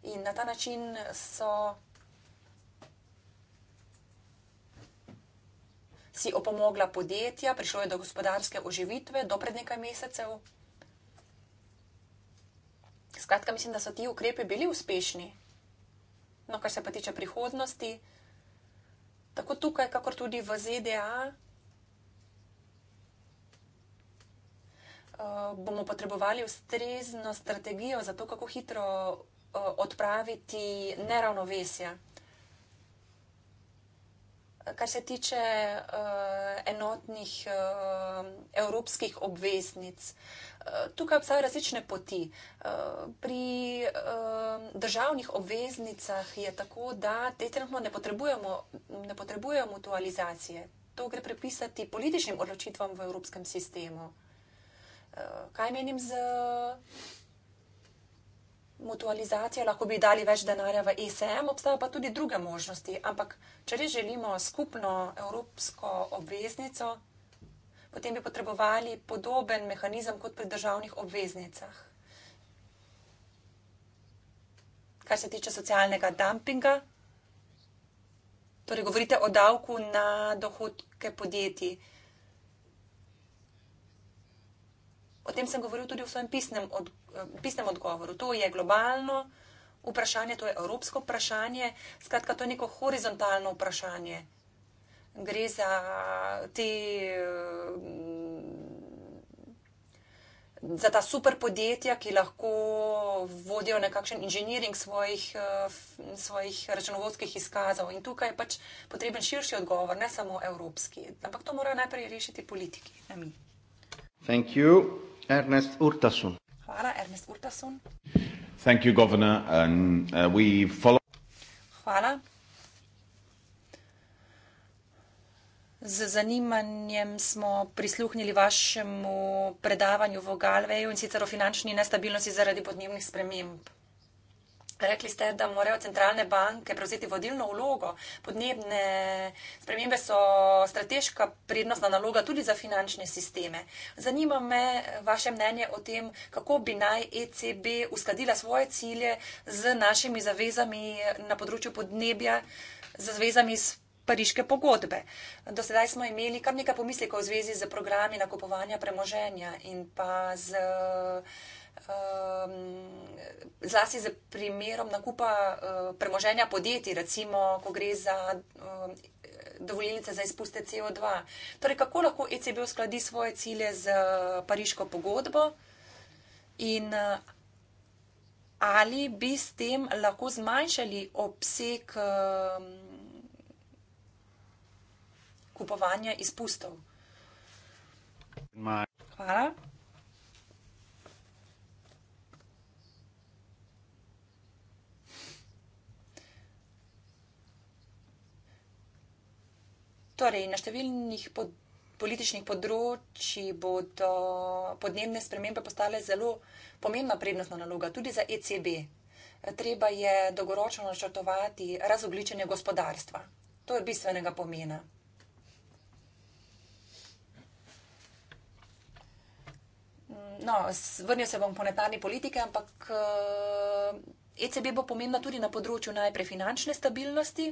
in na ta način so. si opomogla podjetja, prišlo je do gospodarske oživitve, do pred nekaj mesecev. Skratka, mislim, da so ti ukrepi bili uspešni. No, kar se pa tiče prihodnosti, tako tukaj, kakor tudi v ZDA, eh, bomo potrebovali ustrezno strategijo za to, kako hitro eh, odpraviti neravnovesja kar se tiče uh, enotnih uh, evropskih obveznic. Eh, tukaj obstajajo različne poti. Pri državnih obveznicah je tako, da te trenutno ne potrebujemo, ne potrebujemo mutualizacije. To gre prepisati političnim odločitvam v evropskem sistemu. Kaj menim z mutualizacijo, lahko bi dali več denarja v ECM, obstajajo pa tudi druge možnosti. Ampak, če res želimo skupno evropsko obveznico, potem bi potrebovali podoben mehanizem kot pri državnih obveznicah. Kar se tiče socialnega dumpinga, torej govorite o davku na dohodke podjetij. O tem sem govoril tudi v svojem pisnem, od, eh, pisnem odgovoru. To je globalno vprašanje, to je evropsko vprašanje, skratka, to je neko horizontalno vprašanje. Gre za te. Eh, za ta super podjetja, ki lahko vodijo nekakšen inženiring svojih, eh, svojih računovodskih izkazov. In tukaj je pač potreben širši odgovor, ne samo evropski. Ampak to morajo najprej rešiti politiki, ne mi. Hvala. Ernest Urtasun. Hvala, Ernest Urtasun. Thank you, Governor, and uh, we follow. Hvala. Z zanimanjem smo prisluhnili vašemu predavanju v Galveju in sicer o finančni nestabilnosti zaradi podnebnih sprememb. Rekli ste, da morajo centralne banke prevzeti vodilno vlogo. Podnebne spremembe so strateška prednostna naloga tudi za finančne sisteme. Zanima me vaše mnenje o tem, kako bi naj ECB uskladila svoje cilje z našimi zavezami na področju podnebja, z zavezami iz pariške pogodbe. Do sedaj smo imeli kar nekaj pomislekov v zvezi z programi nakupovanja premoženja in pa z. Uh, um, zlasti z primerom nakupa uh, premoženja podjetij, recimo, ko gre za um, ehm, dovoljenice za izpuste CO2. Torej, kako lahko ECB uskladi svoje cilje z Pariško pogodbo in uh, ali bi s tem lahko zmanjšali obseg um, kupovanja izpustov? Hvala. Torej, na številnih pod, političnih področjih bodo podnebne spremembe postale zelo pomembna prednostna naloga, tudi za ECB. Treba je dolgoročno načrtovati razogličenje gospodarstva. To je bistvenega pomena. No, vrnil se bom k monetarni politiki, ampak ECB eh, e bo pomembna tudi na področju najprej finančne stabilnosti.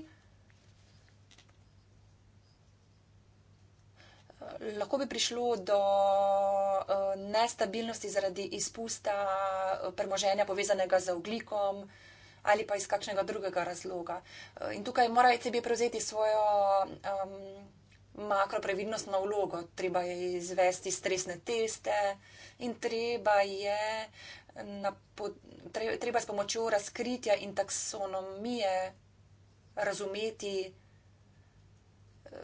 lahko bi prišlo do eh, nestabilnosti zaradi izpusta eh, premoženja povezanega z oglikom ali pa iz kakšnega drugega razloga. Eh, in tukaj mora ECB prevzeti svojo um, makropravilnostno vlogo. Treba je izvesti stresne teste in treba je na, treba s pomočjo razkritja in taksonomije razumeti,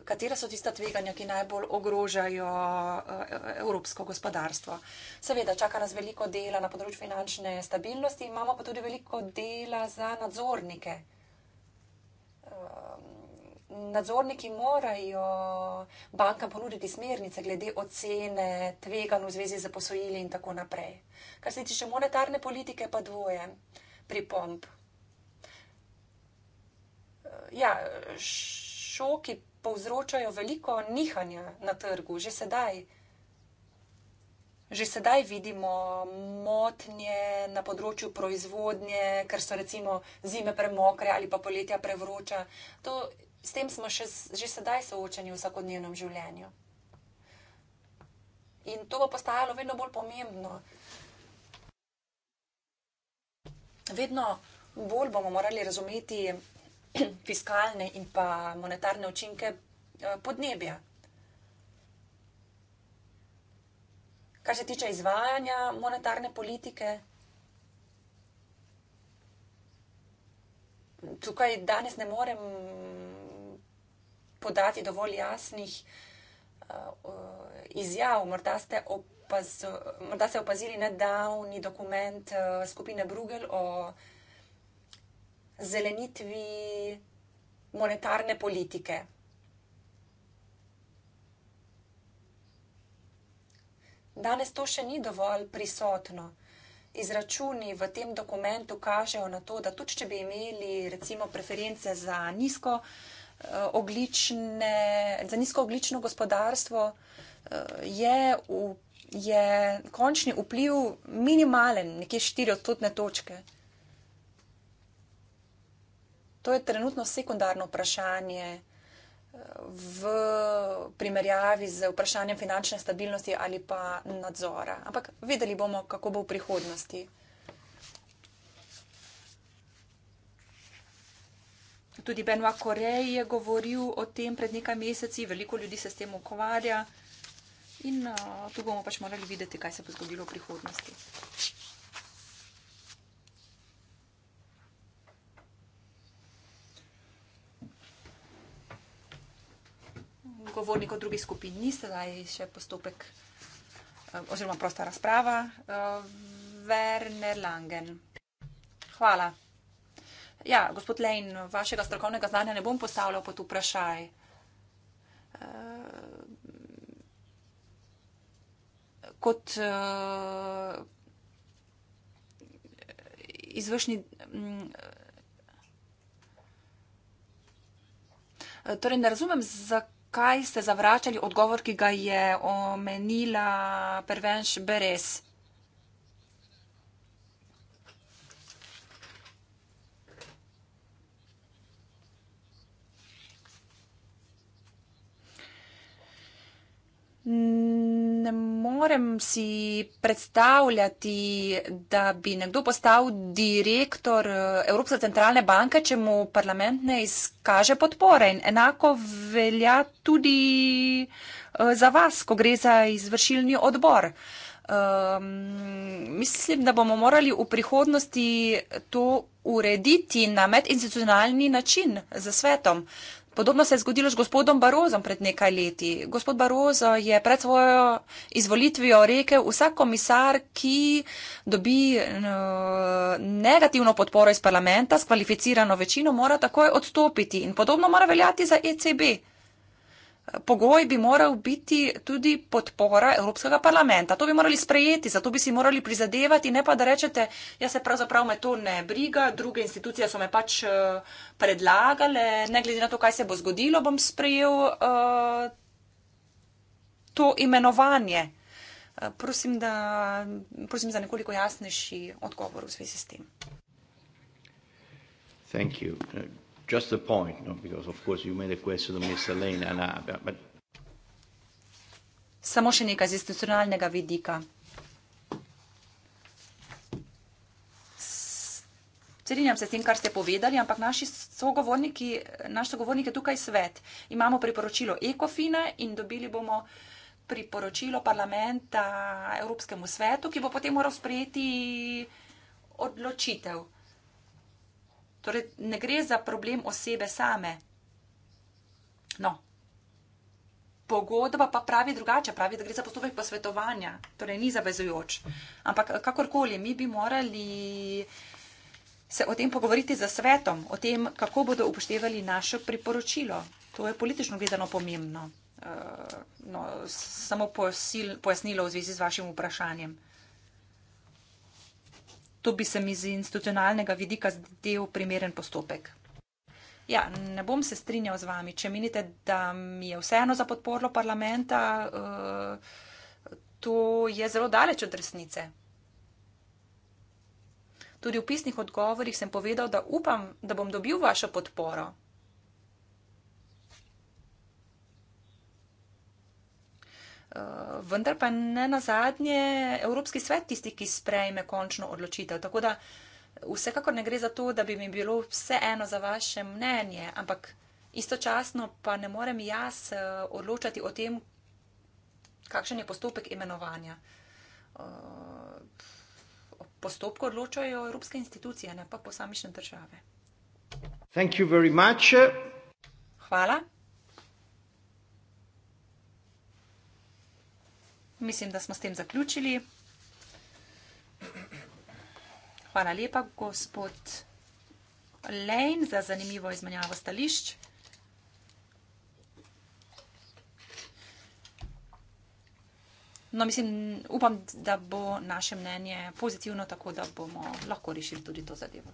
katera so tista tveganja, ki najbolj ogrožajo eh, evropsko gospodarstvo. Seveda, čaka nas veliko dela na področju finančne stabilnosti, imamo pa tudi veliko dela za nadzornike. Eh, nadzorniki morajo bankam ponuditi smernice glede ocene tveganj v zvezi z posojili in tako naprej. Kar se tiče monetarne politike, pa dvoje pripomp. Eh, ja, šoki povzročajo veliko nihanja na trgu, že sedaj. Že sedaj vidimo motnje na področju proizvodnje, ker so recimo zime premokre ali pa poletja prevroča. To, s tem smo še, že sedaj soočeni v vsakodnevnem življenju. In to bo postajalo vedno bolj pomembno. Vedno bolj bomo morali razumeti fiskalne in pa monetarne učinke eh, podnebja. Kar se tiče izvajanja monetarne politike, tukaj danes ne morem podati dovolj jasnih eh, izjav. Morda ste opazili, morda ste opazili nedavni dokument eh, skupine Bruegel o zelenitvi monetarne politike. Danes to še ni dovolj prisotno. Izračuni v tem dokumentu kažejo na to, da tudi če bi imeli recimo preference za nizko, eh, oglične, za nizko oglično gospodarstvo, eh, je, je končni vpliv minimalen, nekje 4 odstotne točke. To je trenutno sekundarno vprašanje v primerjavi z vprašanjem finančne stabilnosti ali pa nadzora. Ampak videli bomo, kako bo v prihodnosti. Tudi Benoit Correa je govoril o tem pred nekaj meseci, veliko ljudi se s tem ukvarja in uh, tu bomo pač morali videti, kaj se bo zgodilo v prihodnosti. govornikov drugih skupin ni, sedaj je še postopek eh, oziroma prosta razprava. Eh, Werner Langen. Hvala. Ja, gospod Lein, vašega strokovnega znanja ne bom postavljal pod vprašaj. Eh, kot izvršni. Mm, torej, ne razumem, zakaj zakaj ste zavračali odgovor, ki ga je omenila prvenš Beres? Ne morem si predstavljati, da bi nekdo postal direktor eh, Evropske centralne banke, če mu parlament ne izkaže podpore. In enako velja tudi eh, za vas, ko gre za izvršilni odbor. Um, mislim, da bomo morali v prihodnosti to urediti na medinstitucionalni način za svetom. Podobno se je zgodilo z gospodom Barozom pred nekaj leti. Gospod Barozo je pred svojo izvolitvijo rekel, vsak komisar, ki dobi eh, negativno podporo iz parlamenta s kvalificirano večino, mora takoj odstopiti. In podobno mora veljati za ECB pogoj bi moral biti tudi podpora Evropskega parlamenta. To bi morali sprejeti, zato bi si morali prizadevati, ne pa da rečete, jaz se pravzaprav me to ne briga, druge institucije so me pač eh, predlagale, ne glede na to, kaj se bo zgodilo, bom sprejel uh, to imenovanje. Eh, prosim, da, prosim za nekoliko jasnejši odgovor v zvezi s tem. Thank you just a point, no, because of course you made a question to Mr. Lane and I, but, but Samo še nekaj z institucionalnega vidika. Strinjam se s tem, kar ste povedali, ampak naši sogovorniki, naš sogovornik je tukaj svet. Imamo priporočilo Ekofina in dobili bomo priporočilo parlamenta Evropskemu svetu, ki bo potem moral sprejeti odločitev. Torej, ne gre za problem osebe same. No. Pogodba pa pravi drugače, pravi, da gre za postopek posvetovanja, torej ni zavezujoč. Ampak eh, kakorkoli, mi bi morali se o tem pogovoriti z svetom, o tem, kako bodo upoštevali naše priporočilo. To je politično gledano pomembno. Eh, no, samo pojasnilo v zvezi z vašim vprašanjem. To bi se mi z institucionalnega vidika zdel primeren postopek. Ja, ne bom se strinjal z vami, če menite, da mi je vseeno za podporo parlamenta, eh, to je zelo daleč od resnice. Tudi v pisnih odgovorih sem povedal, da upam, da bom dobil vašo podporo. Eh, vendar pa ne na zadnje Evropski svet tisti, ki sprejme končno odločitev. Tako da vsekakor ne gre za to, da bi mi bilo vse eno za vaše mnenje, ampak istočasno pa ne morem jaz eh, odločati o tem, kakšen je postopek imenovanja. Eh, o postopku odločajo Evropske institucije, ne pa posamične države. Hvala. mislim, da smo s tem zaključili. Hvala lepa, gospod Lejn, za zanimivo izmenjavo stališč. No, mislim, upam, da bo naše mnenje pozitivno, tako da bomo lahko rešili tudi to zadevo.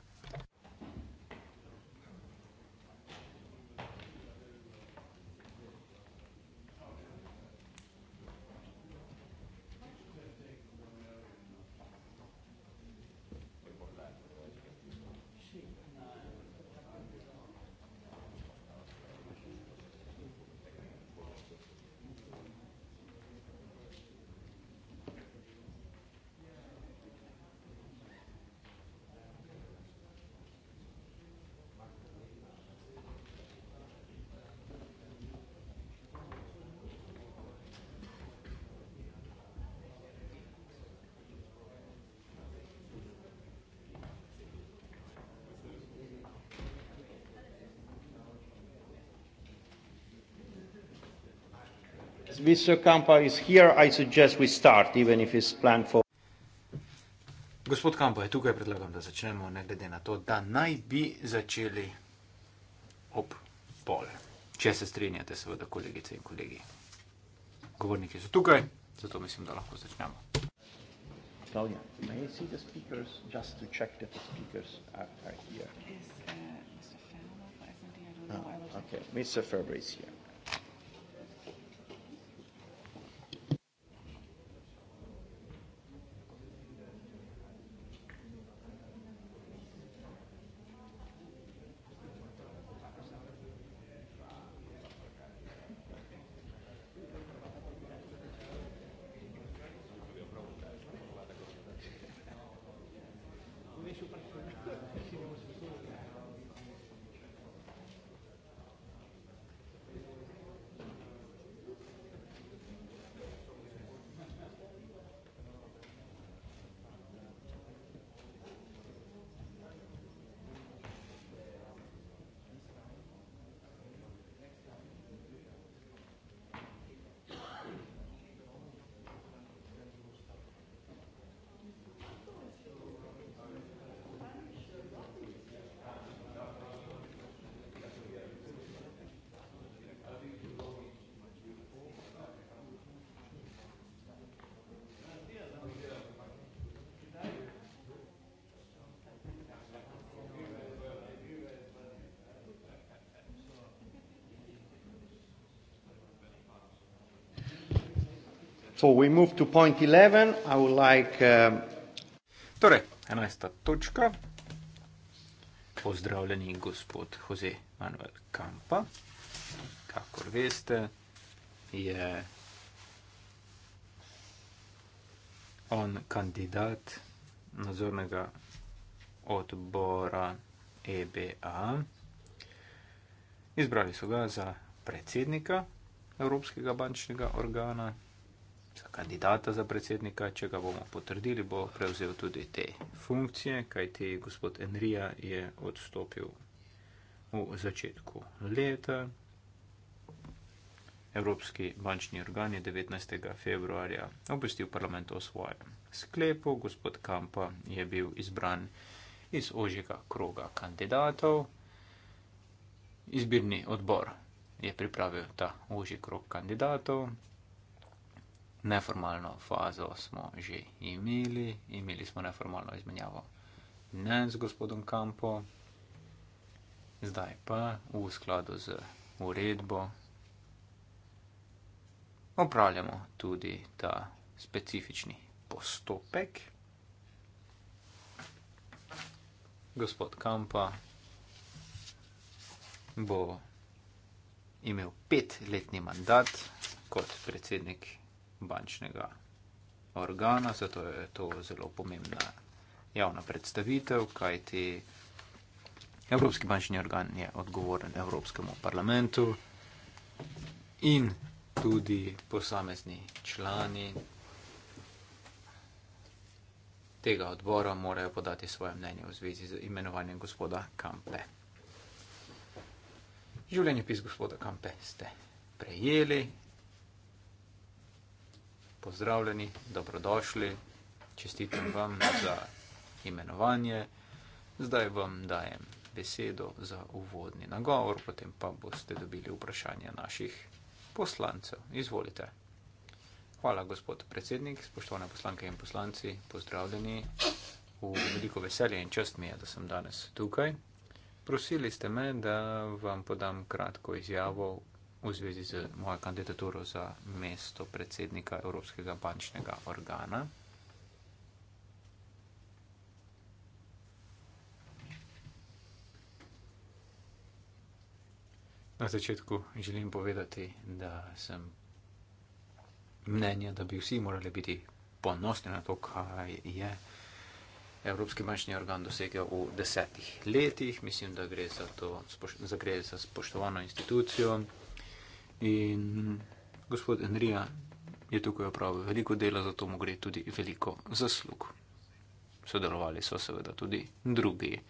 Gospod Kampo, je tukaj predlagam, da začnemo, ne glede na to, da naj bi začeli ob pol. Če se strinjate, seveda, kolegice in kolegi. Govorniki so tukaj, zato mislim, da lahko začnemo. Claudia, may I see the speakers just to check that the speakers are, are here? Is uh, Mr. Ferber present? I don't know. Oh, ah, I will okay, check. Mr. Ferber is here. Uh, torej, enajsta točka. Pozdravljeni, gospod Jose Manuel Kampa. Kakor veste, je on kandidat nadzornega odbora EBA. Izbrali so ga za predsednika Evropskega bančnega organa za kandidata za predsednika, če ga bomo potrdili, bo prevzel tudi te funkcije, kajti gospod Enrija je odstopil v začetku leta. Evropski bančni organ je 19. februarja obvestil parlament o svojem sklepu, gospod Kampa je bil izbran iz ožjega kroga kandidatov. Izbirni odbor je pripravil ta ožji krok kandidatov, neformalno fazo smo že imeli, imeli smo neformalno izmenjavo mnen z gospodom Kampo, zdaj pa v skladu z uredbo opravljamo tudi ta specifični postopek. Gospod Kampa bo imel petletni mandat kot predsednik bančnega organa, zato je to zelo pomembna javna predstavitev, kajti Evropski bančni organ je odgovoren Evropskemu parlamentu in tudi posamezni člani tega odbora morajo podati svoje mnenje v zvezi z imenovanjem gospoda Kampe. Življenjepis gospoda Kampe ste prejeli pozdravljeni, dobrodošli, čestitam vam za imenovanje. Zdaj vam dajem besedo za uvodni nagovor, potem pa boste dobili vprašanje naših poslancev. Izvolite. Hvala, gospod predsednik, spoštovane poslanke in poslanci, pozdravljeni. V veliko veselje in čast mi je, da sem danes tukaj. Prosili ste me, da vam podam kratko izjavo v zvezi z mojo kandidaturo za mesto predsednika Evropskega bančnega organa. Na začetku želim povedati, da sem mnenja, da bi vsi morali biti ponosni na to, kaj je Evropski manjšnji organ dosegel v desetih letih. Mislim, da gre za, to, za, gre za spoštovano institucijo. In gospod Enrija je tukaj opravil veliko dela, zato mu gre tudi veliko zaslug. Sodelovali so seveda tudi drugi.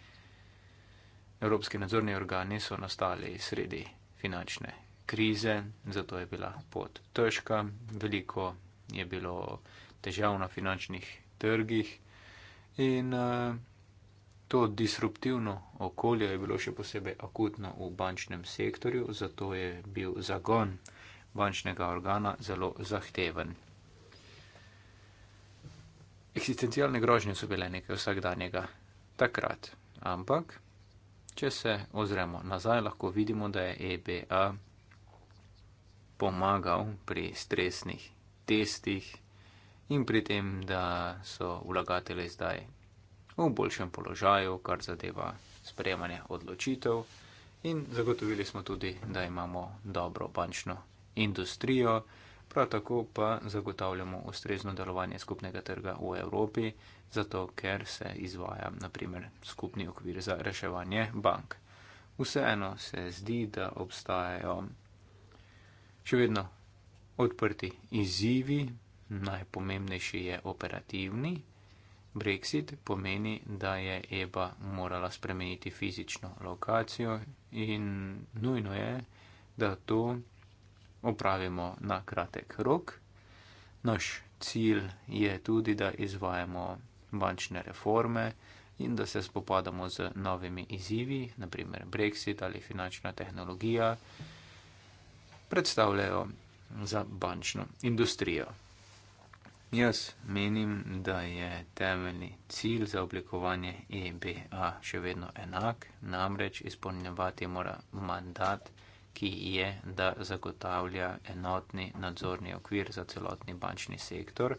Evropski nadzorni organi so nastali sredi finančne krize, zato je bila pot težka, veliko je bilo težav na finančnih trgih in uh, to disruptivno okolje je bilo še posebej akutno v bančnem sektorju, zato je bil zagon bančnega organa zelo zahteven. Eksistencialne grožnje so bile nekaj vsakdanjega takrat, ampak če se ozremo nazaj, lahko vidimo, da je EBA pomagal pri stresnih testih in pri tem, da so vlagatelje zdaj v boljšem položaju, kar zadeva sprejemanje odločitev, in zagotovili smo tudi, da imamo dobro bančno industrijo, prav tako pa zagotavljamo ustrezno delovanje skupnega trga v Evropi, zato ker se izvaja naprimer skupni okvir za reševanje bank. Vseeno se zdi, da obstajajo še vedno odprti izzivi, najpomembnejši je operativni, Brexit pomeni, da je EBA morala spremeniti fizično lokacijo in nujno je, da to opravimo na kratek rok. Naš cilj je tudi, da izvajamo bančne reforme in da se spopadamo z novimi izzivi, naprimer Brexit ali finančna tehnologija, predstavljajo za bančno industrijo. Jaz menim, da je temeljni cilj za oblikovanje EBA še vedno enak, namreč izpolnjevati mora mandat, ki je, da zagotavlja enotni nadzorni okvir za celotni bančni sektor,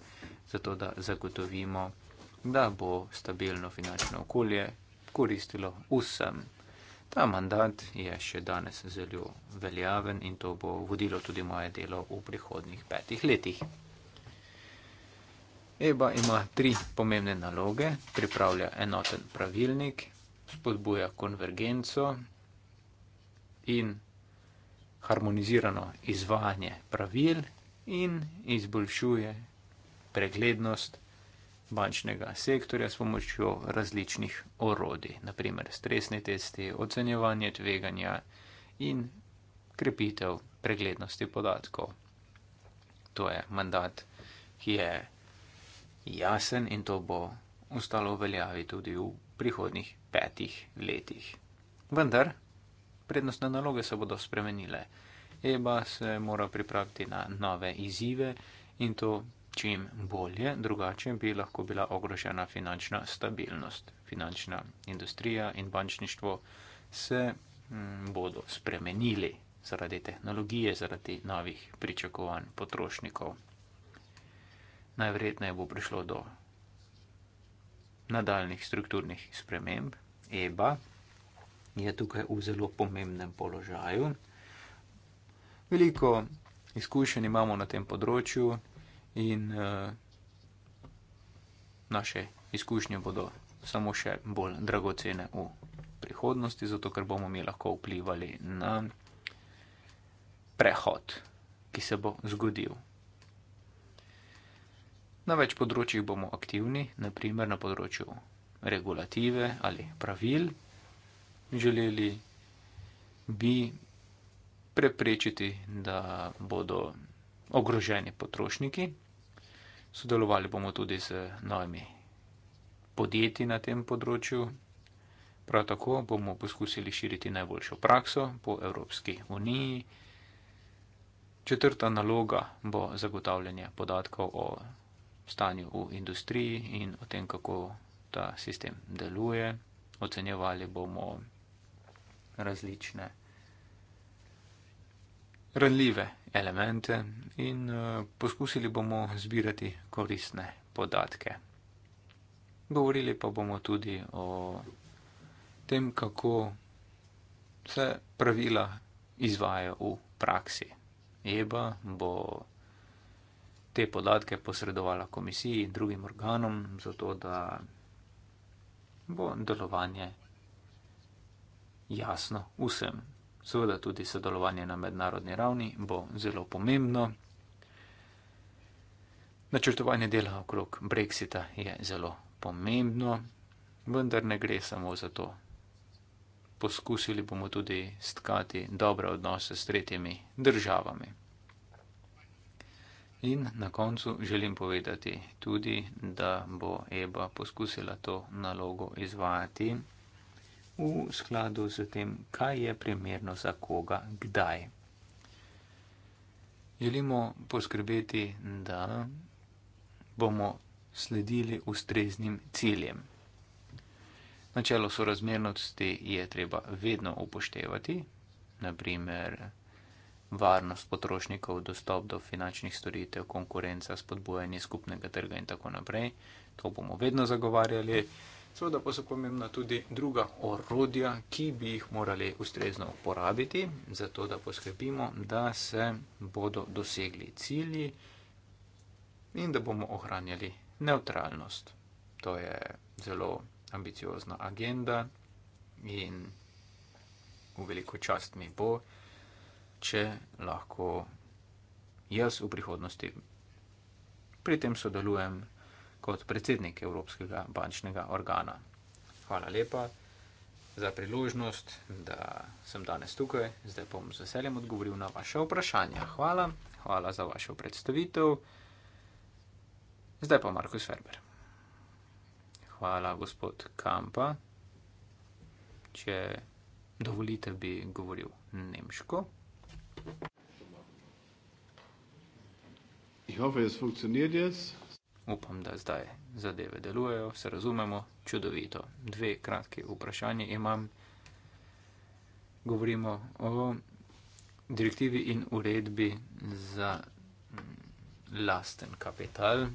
zato da zagotovimo, da bo stabilno finančno okolje koristilo vsem. Ta mandat je še danes zelo veljaven in to bo vodilo tudi moje delo v prihodnjih petih letih. EBA ima tri pomembne naloge, pripravlja enoten pravilnik, spodbuja konvergenco in harmonizirano izvajanje pravil in izboljšuje preglednost bančnega sektorja s pomočjo različnih orodij, naprimer stresni testi, ocenjevanje tveganja in krepitev preglednosti podatkov. To je mandat, ki je jasen in to bo ostalo v veljavi tudi v prihodnih petih letih. Vendar prednostne naloge se bodo spremenile. EBA se mora pripraviti na nove izzive in to čim bolje, drugače bi lahko bila ogrožena finančna stabilnost. Finančna industrija in bančništvo se mm, bodo spremenili zaradi tehnologije, zaradi novih pričakovanj potrošnikov najverjetneje bo prišlo do nadaljnih strukturnih sprememb. EBA je tukaj v zelo pomembnem položaju. Veliko izkušenj imamo na tem področju in uh, naše izkušnje bodo samo še bolj dragocene v prihodnosti, zato ker bomo mi lahko vplivali na prehod, ki se bo zgodil Na več področjih bomo aktivni, naprimer na področju regulative ali pravil. Želeli bi preprečiti, da bodo ogroženi potrošniki. Sodelovali bomo tudi z novimi podjetji na tem področju. Prav tako bomo poskusili širiti najboljšo prakso po Evropski uniji. Četrta naloga bo zagotavljanje podatkov o stanju v industriji in o tem, kako ta sistem deluje. Ocenjevali bomo različne ranljive elemente in eh, poskusili bomo zbirati koristne podatke. Govorili pa bomo tudi o tem, kako se pravila izvajajo v praksi. Eba bo te podatke posredovala komisiji in drugim organom, zato da bo delovanje jasno vsem. Seveda tudi sodelovanje na mednarodni ravni bo zelo pomembno. Načrtovanje dela okrog Brexita je zelo pomembno, vendar ne gre samo za to. Poskusili bomo tudi stkati dobre odnose s tretjimi državami. In na koncu želim povedati tudi, da bo Eba poskusila to nalogo izvajati v skladu z tem, kaj je primerno za koga, kdaj. Želimo poskrbeti, da bomo sledili ustreznim ciljem. Načelo sorazmernosti je treba vedno upoštevati, naprimer varnost potrošnikov, dostop do finančnih storitev, konkurenca, spodbujanje skupnega trga in tako naprej. To bomo vedno zagovarjali. Seveda pa so pomembna tudi druga orodja, ki bi jih morali ustrezno uporabiti, zato da poskrbimo, da se bodo dosegli cilji in da bomo ohranjali neutralnost. To je zelo ambiciozna agenda in v veliko čast mi bo če lahko jaz v prihodnosti pri tem sodelujem kot predsednik Evropskega bančnega organa. Hvala lepa za priložnost, da sem danes tukaj. Zdaj bom z veseljem odgovoril na vaše vprašanja. Hvala, hvala za vašo predstavitev. Zdaj pa Markus Ferber. Hvala, gospod Kampa. Če dovolite, bi govoril nemško. Upam, da zdaj zadeve delujejo, se razumemo čudovito. Dve kratki vprašanje imam. Govorimo o direktivi in uredbi za mm, lasten kapital.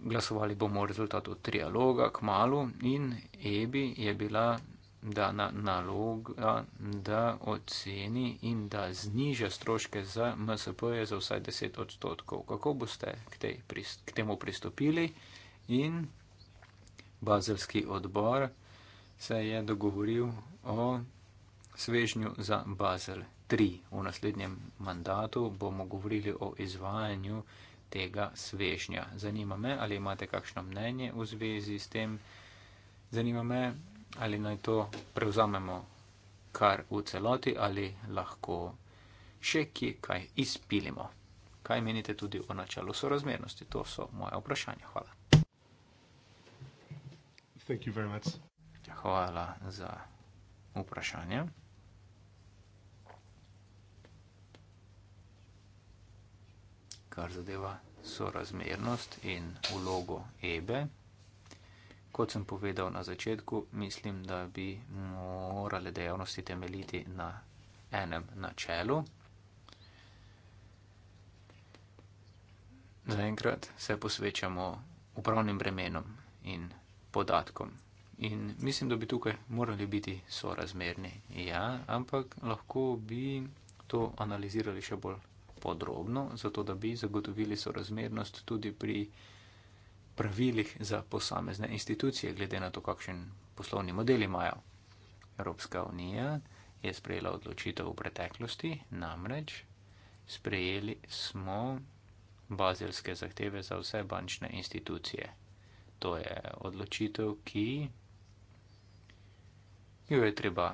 Glasovali bomo o rezultatu trialoga k malu in EBI je bila da na naloga, da oceni in da zniža stroške za MSP-je za vsaj 10 odstotkov. Kako boste k, tej, k temu pristopili? In bazelski odbor se je dogovoril o svežnju za Bazel 3. V naslednjem mandatu bomo govorili o izvajanju tega svežnja. Zanima me, ali imate kakšno mnenje v zvezi s tem. Zanima me, ali naj to prevzamemo kar v celoti ali lahko še kje kaj izpilimo. Kaj menite tudi o načelu sorazmernosti? To so moje vprašanja. Hvala. Ja, hvala za vprašanje. Kar zadeva sorazmernost in vlogo EBE. Kot sem povedal na začetku, mislim, da bi morale dejavnosti temeljiti na enem načelu. Zaenkrat se posvečamo upravnim bremenom in podatkom. In mislim, da bi tukaj morali biti sorazmerni. Ja, ampak lahko bi to analizirali še bolj podrobno, zato da bi zagotovili sorazmernost tudi pri pravilih za posamezne institucije, glede na to, kakšen poslovni model imajo. Evropska unija je sprejela odločitev v preteklosti, namreč sprejeli smo bazilske zahteve za vse bančne institucije. To je odločitev, ki jo je treba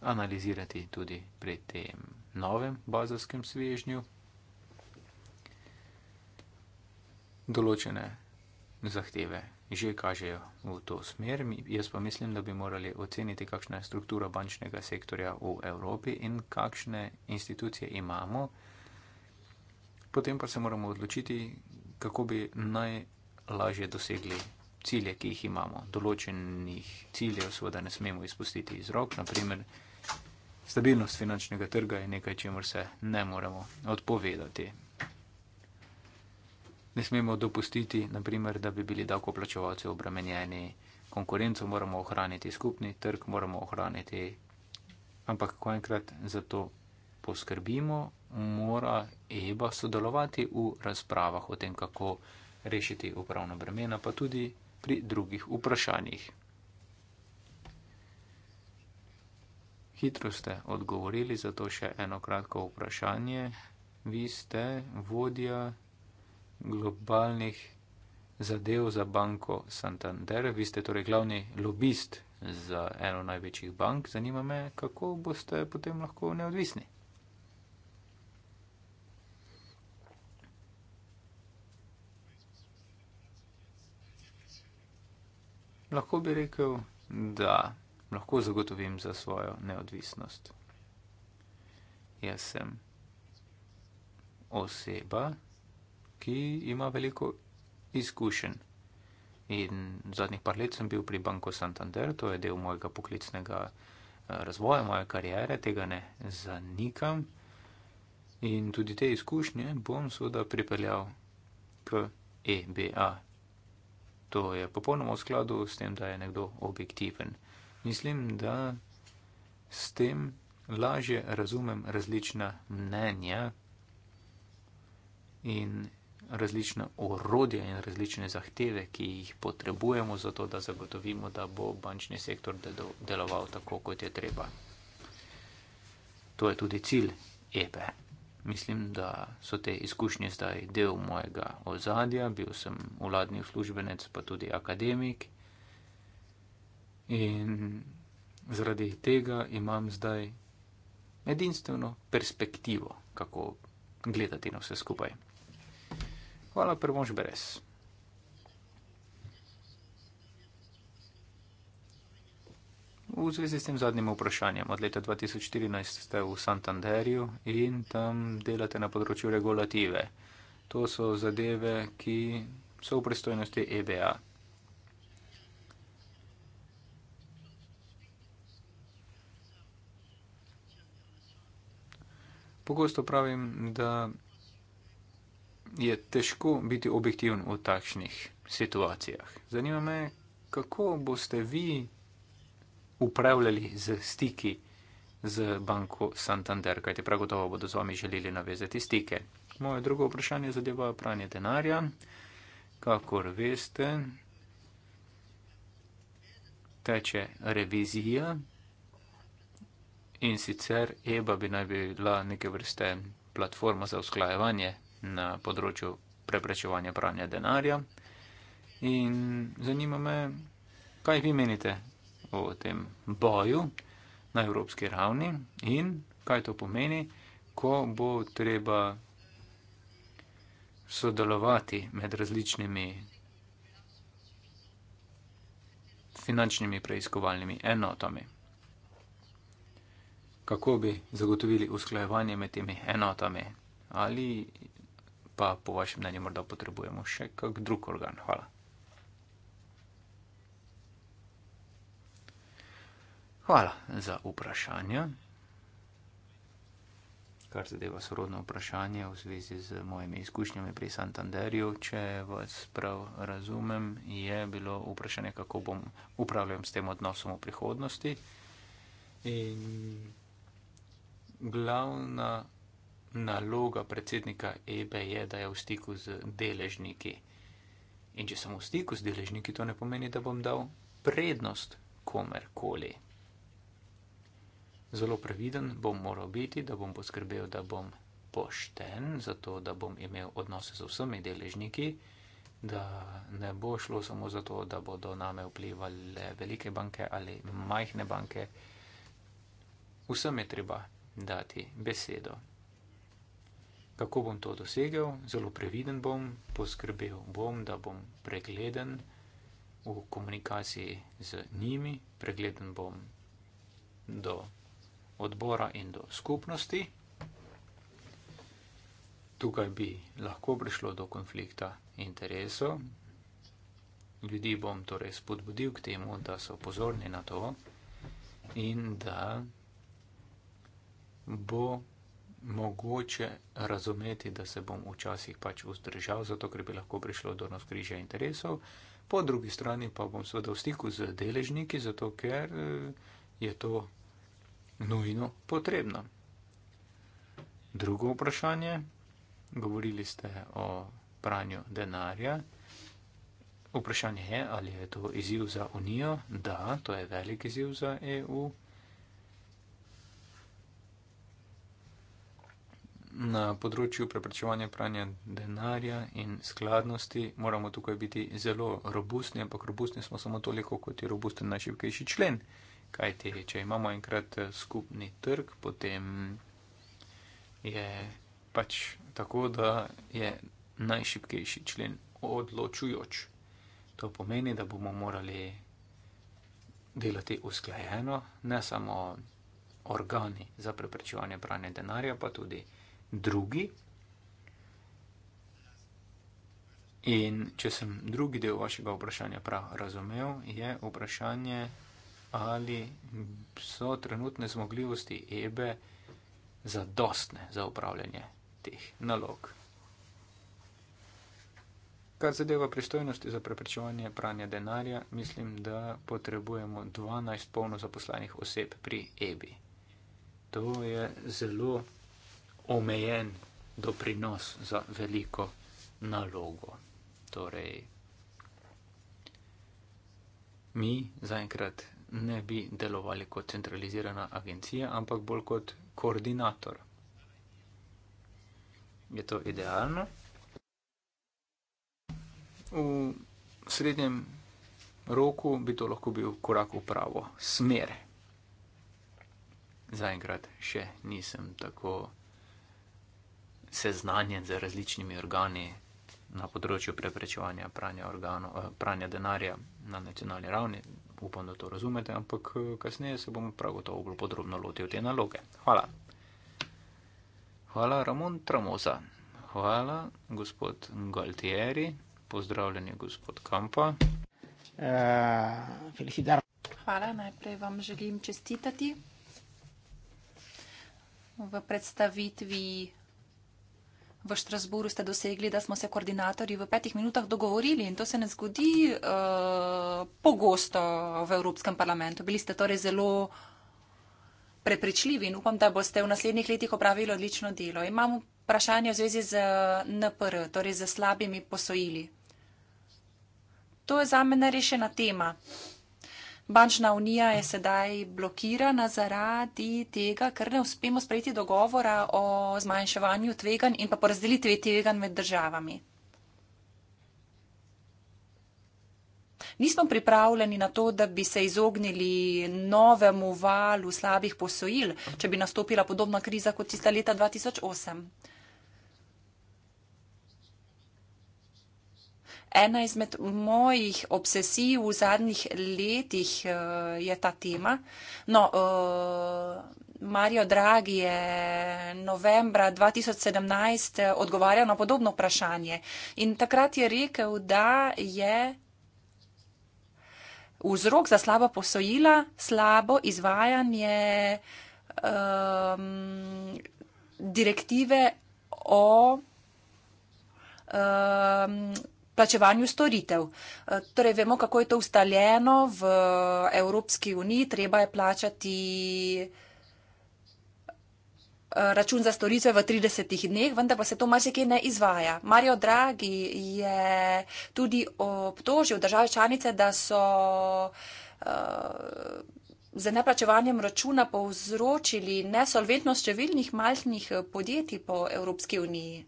analizirati tudi pri tem novem bazilskem svežnju. določene zahteve že kažejo v to smer. Jaz pa mislim, da bi morali oceniti, kakšna je struktura bančnega sektorja v Evropi in kakšne institucije imamo. Potem pa se moramo odločiti, kako bi najlažje dosegli cilje, ki jih imamo. Določenih ciljev seveda ne smemo izpustiti iz rok. Naprimer, stabilnost finančnega trga je nekaj, čemu se ne moremo odpovedati ne smemo dopustiti, naprimer, da bi bili davkoplačevalci obremenjeni, konkurenco moramo ohraniti, skupni trg moramo ohraniti. Ampak, ko enkrat za to poskrbimo, mora EBA sodelovati v razpravah o tem, kako rešiti upravno bremena, pa tudi pri drugih vprašanjih. Hitro ste odgovorili, zato še eno kratko vprašanje. Vi ste vodja globalnih zadev za banko Santander. Vi ste torej glavni lobist za eno največjih bank. Zanima me, kako boste potem lahko neodvisni. Lahko bi rekel, da lahko zagotovim za svojo neodvisnost. Jaz sem oseba, ki ima veliko izkušenj. In zadnjih par let sem bil pri Banko Santander, to je del mojega poklicnega eh, razvoja, moje karijere, tega ne zanikam. In tudi te izkušnje bom seveda pripeljal k EBA. To je popolnoma v skladu s tem, da je nekdo objektiven. Mislim, da s tem lažje razumem različna mnenja in različne orodje in različne zahteve, ki jih potrebujemo za to, da zagotovimo, da bo bančni sektor deloval tako, kot je treba. To je tudi cilj EPE. E. Mislim, da so te izkušnje zdaj del mojega ozadja. Bil sem vladni uslužbenec, pa tudi akademik. In zaradi tega imam zdaj edinstveno perspektivo, kako gledati na vse skupaj. Hvala, prvonš brez. V zvezi s tem zadnjim vprašanjem, od leta 2014 ste v Santanderju in tam delate na področju regulative. To so zadeve, ki so v pristojnosti EBA. Pogosto pravim, da je težko biti objektivni v takšnih situacijah. Zanima me, kako boste vi upravljali z stiki z banko Santander, kajte prav gotovo bodo z vami želeli navezati stike. Moje drugo vprašanje zadeva pranje denarja. Kakor veste, teče revizija in sicer EBA bi naj bila neke vrste platforma za usklajevanje na področju preprečevanja pranja denarja. In zanima me, kaj vi menite o tem boju na evropski ravni in kaj to pomeni, ko bo treba sodelovati med različnimi finančnimi preiskovalnimi enotami. Kako bi zagotovili usklajevanje med temi enotami? Ali pa po vašem mnenju morda potrebujemo še kak drug organ. Hvala. Hvala za vprašanje. Kar zadeva sorodno vprašanje v zvezi z mojimi izkušnjami pri Santanderju, če vas prav razumem, je bilo vprašanje, kako bom upravljal s tem odnosom v prihodnosti. In glavna naloga predsednika Ebe je, da je v stiku z deležniki. In če sem v stiku z deležniki, to ne pomeni, da bom dal prednost komerkoli. Zelo previden bom moral biti, da bom poskrbel, da bom pošten, zato da bom imel odnose z vsemi deležniki, da ne bo šlo samo zato, da bodo name vplivali velike banke ali majhne banke. Vsem je treba dati besedo kako bom to dosegel, zelo previden bom, poskrbel bom, da bom pregleden v komunikaciji z njimi, pregleden bom do odbora in do skupnosti. Tukaj bi lahko prišlo do konflikta interesov. Ljudi bom torej spodbudil k temu, da so pozorni na to in da bo mogoče razumeti, da se bom včasih pač vzdržal, zato ker bi lahko prišlo do navkrižja interesov. Po drugi strani pa bom seveda v stiku z deležniki, zato ker eh, je to nujno potrebno. Drugo vprašanje. Govorili ste o pranju denarja. Vprašanje je, ali je to izziv za Unijo. Da, to je velik izziv za EU, na področju preprečevanja pranja denarja in skladnosti moramo tukaj biti zelo robustni, ampak robustni smo samo toliko, kot je robusten najšipkejši člen. Kaj ti, če imamo enkrat eh, skupni trg, potem je pač tako, da je najšipkejši člen odločujoč. To pomeni, da bomo morali delati usklajeno, ne samo organi za preprečevanje pranja denarja, pa tudi drugi. In če sem drugi del vašega vprašanja prav razumel, je vprašanje, ali so trenutne zmogljivosti EBE zadostne za upravljanje teh nalog. Kar zadeva pristojnosti za preprečevanje pranja denarja, mislim, da potrebujemo 12 polno zaposlenih oseb pri EBI. To je zelo omejen doprinos za veliko nalogo. Torej, mi zaenkrat ne bi delovali kot centralizirana agencija, ampak bolj kot koordinator. Je to idealno? V srednjem roku bi to lahko bil korak v pravo smer. Zaenkrat še nisem tako seznanjen z različnimi organi na področju preprečevanja pranja, organo, eh, pranja denarja na nacionalni ravni. Upam, da to razumete, ampak eh, kasneje se bomo prav gotovo bolj podrobno lotili te naloge. Hvala. Hvala, Ramon Tramosa. Hvala, gospod Galtieri. Pozdravljeni, gospod Kampa. Uh, Hvala, najprej vam želim čestitati. V predstavitvi v Štrasburu ste dosegli, da smo se koordinatorji v petih minutah dogovorili in to se ne zgodi uh, pogosto v Evropskem parlamentu. Bili ste torej zelo prepričljivi in upam, da boste v naslednjih letih opravili odlično delo. Imam vprašanje v zvezi z NPR, torej z slabimi posojili. To je za me nerešena tema. Bančna unija je sedaj blokirana zaradi tega, ker ne uspemo sprejeti dogovora o zmanjševanju tvegan in pa porazdelitvi tvegan med državami. Nismo pripravljeni na to, da bi se izognili novemu valu slabih posojil, če bi nastopila podobna kriza kot tista leta 2008. ena izmed mojih obsesij v zadnjih letih eh, je ta tema. No, eh, Mario Draghi je novembra 2017 eh, odgovarjal na podobno vprašanje in takrat je rekel, da je vzrok za slabo posojila slabo izvajanje um, direktive o um, plačevanju storitev. Eh, torej, vemo, kako je to ustaljeno v eh, Evropski uniji, treba je plačati eh, račun za storitve v 30 dneh, vendar pa se to marsikaj ne izvaja. Mario Draghi je tudi obtožil države članice, da so. Uh, z neplačevanjem računa povzročili nesolventnost številnih malčnih podjetij po Evropski uniji.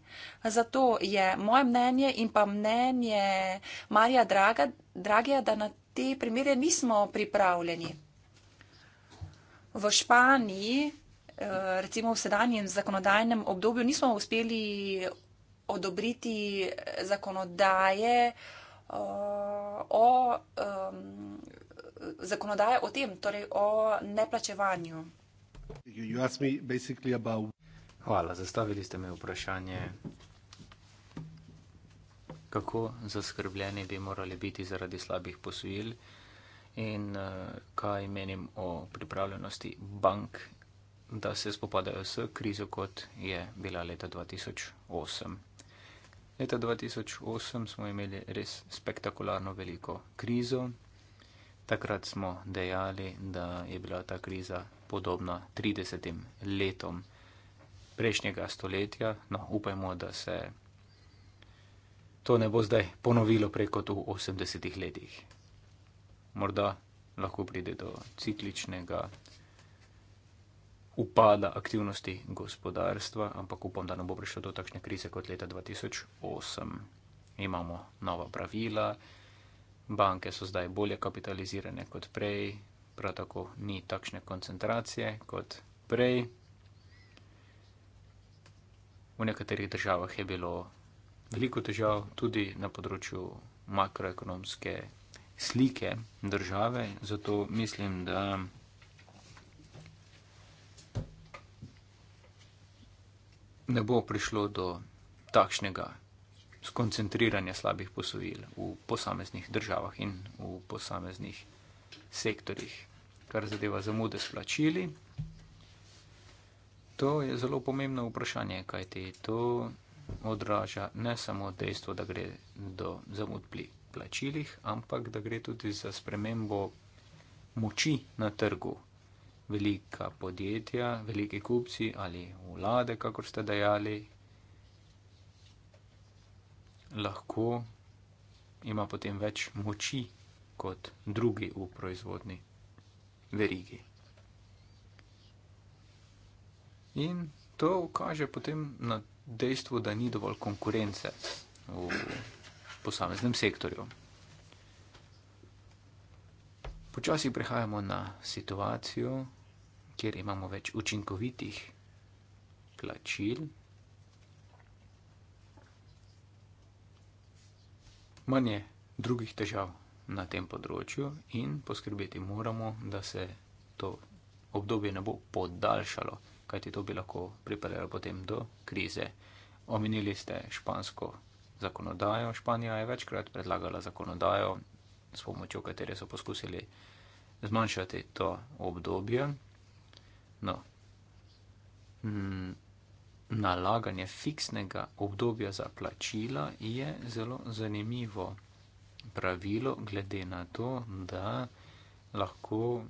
Zato je moje mnenje in pa mnenje Marija Draga, Dragija, da na te primere nismo pripravljeni. V Španiji, eh, recimo v sedanjem zakonodajnem obdobju, nismo uspeli odobriti zakonodaje eh, o. o zakonodaje o tem, torej o neplačevanju. Hvala, zastavili ste mi vprašanje, kako zaskrbljeni bi morali biti zaradi slabih posojil in eh, kaj menim o pripravljenosti bank, da se spopadajo s krizo, kot je bila leta 2008. Leta 2008 smo imeli res spektakularno veliko krizo. Takrat smo dejali, da je bila ta kriza podobna 30 letom prejšnjega stoletja. No, upajmo, da se to ne bo zdaj ponovilo preko 80 letih. Morda lahko pride do cikličnega upada aktivnosti gospodarstva, ampak upam, da ne bo prišlo do takšne krize kot leta 2008. Imamo nova pravila, banke so zdaj bolje kapitalizirane kot prej, prav tako ni takšne koncentracije kot prej. V nekaterih državah je bilo veliko težav tudi na področju makroekonomske slike države, zato mislim, da ne bo prišlo do takšnega skoncentriranja slabih posojil v posameznih državah in v posameznih sektorjih, kar zadeva zamude s plačili. To je zelo pomembno vprašanje, kajti to odraža ne samo dejstvo, da gre do zamud pri plačilih, ampak da gre tudi za spremembo moči na trgu. Velika podjetja, veliki kupci ali vlade, kakor ste dejali, lahko ima potem več moči kot drugi v proizvodni verigi. In to kaže potem na dejstvo, da ni dovolj konkurence v posameznem sektorju. Počasi prehajamo na situacijo, kjer imamo več učinkovitih plačil manj je drugih težav na tem področju in poskrbeti moramo, da se to obdobje ne bo podaljšalo, kajti to bi lahko pripeljalo potem do krize. Omenili ste špansko zakonodajo. Španija je večkrat predlagala zakonodajo, s pomočjo katere so poskusili zmanjšati to obdobje. No, mm, nalaganje fiksnega obdobja za plačila je zelo zanimivo pravilo, glede na to, da lahko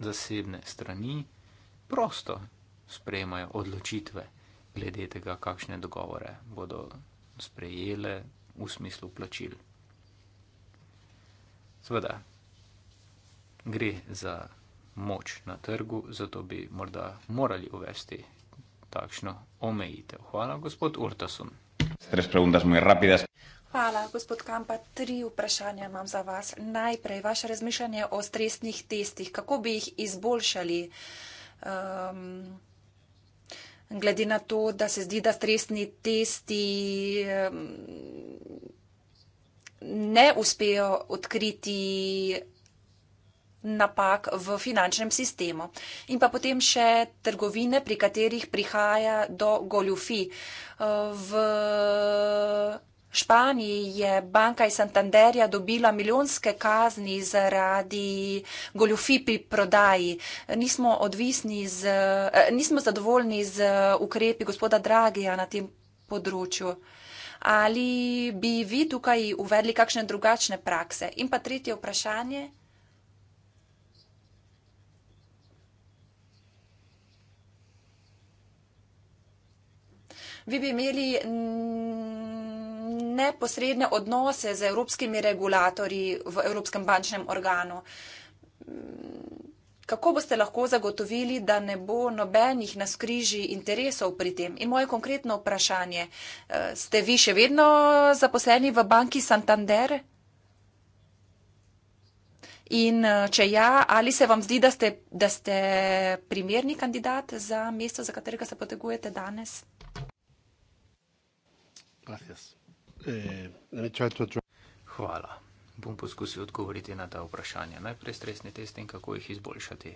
zasebne strani prosto sprejemajo odločitve glede tega, kakšne dogovore bodo sprejele v smislu plačil. Sveda, gre za moč na trgu, zato bi morda morali uvesti takšno omejitev. Hvala, gospod Urtasun. Hvala, gospod Kampa. Tri vprašanja imam za vas. Najprej vaše razmišljanje o stresnih testih. Kako bi jih izboljšali? Um, glede na to, da se zdi, da stresni testi um, ne uspejo odkriti napak v finančnem sistemu. In pa potem še trgovine, pri katerih prihaja do goljufi. V Španiji je banka iz Santanderja dobila milijonske kazni zaradi goljufi pri prodaji. Nismo, z, eh, nismo zadovoljni z ukrepi gospoda Dragija na tem področju. Ali bi vi tukaj uvedli kakšne drugačne prakse? In pa tretje vprašanje. vi bi imeli neposredne odnose z evropskimi regulatorji v Evropskem bančnem organu. Kako boste lahko zagotovili, da ne bo nobenih naskriži interesov pri tem? In moje konkretno vprašanje, eh, ste vi še vedno zaposleni v banki Santander? In eh, če ja, ali se vam zdi, da ste, da ste primerni kandidat za mesto, za katerega se potegujete danes? Gracias. Eh, try to try. Hvala. Bom poskusil odgovoriti na ta vprašanja. Najprej stresni test in kako jih izboljšati.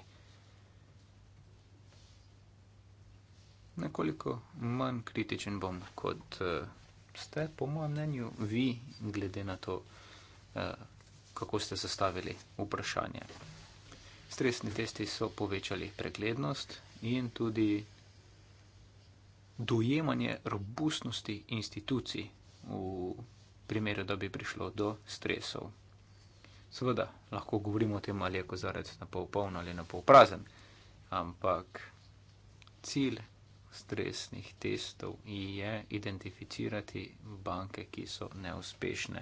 Nekoliko manj kritičen bom, kot uh, ste, po mojem mnenju, vi, glede na to, uh, kako ste zastavili vprašanje. Stresni testi so povečali preglednost in tudi dojemanje robustnosti institucij v primeru, da bi prišlo do stresov. Seveda, lahko govorimo o tem, ali je kozarec na pol poln ali na pol prazen, ampak cilj stresnih testov je identificirati banke, ki so neuspešne.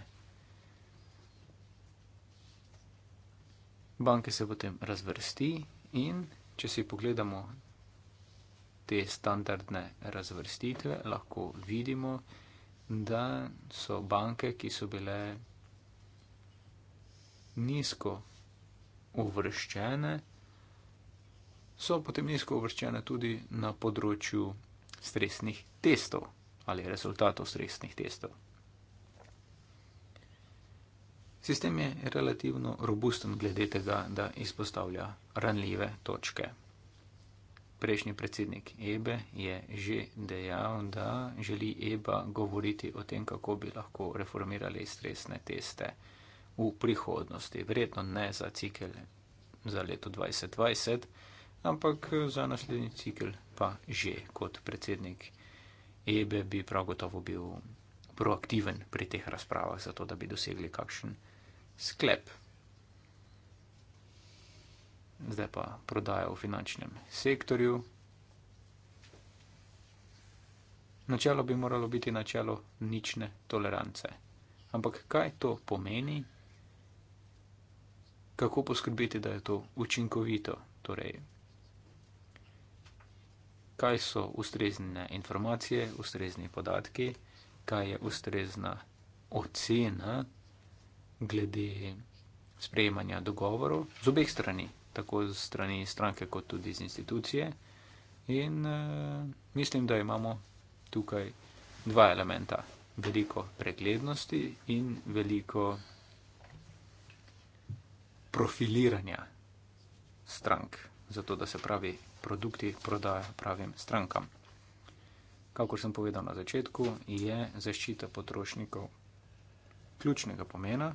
Banke se potem razvrsti in če si pogledamo te standardne razvrstitve, lahko vidimo, da so banke, ki so bile nizko uvrščene, so potem nizko uvrščene tudi na področju stresnih testov ali rezultatov stresnih testov. Sistem je relativno robusten glede tega, da izpostavlja ranljive točke prejšnji predsednik Ebe je že dejal, da želi Eba govoriti o tem, kako bi lahko reformirali stresne teste v prihodnosti. Verjetno ne za cikel za leto 2020, ampak za naslednji cikel pa že kot predsednik Ebe bi prav gotovo bil proaktiven pri teh razpravah, zato da bi dosegli kakšen sklep zdaj pa prodaja v finančnem sektorju. Načelo bi moralo biti načelo nične tolerance. Ampak kaj to pomeni? Kako poskrbeti, da je to učinkovito? Torej, kaj so ustrezne informacije, ustrezni podatki, kaj je ustrezna ocena glede sprejemanja dogovorov z obeh strani, tako strani stranke, kot tudi z institucije. In uh, mislim, da imamo tukaj dva elementa. Veliko preglednosti in veliko profiliranja strank, zato da se pravi produkti prodajo pravim strankam. Kakor sem povedal na začetku, je zaščita potrošnikov ključnega pomena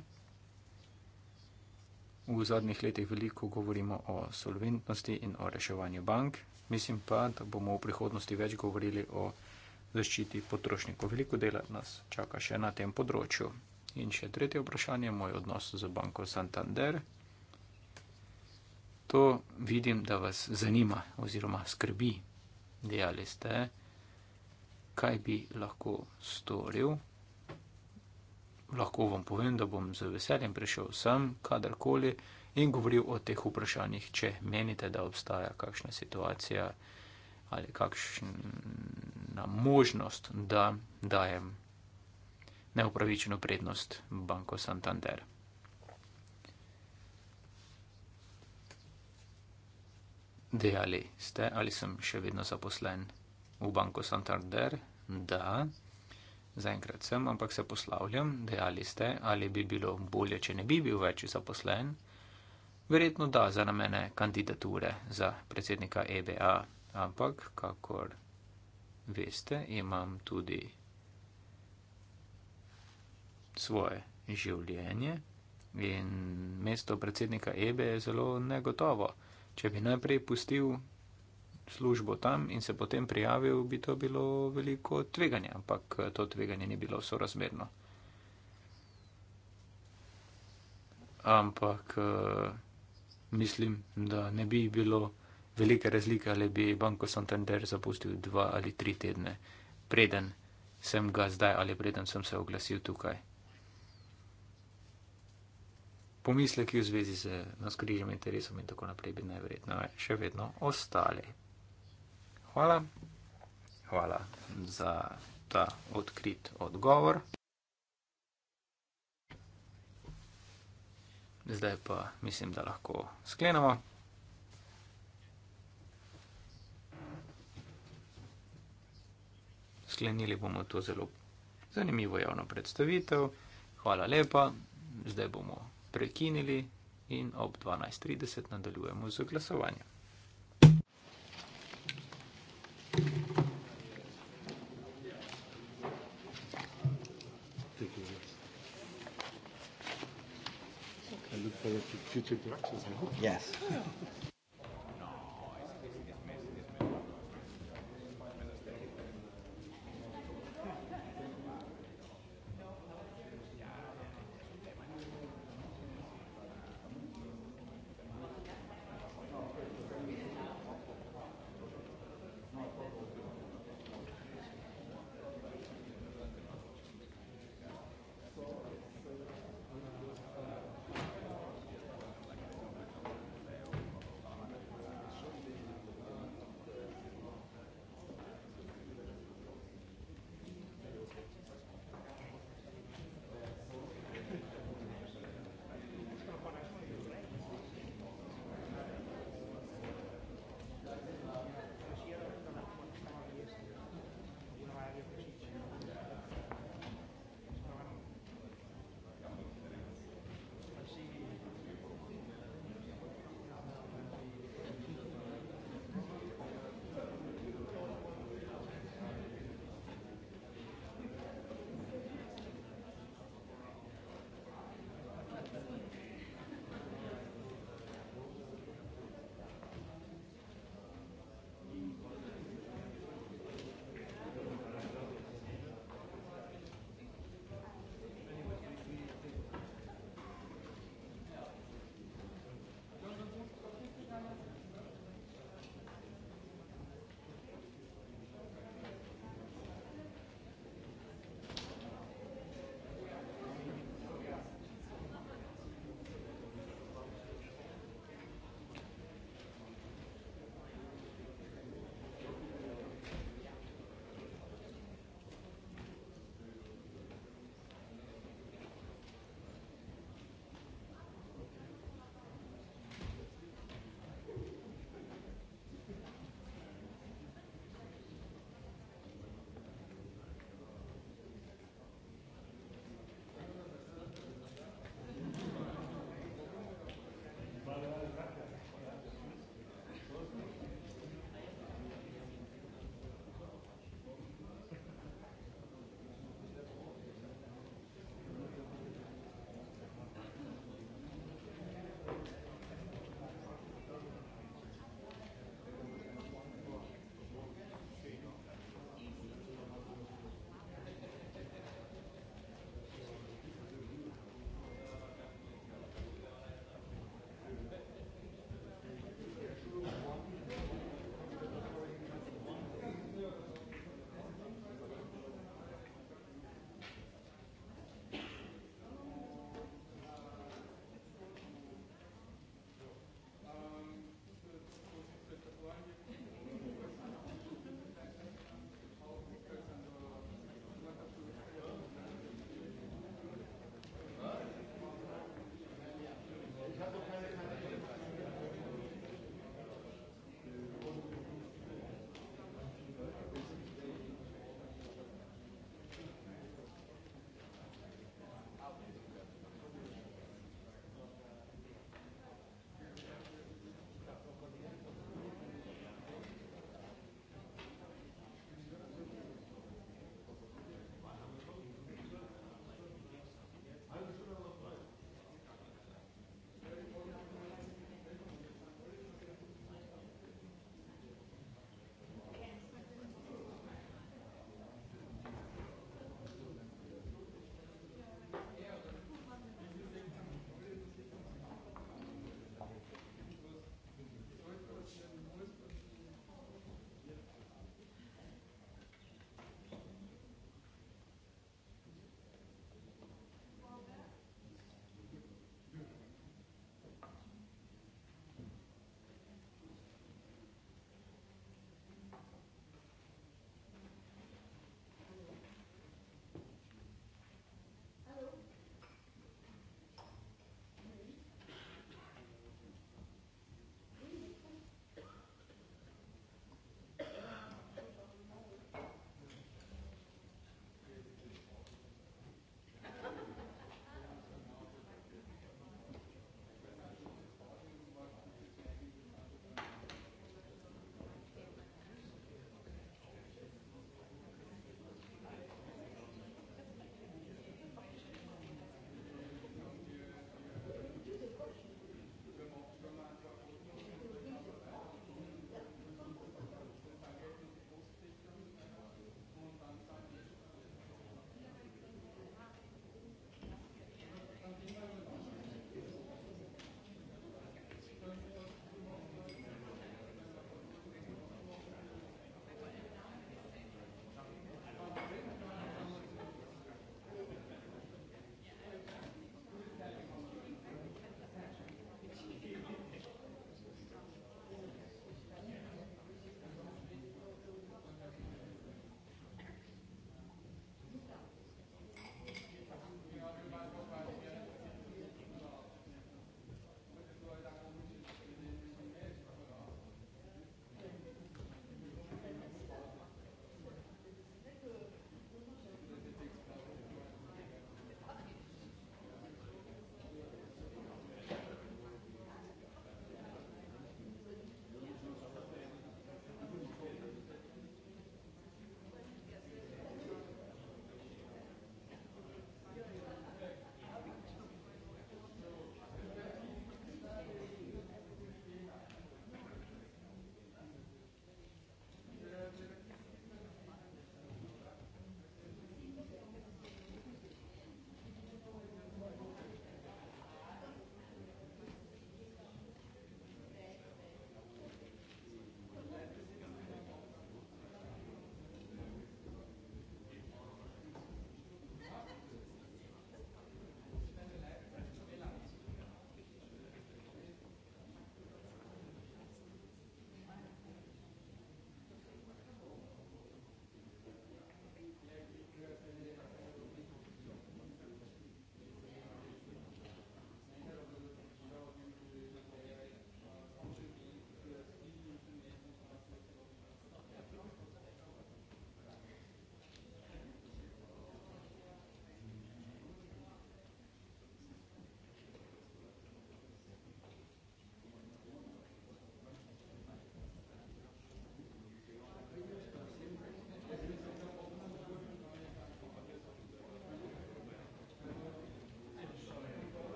V zadnjih letih veliko govorimo o solventnosti in o reševanju bank, mislim pa, da bomo v prihodnosti več govorili o zaščiti potrošnikov. Veliko dela nas čaka še na tem področju. In še tretje vprašanje, moj odnos z banko Santander. To vidim, da vas zanima oziroma skrbi, dejali ste, kaj bi lahko storil lahko vam povem, da bom z veseljem prišel sem, kadarkoli in govoril o teh vprašanjih, če menite, da obstaja kakšna situacija ali kakšna možnost, da dajem neupravičeno prednost Banko Santander. Dejali ste, ali sem še vedno zaposlen v Banko Santander? Da. Zaenkrat sem, ampak se poslavljam, dejali ste, ali bi bilo bolje, če ne bi bil več zaposlen. Verjetno da za namene kandidature za predsednika EBA, ampak, kakor veste, imam tudi svoje življenje in mesto predsednika EBA je zelo negotovo. Če bi najprej pustil službo tam in se potem prijavil, bi to bilo veliko tveganja, ampak eh, to tveganje ni bilo sorazmerno. Ampak eh, mislim, da ne bi bilo velike razlike, ali bi Banko Santander zapustil dva ali tri tedne, preden sem ga zdaj ali preden sem se oglasil tukaj. Pomisleki v zvezi z naskrižjem interesom in tako naprej bi najverjetneje še vedno ostali hvala. Hvala za ta odkrit odgovor. Zdaj pa mislim, da lahko sklenemo. Sklenili bomo to zelo zanimivo javno predstavitev. Hvala lepa. Zdaj bomo prekinili in ob 12.30 nadaljujemo z glasovanjem. for the future directions, I hope. Yes.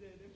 de, de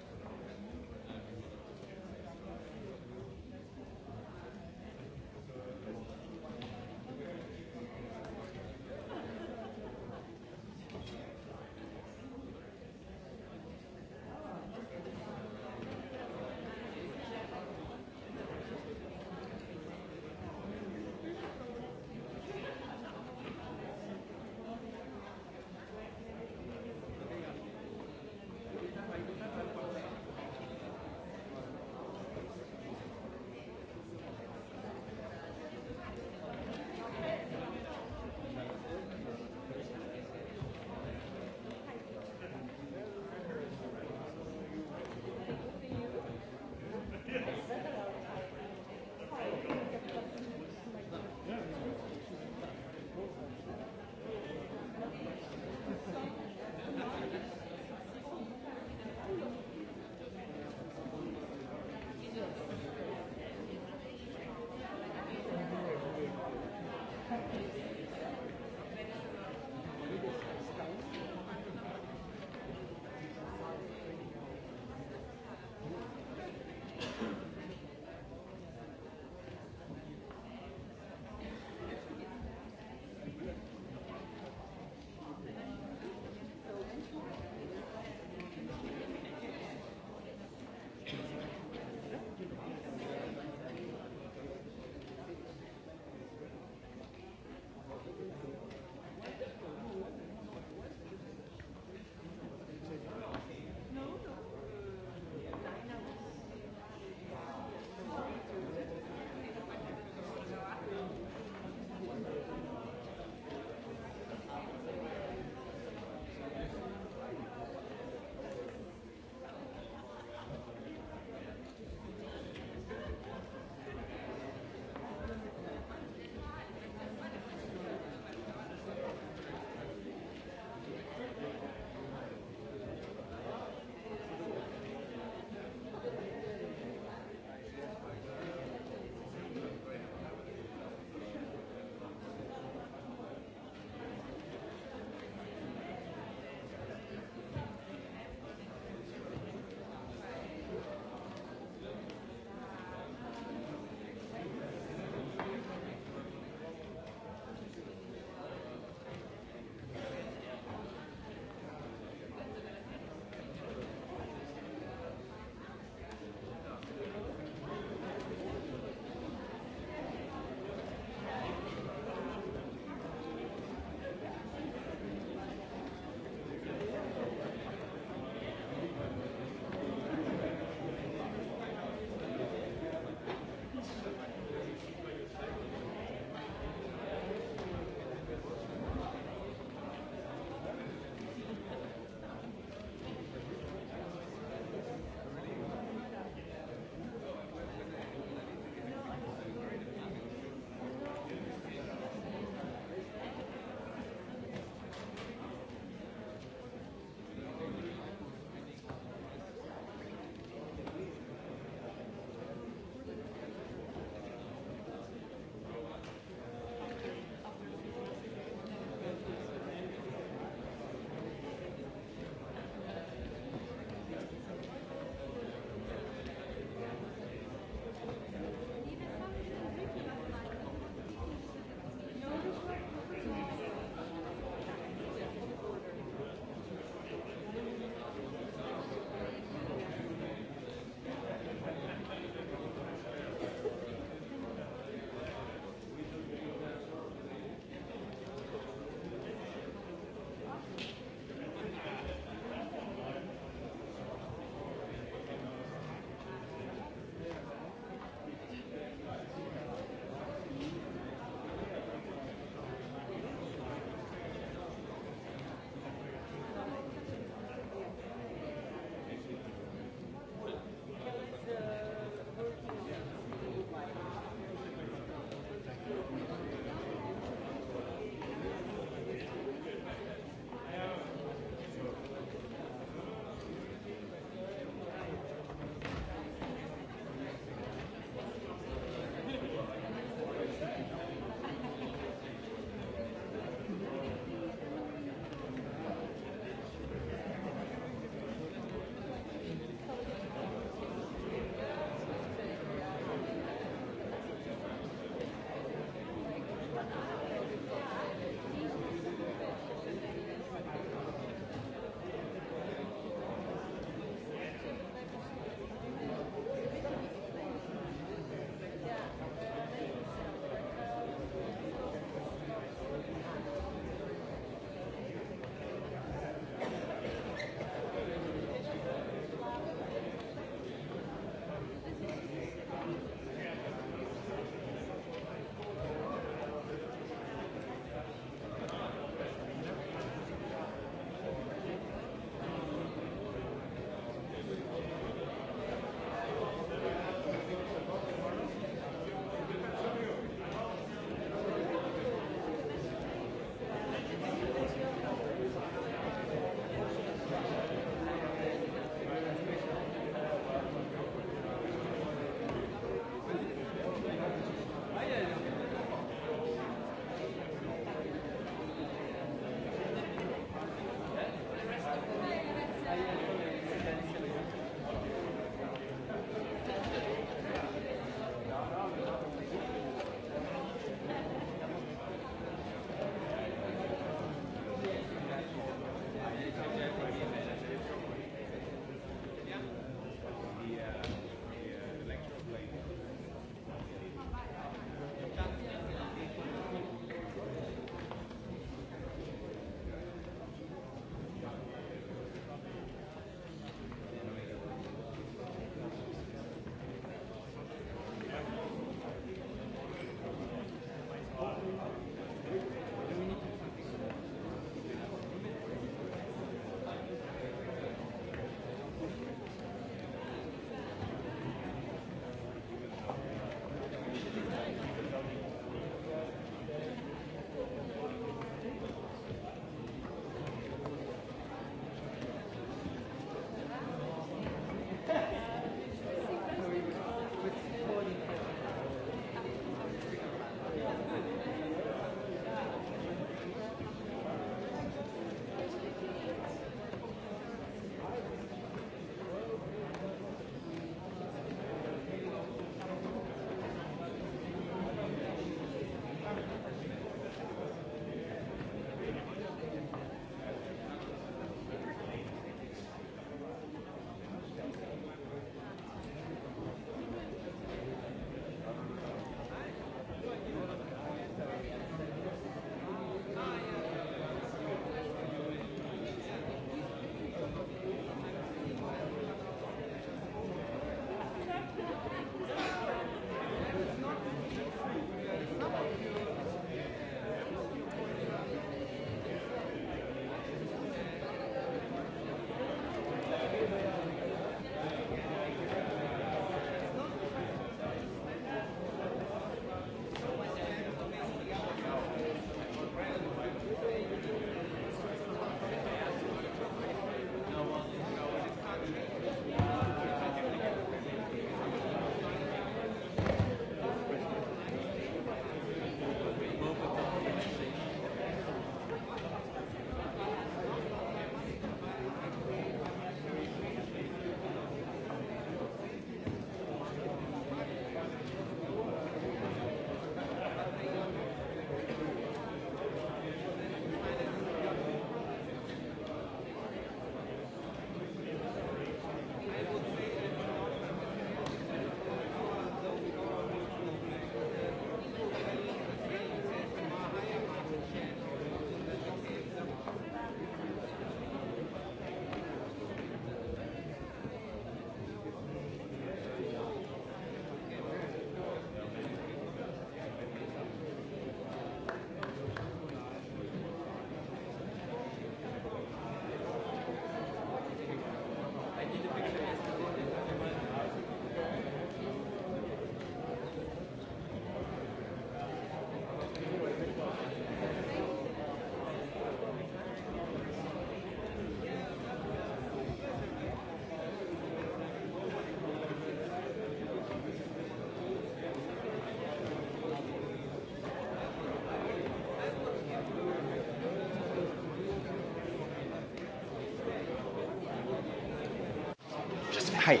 hi.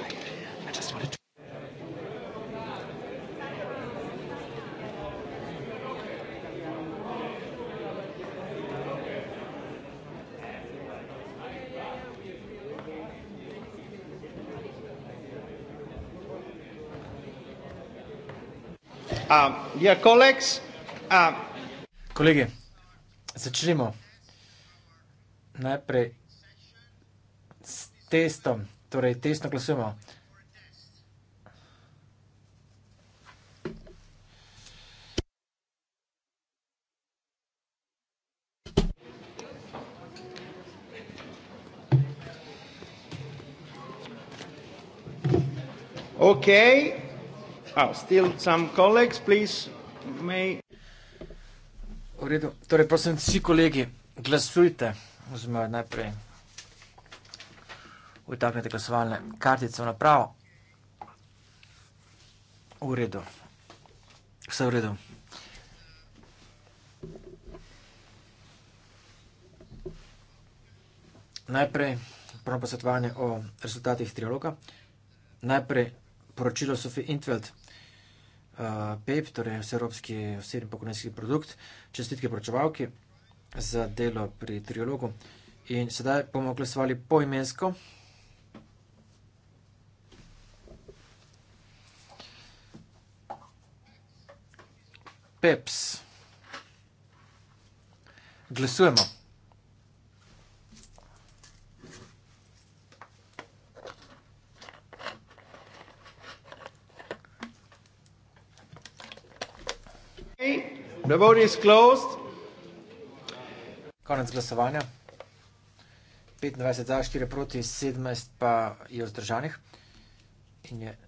I just wanted to. Um, yeah, colleagues, um... Kolegi, začnimo najprej s testom, torej testno glasujemo. Okay. Oh, still some colleagues, please. May... V redu. Torej, prosim, vsi kolegi, glasujte. Vzmejo najprej vtaknete glasovalne kartice v napravo. V redu. Vse v redu. Najprej prvo posvetovanje o rezultatih trialoga. Najprej poročilo Sofi Intveld, uh, PEP, torej Vseevropski osebni pokojninski produkt. Čestitke poročevalki za delo pri trialogu. In sedaj bomo glasovali poimensko, Peps. Glasujemo. The vote is closed. Konec glasovanja. 25 za, 4 proti, 17 pa je vzdržanih. In je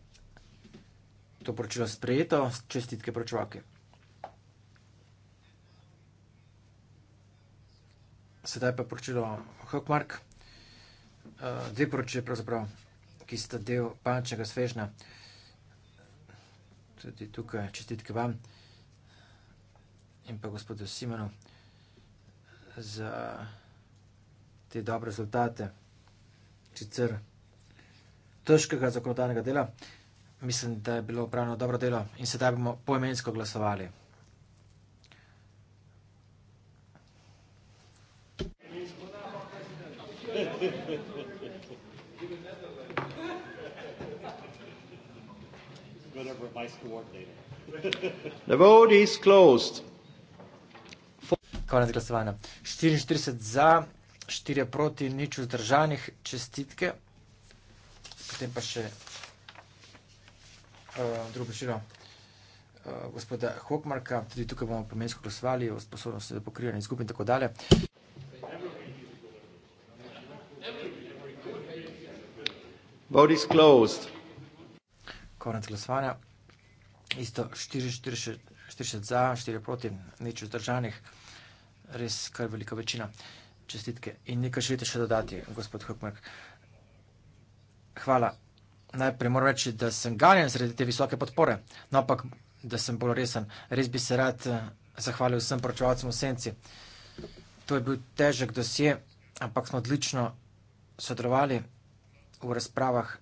to poročilo sprejeto. Čestitke pročevake. sedaj pa poročilo Hokmark, eh, dve poročili pravzaprav, ki sta del pančnega svežna. Tudi tukaj čestitke vam in pa gospodu Simonu za te dobre rezultate, sicer težkega zakonodajnega dela. Mislim, da je bilo upravljeno dobro delo in sedaj bomo poimensko glasovali. The vote is closed. Konec glasovanja. 44 za, 4 proti, nič vzdržanih, čestitke. Potem pa še uh, drugo širino uh, eh, gospoda Hopmarka, tudi tukaj bomo pomensko glasovali o sposobnosti za pokrivanje izgub in tako dalje. Vote is closed. Konec glasovanja isto 44 za, 4 proti, nič vzdržanih, res kar velika večina. Čestitke. In nekaj želite še dodati, gospod Hukmek. Hvala. Najprej moram reči, da sem ganjen sredi te visoke podpore, no pa da sem bolj resen. Res bi se rad eh, zahvalil vsem pročevalcem v senci. To je bil težek dosje, ampak smo odlično sodelovali v razpravah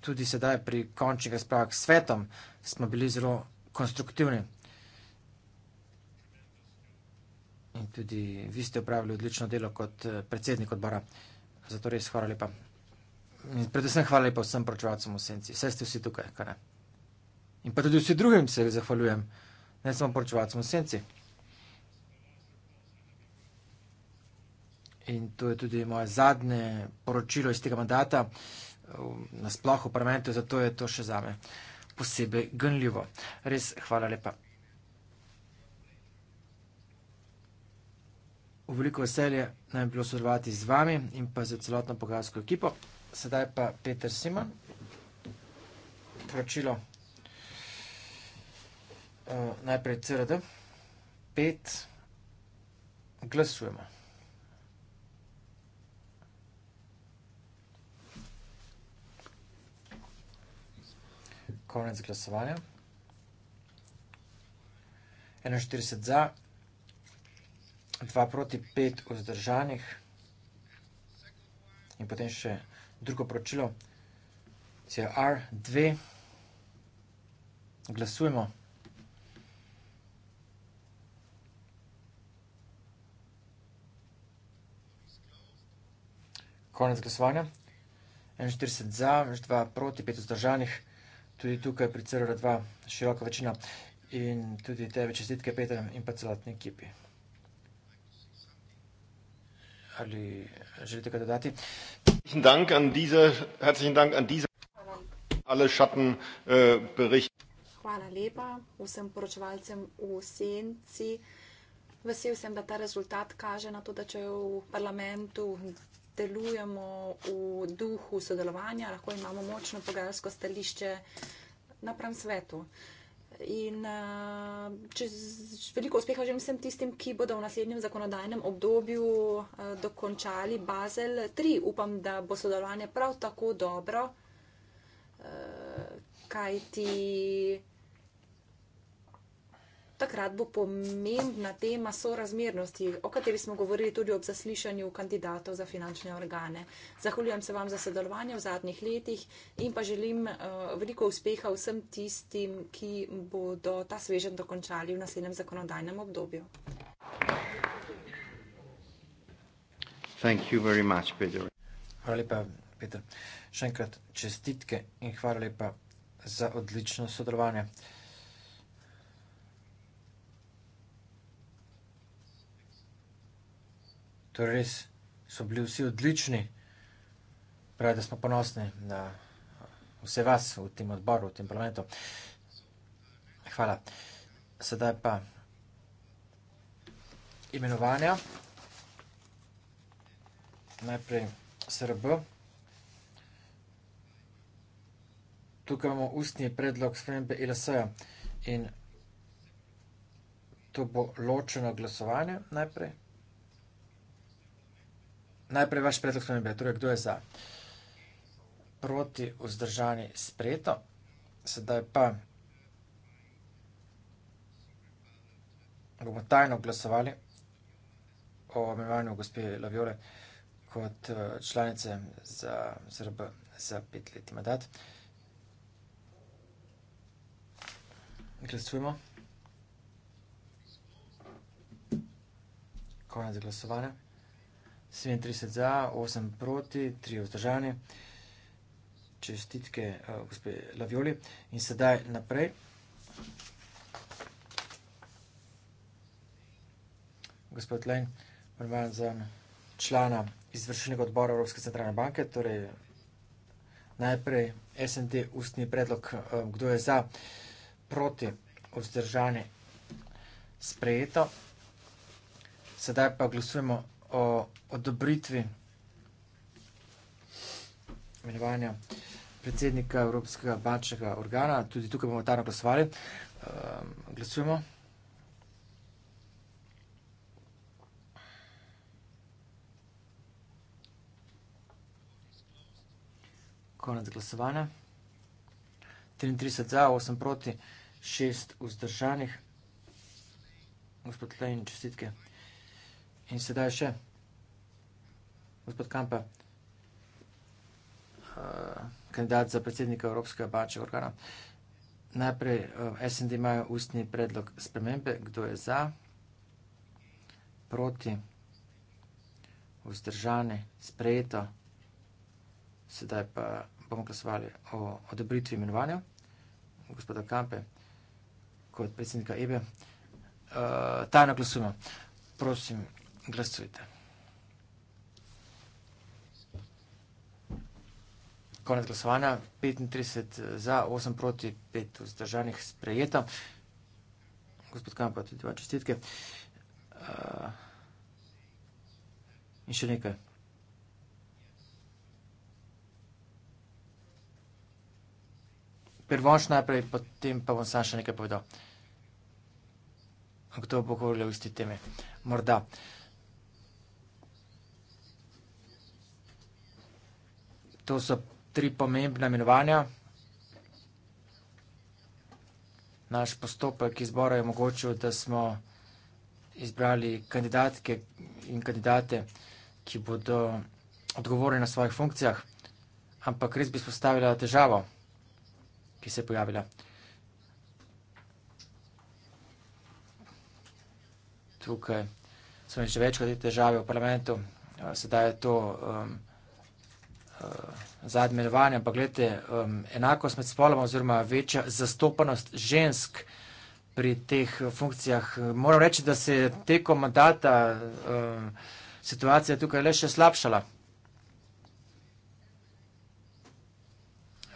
tudi sedaj pri končnih razpravah s svetom smo bili zelo konstruktivni. In tudi vi ste upravili odlično delo kot eh, predsednik odbora. Zato res hvala lepa. In predvsem hvala lepa vsem pročevalcem v senci. Vse ste vsi tukaj, kaj ne. In pa tudi vsi drugim se zahvaljujem. Ne samo pročevalcem v senci. In to je tudi moje zadnje poročilo iz tega mandata nasplošno v parlamentu, zato je to še zame posebej gnljivo. Res hvala lepa. V veliko veselje naj bi bilo sodelovati z vami in pa z celotno pogajalsko ekipo. Sedaj pa Peter Simon, poročilo uh, najprej CRD. Pet glasujemo. Konec glasovanja. 41 za, 2 proti 5 vzdržanih in potem še drugo pročilo, CR2. Glasujemo. Konec glasovanja. 41 za, 2 proti 5 vzdržanih tudi tukaj pri CRR2 široka večina in tudi tebe čestitke Petrem in pa celotni ekipi. Ali želite kaj dodati? Äh, Hvala lepa vsem poročevalcem v senci. Vesel sem, da ta rezultat kaže na to, da če je v parlamentu delujemo v duhu sodelovanja, lahko imamo močno pogajalsko stališče napram svetu. In eh, čez veliko uspeha želim vsem tistim, ki bodo v naslednjem zakonodajnem obdobju eh, dokončali Bazel 3. Upam, da bo sodelovanje prav tako dobro, eh, kajti takrat bo pomembna tema sorazmernosti, o kateri smo govorili tudi ob zaslišanju kandidatov za finančne organe. Zahvaljujem se vam za sodelovanje v zadnjih letih in pa želim eh, veliko uspeha vsem tistim, ki bodo ta svežen dokončali v naslednjem zakonodajnem obdobju. Much, hvala lepa, Peter. Še enkrat čestitke in hvala lepa za odlično sodelovanje. Torej, res so bili vsi odlični, pravi, da smo ponosni na vse vas v tem odboru, v tem parlamentu. Hvala. Sedaj pa imenovanja. Najprej SRB. Tukaj imamo ustni predlog spremembe ILS-a -ja in to bo ločeno glasovanje najprej najprej vaš predlog spremembe, torej kdo je za proti vzdržanje spreto, sedaj pa bomo tajno glasovali o omejevanju gospe Laviole kot eh, članice za ZRB za pet leti mandat. Glasujemo. Konec glasovanja. 37 za, 8 proti, 3 vzdržani. Čestitke, uh, gospe Lavioli. In sedaj naprej. Gospod Lejn, prvajam za člana izvršilnega odbora Evropske centralne banke, torej najprej SND ustni predlog, um, kdo je za, proti, vzdržani, sprejeto. Sedaj pa glasujemo o odobritvi imenovanja predsednika Evropskega bančnega organa. Tudi tukaj bomo tarno glasovali. Um, glasujemo. Konec glasovanja. 33 za, 8 proti, 6 vzdržanih. Gospod Lejn, čestitke. Uh, In sedaj še, gospod Kampa, uh, kandidat za predsednika Evropskega bančnega organa. Najprej uh, eh, SND imajo ustni predlog spremembe, kdo je za, proti, vzdržane, sprejeto. Sedaj pa bomo glasovali o odobritvi imenovanja gospoda Kampe kot predsednika EBE. Uh, tajno glasujemo. Prosim, glasujte. Konec glasovanja, 35 eh, za, 8 proti, 5 vzdržanih sprejeta. Gospod Kampa, tudi dva čestitke. Uh, in še nekaj. Prvonš najprej, potem pa bom sam še nekaj povedal. Kdo bo govoril o isti temi? Morda. Uh, To so tri pomembna imenovanja. Naš postopek izbora je omogočil, da smo izbrali kandidatke in kandidate, ki bodo odgovorni na svojih funkcijah, ampak res bi spostavila težavo, ki se je pojavila. Tukaj smo že več kot te težave v parlamentu, sedaj je to um, Eh, za admirovanje, ampak gledajte, um, enakost med spoloma oziroma večja zastopanost žensk pri teh eh, funkcijah. Eh, moram reči, da se je tekom mandata um, situacija tukaj le še slabšala.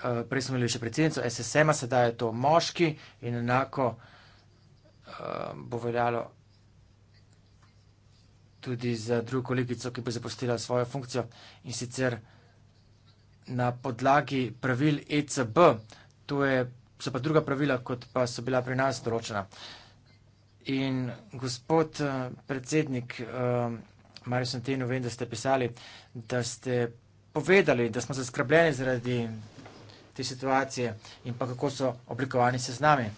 Uh, prej smo imeli še predsednico SSM-a, sedaj je to moški in enako uh, bo veljalo tudi za drugo kolegico, ki bo zapustila svojo funkcijo in sicer na podlagi pravil ECB, to je, so pa druga pravila, kot pa so bila pri nas določena. In gospod eh, predsednik eh, Marijo Santeno, vem, da ste pisali, da ste povedali, da smo zaskrbljeni zaradi te situacije in pa kako so oblikovani se z nami. Eh,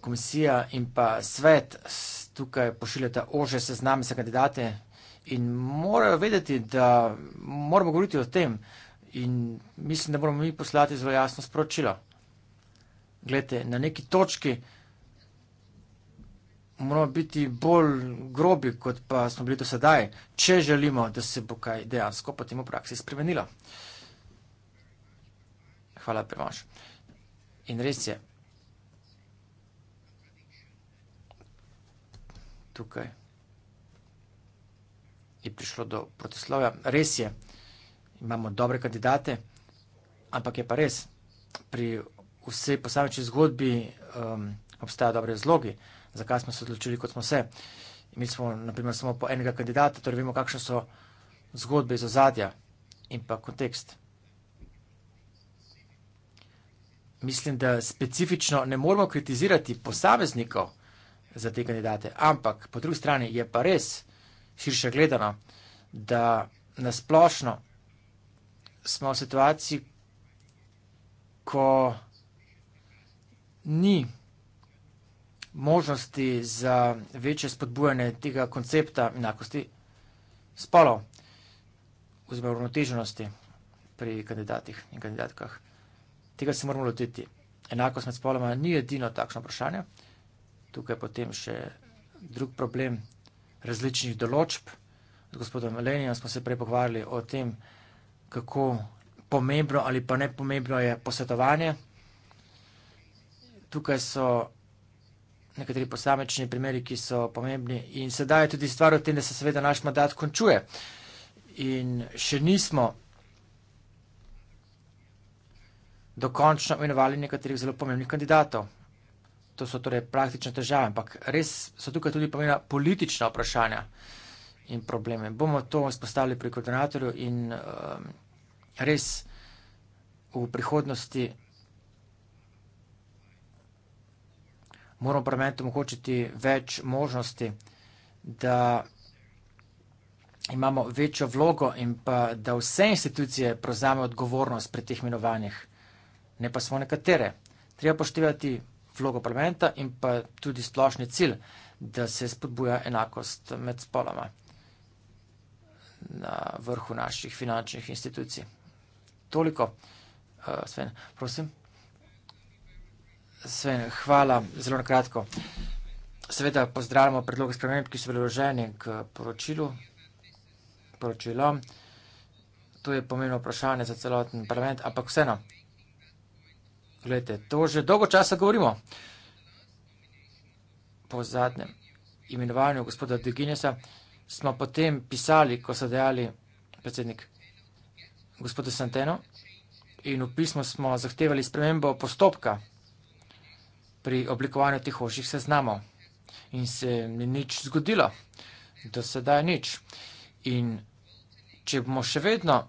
komisija in pa svet tukaj pošiljata ože se z nami, se kandidate in morajo vedeti, da moramo govoriti o tem in mislim, da moramo mi poslati zelo jasno sporočilo. Glede, na neki točki moramo biti bolj grobi, kot pa smo bili do sedaj, če želimo, da se bo kaj dejansko potem v praksi spremenilo. Hvala, Primož. In res je. Tukaj je prišlo do protislovja. Res je, imamo dobre kandidate, ampak je pa res, pri vsej posamečni zgodbi um, obstajajo dobre razlogi, zakaj smo se odločili, kot smo se. Mi smo, naprimer, samo po enega kandidata, torej vemo, kakšne so zgodbe iz ozadja in pa kontekst. Mislim, da specifično ne moramo kritizirati posameznikov za te kandidate, ampak po drugi strani je pa res, širše gledano, da nasplošno smo v situaciji, ko ni možnosti za večje spodbujanje tega koncepta enakosti spolov oziroma uravnoteženosti pri kandidatih in kandidatkah. Tega se moramo lotiti. Enakost med spoloma ni edino takšno vprašanje. Tukaj potem še drug problem različnih določb. Z gospodom Lenijem smo se prej pogovarjali o tem, kako pomembno ali pa nepomembno je posvetovanje. Tukaj so nekateri posamečni primeri, ki so pomembni in sedaj je tudi stvar o tem, da se seveda naš mandat končuje. In še nismo dokončno imenovali nekaterih zelo pomembnih kandidatov. To so torej praktične težave, ampak res so tukaj tudi pomena politična vprašanja in probleme. Bomo to spostavili pri koordinatorju in um, res v prihodnosti moramo parlamentu omogočiti več možnosti, da imamo večjo vlogo in pa da vse institucije prevzame odgovornost pri teh imenovanjih, ne pa samo nekatere. Treba poštevati vlogo parlamenta in pa tudi splošni cilj, da se spodbuja enakost med spoloma na vrhu naših finančnih institucij. Toliko. Uh, Sven, prosim. Sven, hvala. Zelo na kratko. Seveda pozdravljamo predloge sprememb, ki so bili vloženi k poročilu. Poročilo. To je pomembno vprašanje za celoten parlament, ampak vseeno. Gledajte, to že dolgo časa govorimo. Po zadnjem imenovanju gospoda Deginesa smo potem pisali, ko so dejali predsednik gospoda Santeno in v pismo smo zahtevali spremembo postopka pri oblikovanju teh ožjih seznamov. In se ni nič zgodilo. Do sedaj nič. In če bomo še vedno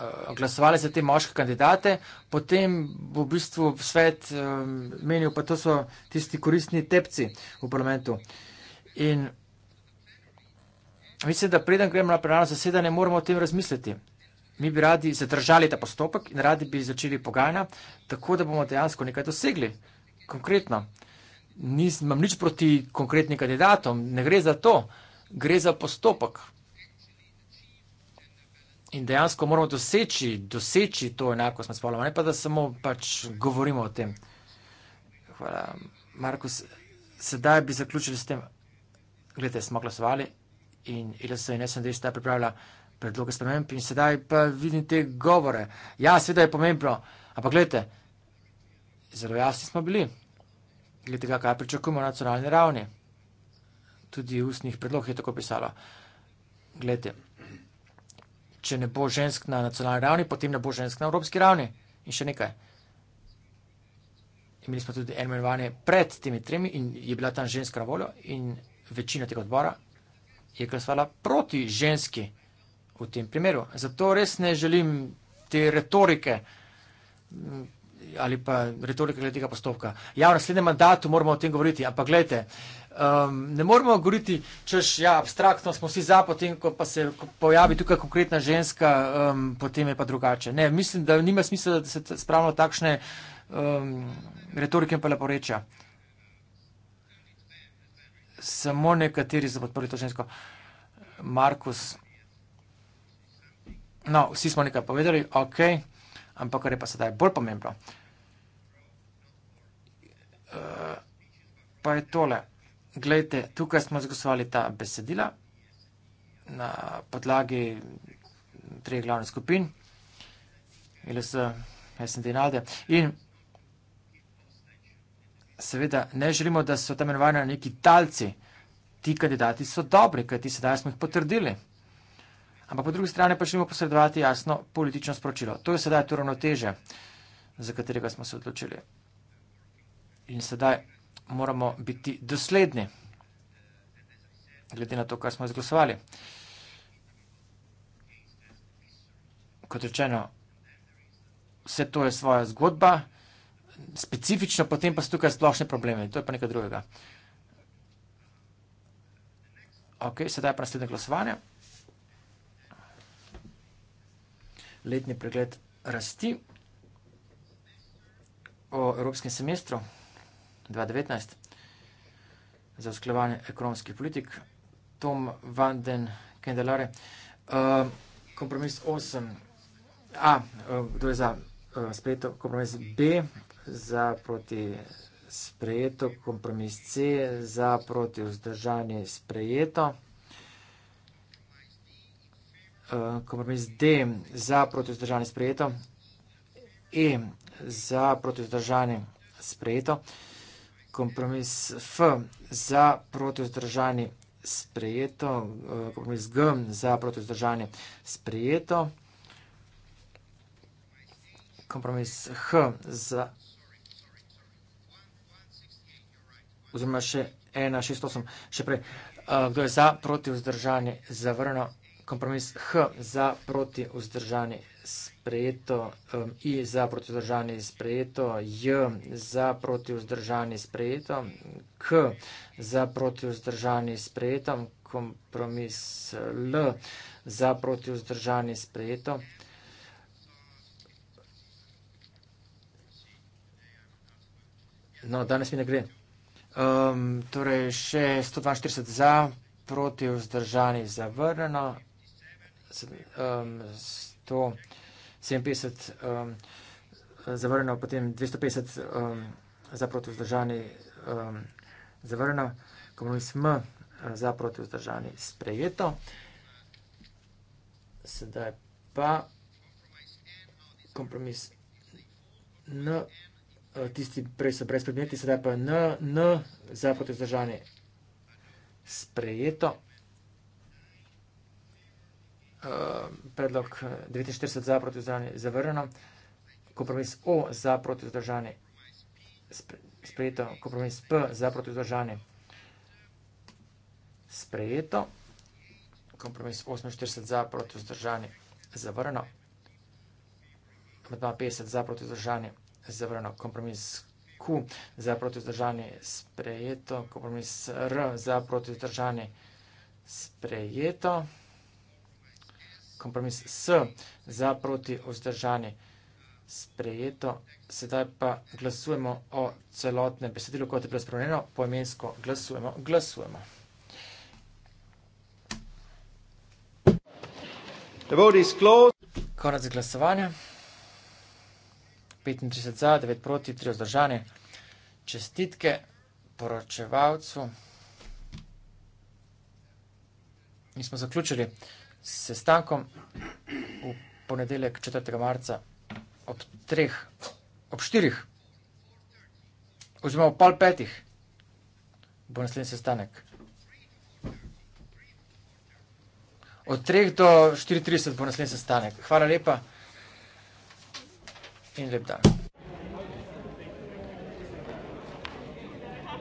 Eh, glasovali za te moške kandidate, potem bo v bistvu svet um, menil, pa to so tisti koristni tepci v parlamentu. In mislim, da preden gremo na plenarno zasedanje, moramo o tem razmisliti. Mi bi radi zadržali ta postopek in radi bi začeli pogajanja, tako da bomo dejansko nekaj dosegli. Konkretno, nisem nič proti konkretnim kandidatom, ne gre za to, gre za postopek. In dejansko moramo doseči, doseči to enako smo spolno, ne pa da samo pač govorimo o tem. Hvala, Markus. Sedaj bi zaključili s tem, gledajte, smo glasovali in IRS in SND sta pripravila predloge sprememb in sedaj pa vidim te govore. Ja, seveda je pomembno, ampak gledajte, zelo jasni smo bili. Gledajte, kaj pričakujemo na nacionalni ravni. Tudi v ustnih predlogih je tako pisalo. Gledajte če ne bo žensk na nacionalni ravni, potem ne bo žensk na evropski ravni. In še nekaj. Imeli smo tudi eno imenovanje pred temi tremi in je bila tam ženska na voljo in večina tega odbora je glasovala proti ženski v tem primeru. Zato res ne želim te retorike, ali pa retorika glede tega postopka. Ja, v naslednjem mandatu moramo o tem govoriti, ampak gledajte, um, ne moramo govoriti, češ, ja, abstraktno smo vsi za, potem, ko pa se pojavi tukaj konkretna ženska, um, potem je pa drugače. Ne, mislim, da nima smisla, da se spravljamo takšne um, retorike in pa leporeča. Samo nekateri so podprli to žensko. Markus. No, vsi smo nekaj povedali, ok, ampak kar je pa sedaj bolj pomembno. Eh, pa je tole. Glejte, tukaj smo zgosovali ta besedila na podlagi treh glavnih skupin, ILS, SND in ALDE. In seveda ne želimo, da so tam imenovani neki talci. Ti kandidati so dobri, kajti sedaj smo jih potrdili. Ampak po drugi strani pa želimo posredovati jasno politično sporočilo. To je sedaj to ravnoteže, za katerega smo se odločili. In sedaj moramo biti dosledni, glede na to, kar smo izglasovali. Kot rečeno, vse to je svoja zgodba, specifično, potem pa so tukaj splošne probleme, to je pa nekaj drugega. Ok, sedaj pa naslednje glasovanje. Letni pregled rasti o evropskem semestru. 2019 za usklajevanje ekonomskih politik, Tom van den Kendelare. Uh, kompromis 8. A, eh, kdo je za uh, sprejeto kompromis B, za proti sprejeto kompromis C, za proti vzdržanje sprejeto. Uh, kompromis D za proti vzdržanje sprejeto, E za proti vzdržanje sprejeto. Uh, kompromis F za protizdržanje sprejeto, eh, kompromis G za protizdržanje sprejeto, kompromis H za oziroma še 1, 6, 8, še prej, eh, kdo je za protivzdržanje zavrno, kompromis H za protivzdržanje sprejeto, um, I za protivzdržanje je sprejeto, J za protivzdržanje je sprejeto, K za protivzdržanje je sprejeto, kompromis L za protivzdržanje je sprejeto. No, danes mi ne gre. Um, torej, še 142 za, protivzdržanje je zavrneno, 142 to 57 um, zavrnil, potem 250 um, za protivzdržani um, zavrnil, komunist M uh, za protivzdržani sprejeto. Sedaj pa kompromis N, uh, tisti prej so brez predmeti, sedaj pa N, N za protivzdržani sprejeto. Eh, predlog 49 eh, za proti vzdržanje zavrljeno, kompromis O za proti vzdržanje sprejeto, kompromis P za proti vzdržanje sprejeto, kompromis 48 za proti vzdržanje zavrljeno, kompromis 50 za proti vzdržanje zavrljeno, kompromis Q za proti vzdržanje sprejeto, kompromis R za proti vzdržanje sprejeto, kompromis R za proti vzdržanje sprejeto, kompromis S za proti vzdržanje sprejeto. Sedaj pa glasujemo o celotne besedilo, kot je bilo spremljeno, poimensko glasujemo, glasujemo. Konec glasovanja. 35 za, 9 proti, 3 vzdržanje. Čestitke poročevalcu. In smo zaključili sestankom v ponedeljek 4. marca ob 3. ob 4. oziroma ob pol 5. bo naslednji sestanek. Od 3 do 4.30 bo naslednji sestanek. Hvala lepa in lep dan.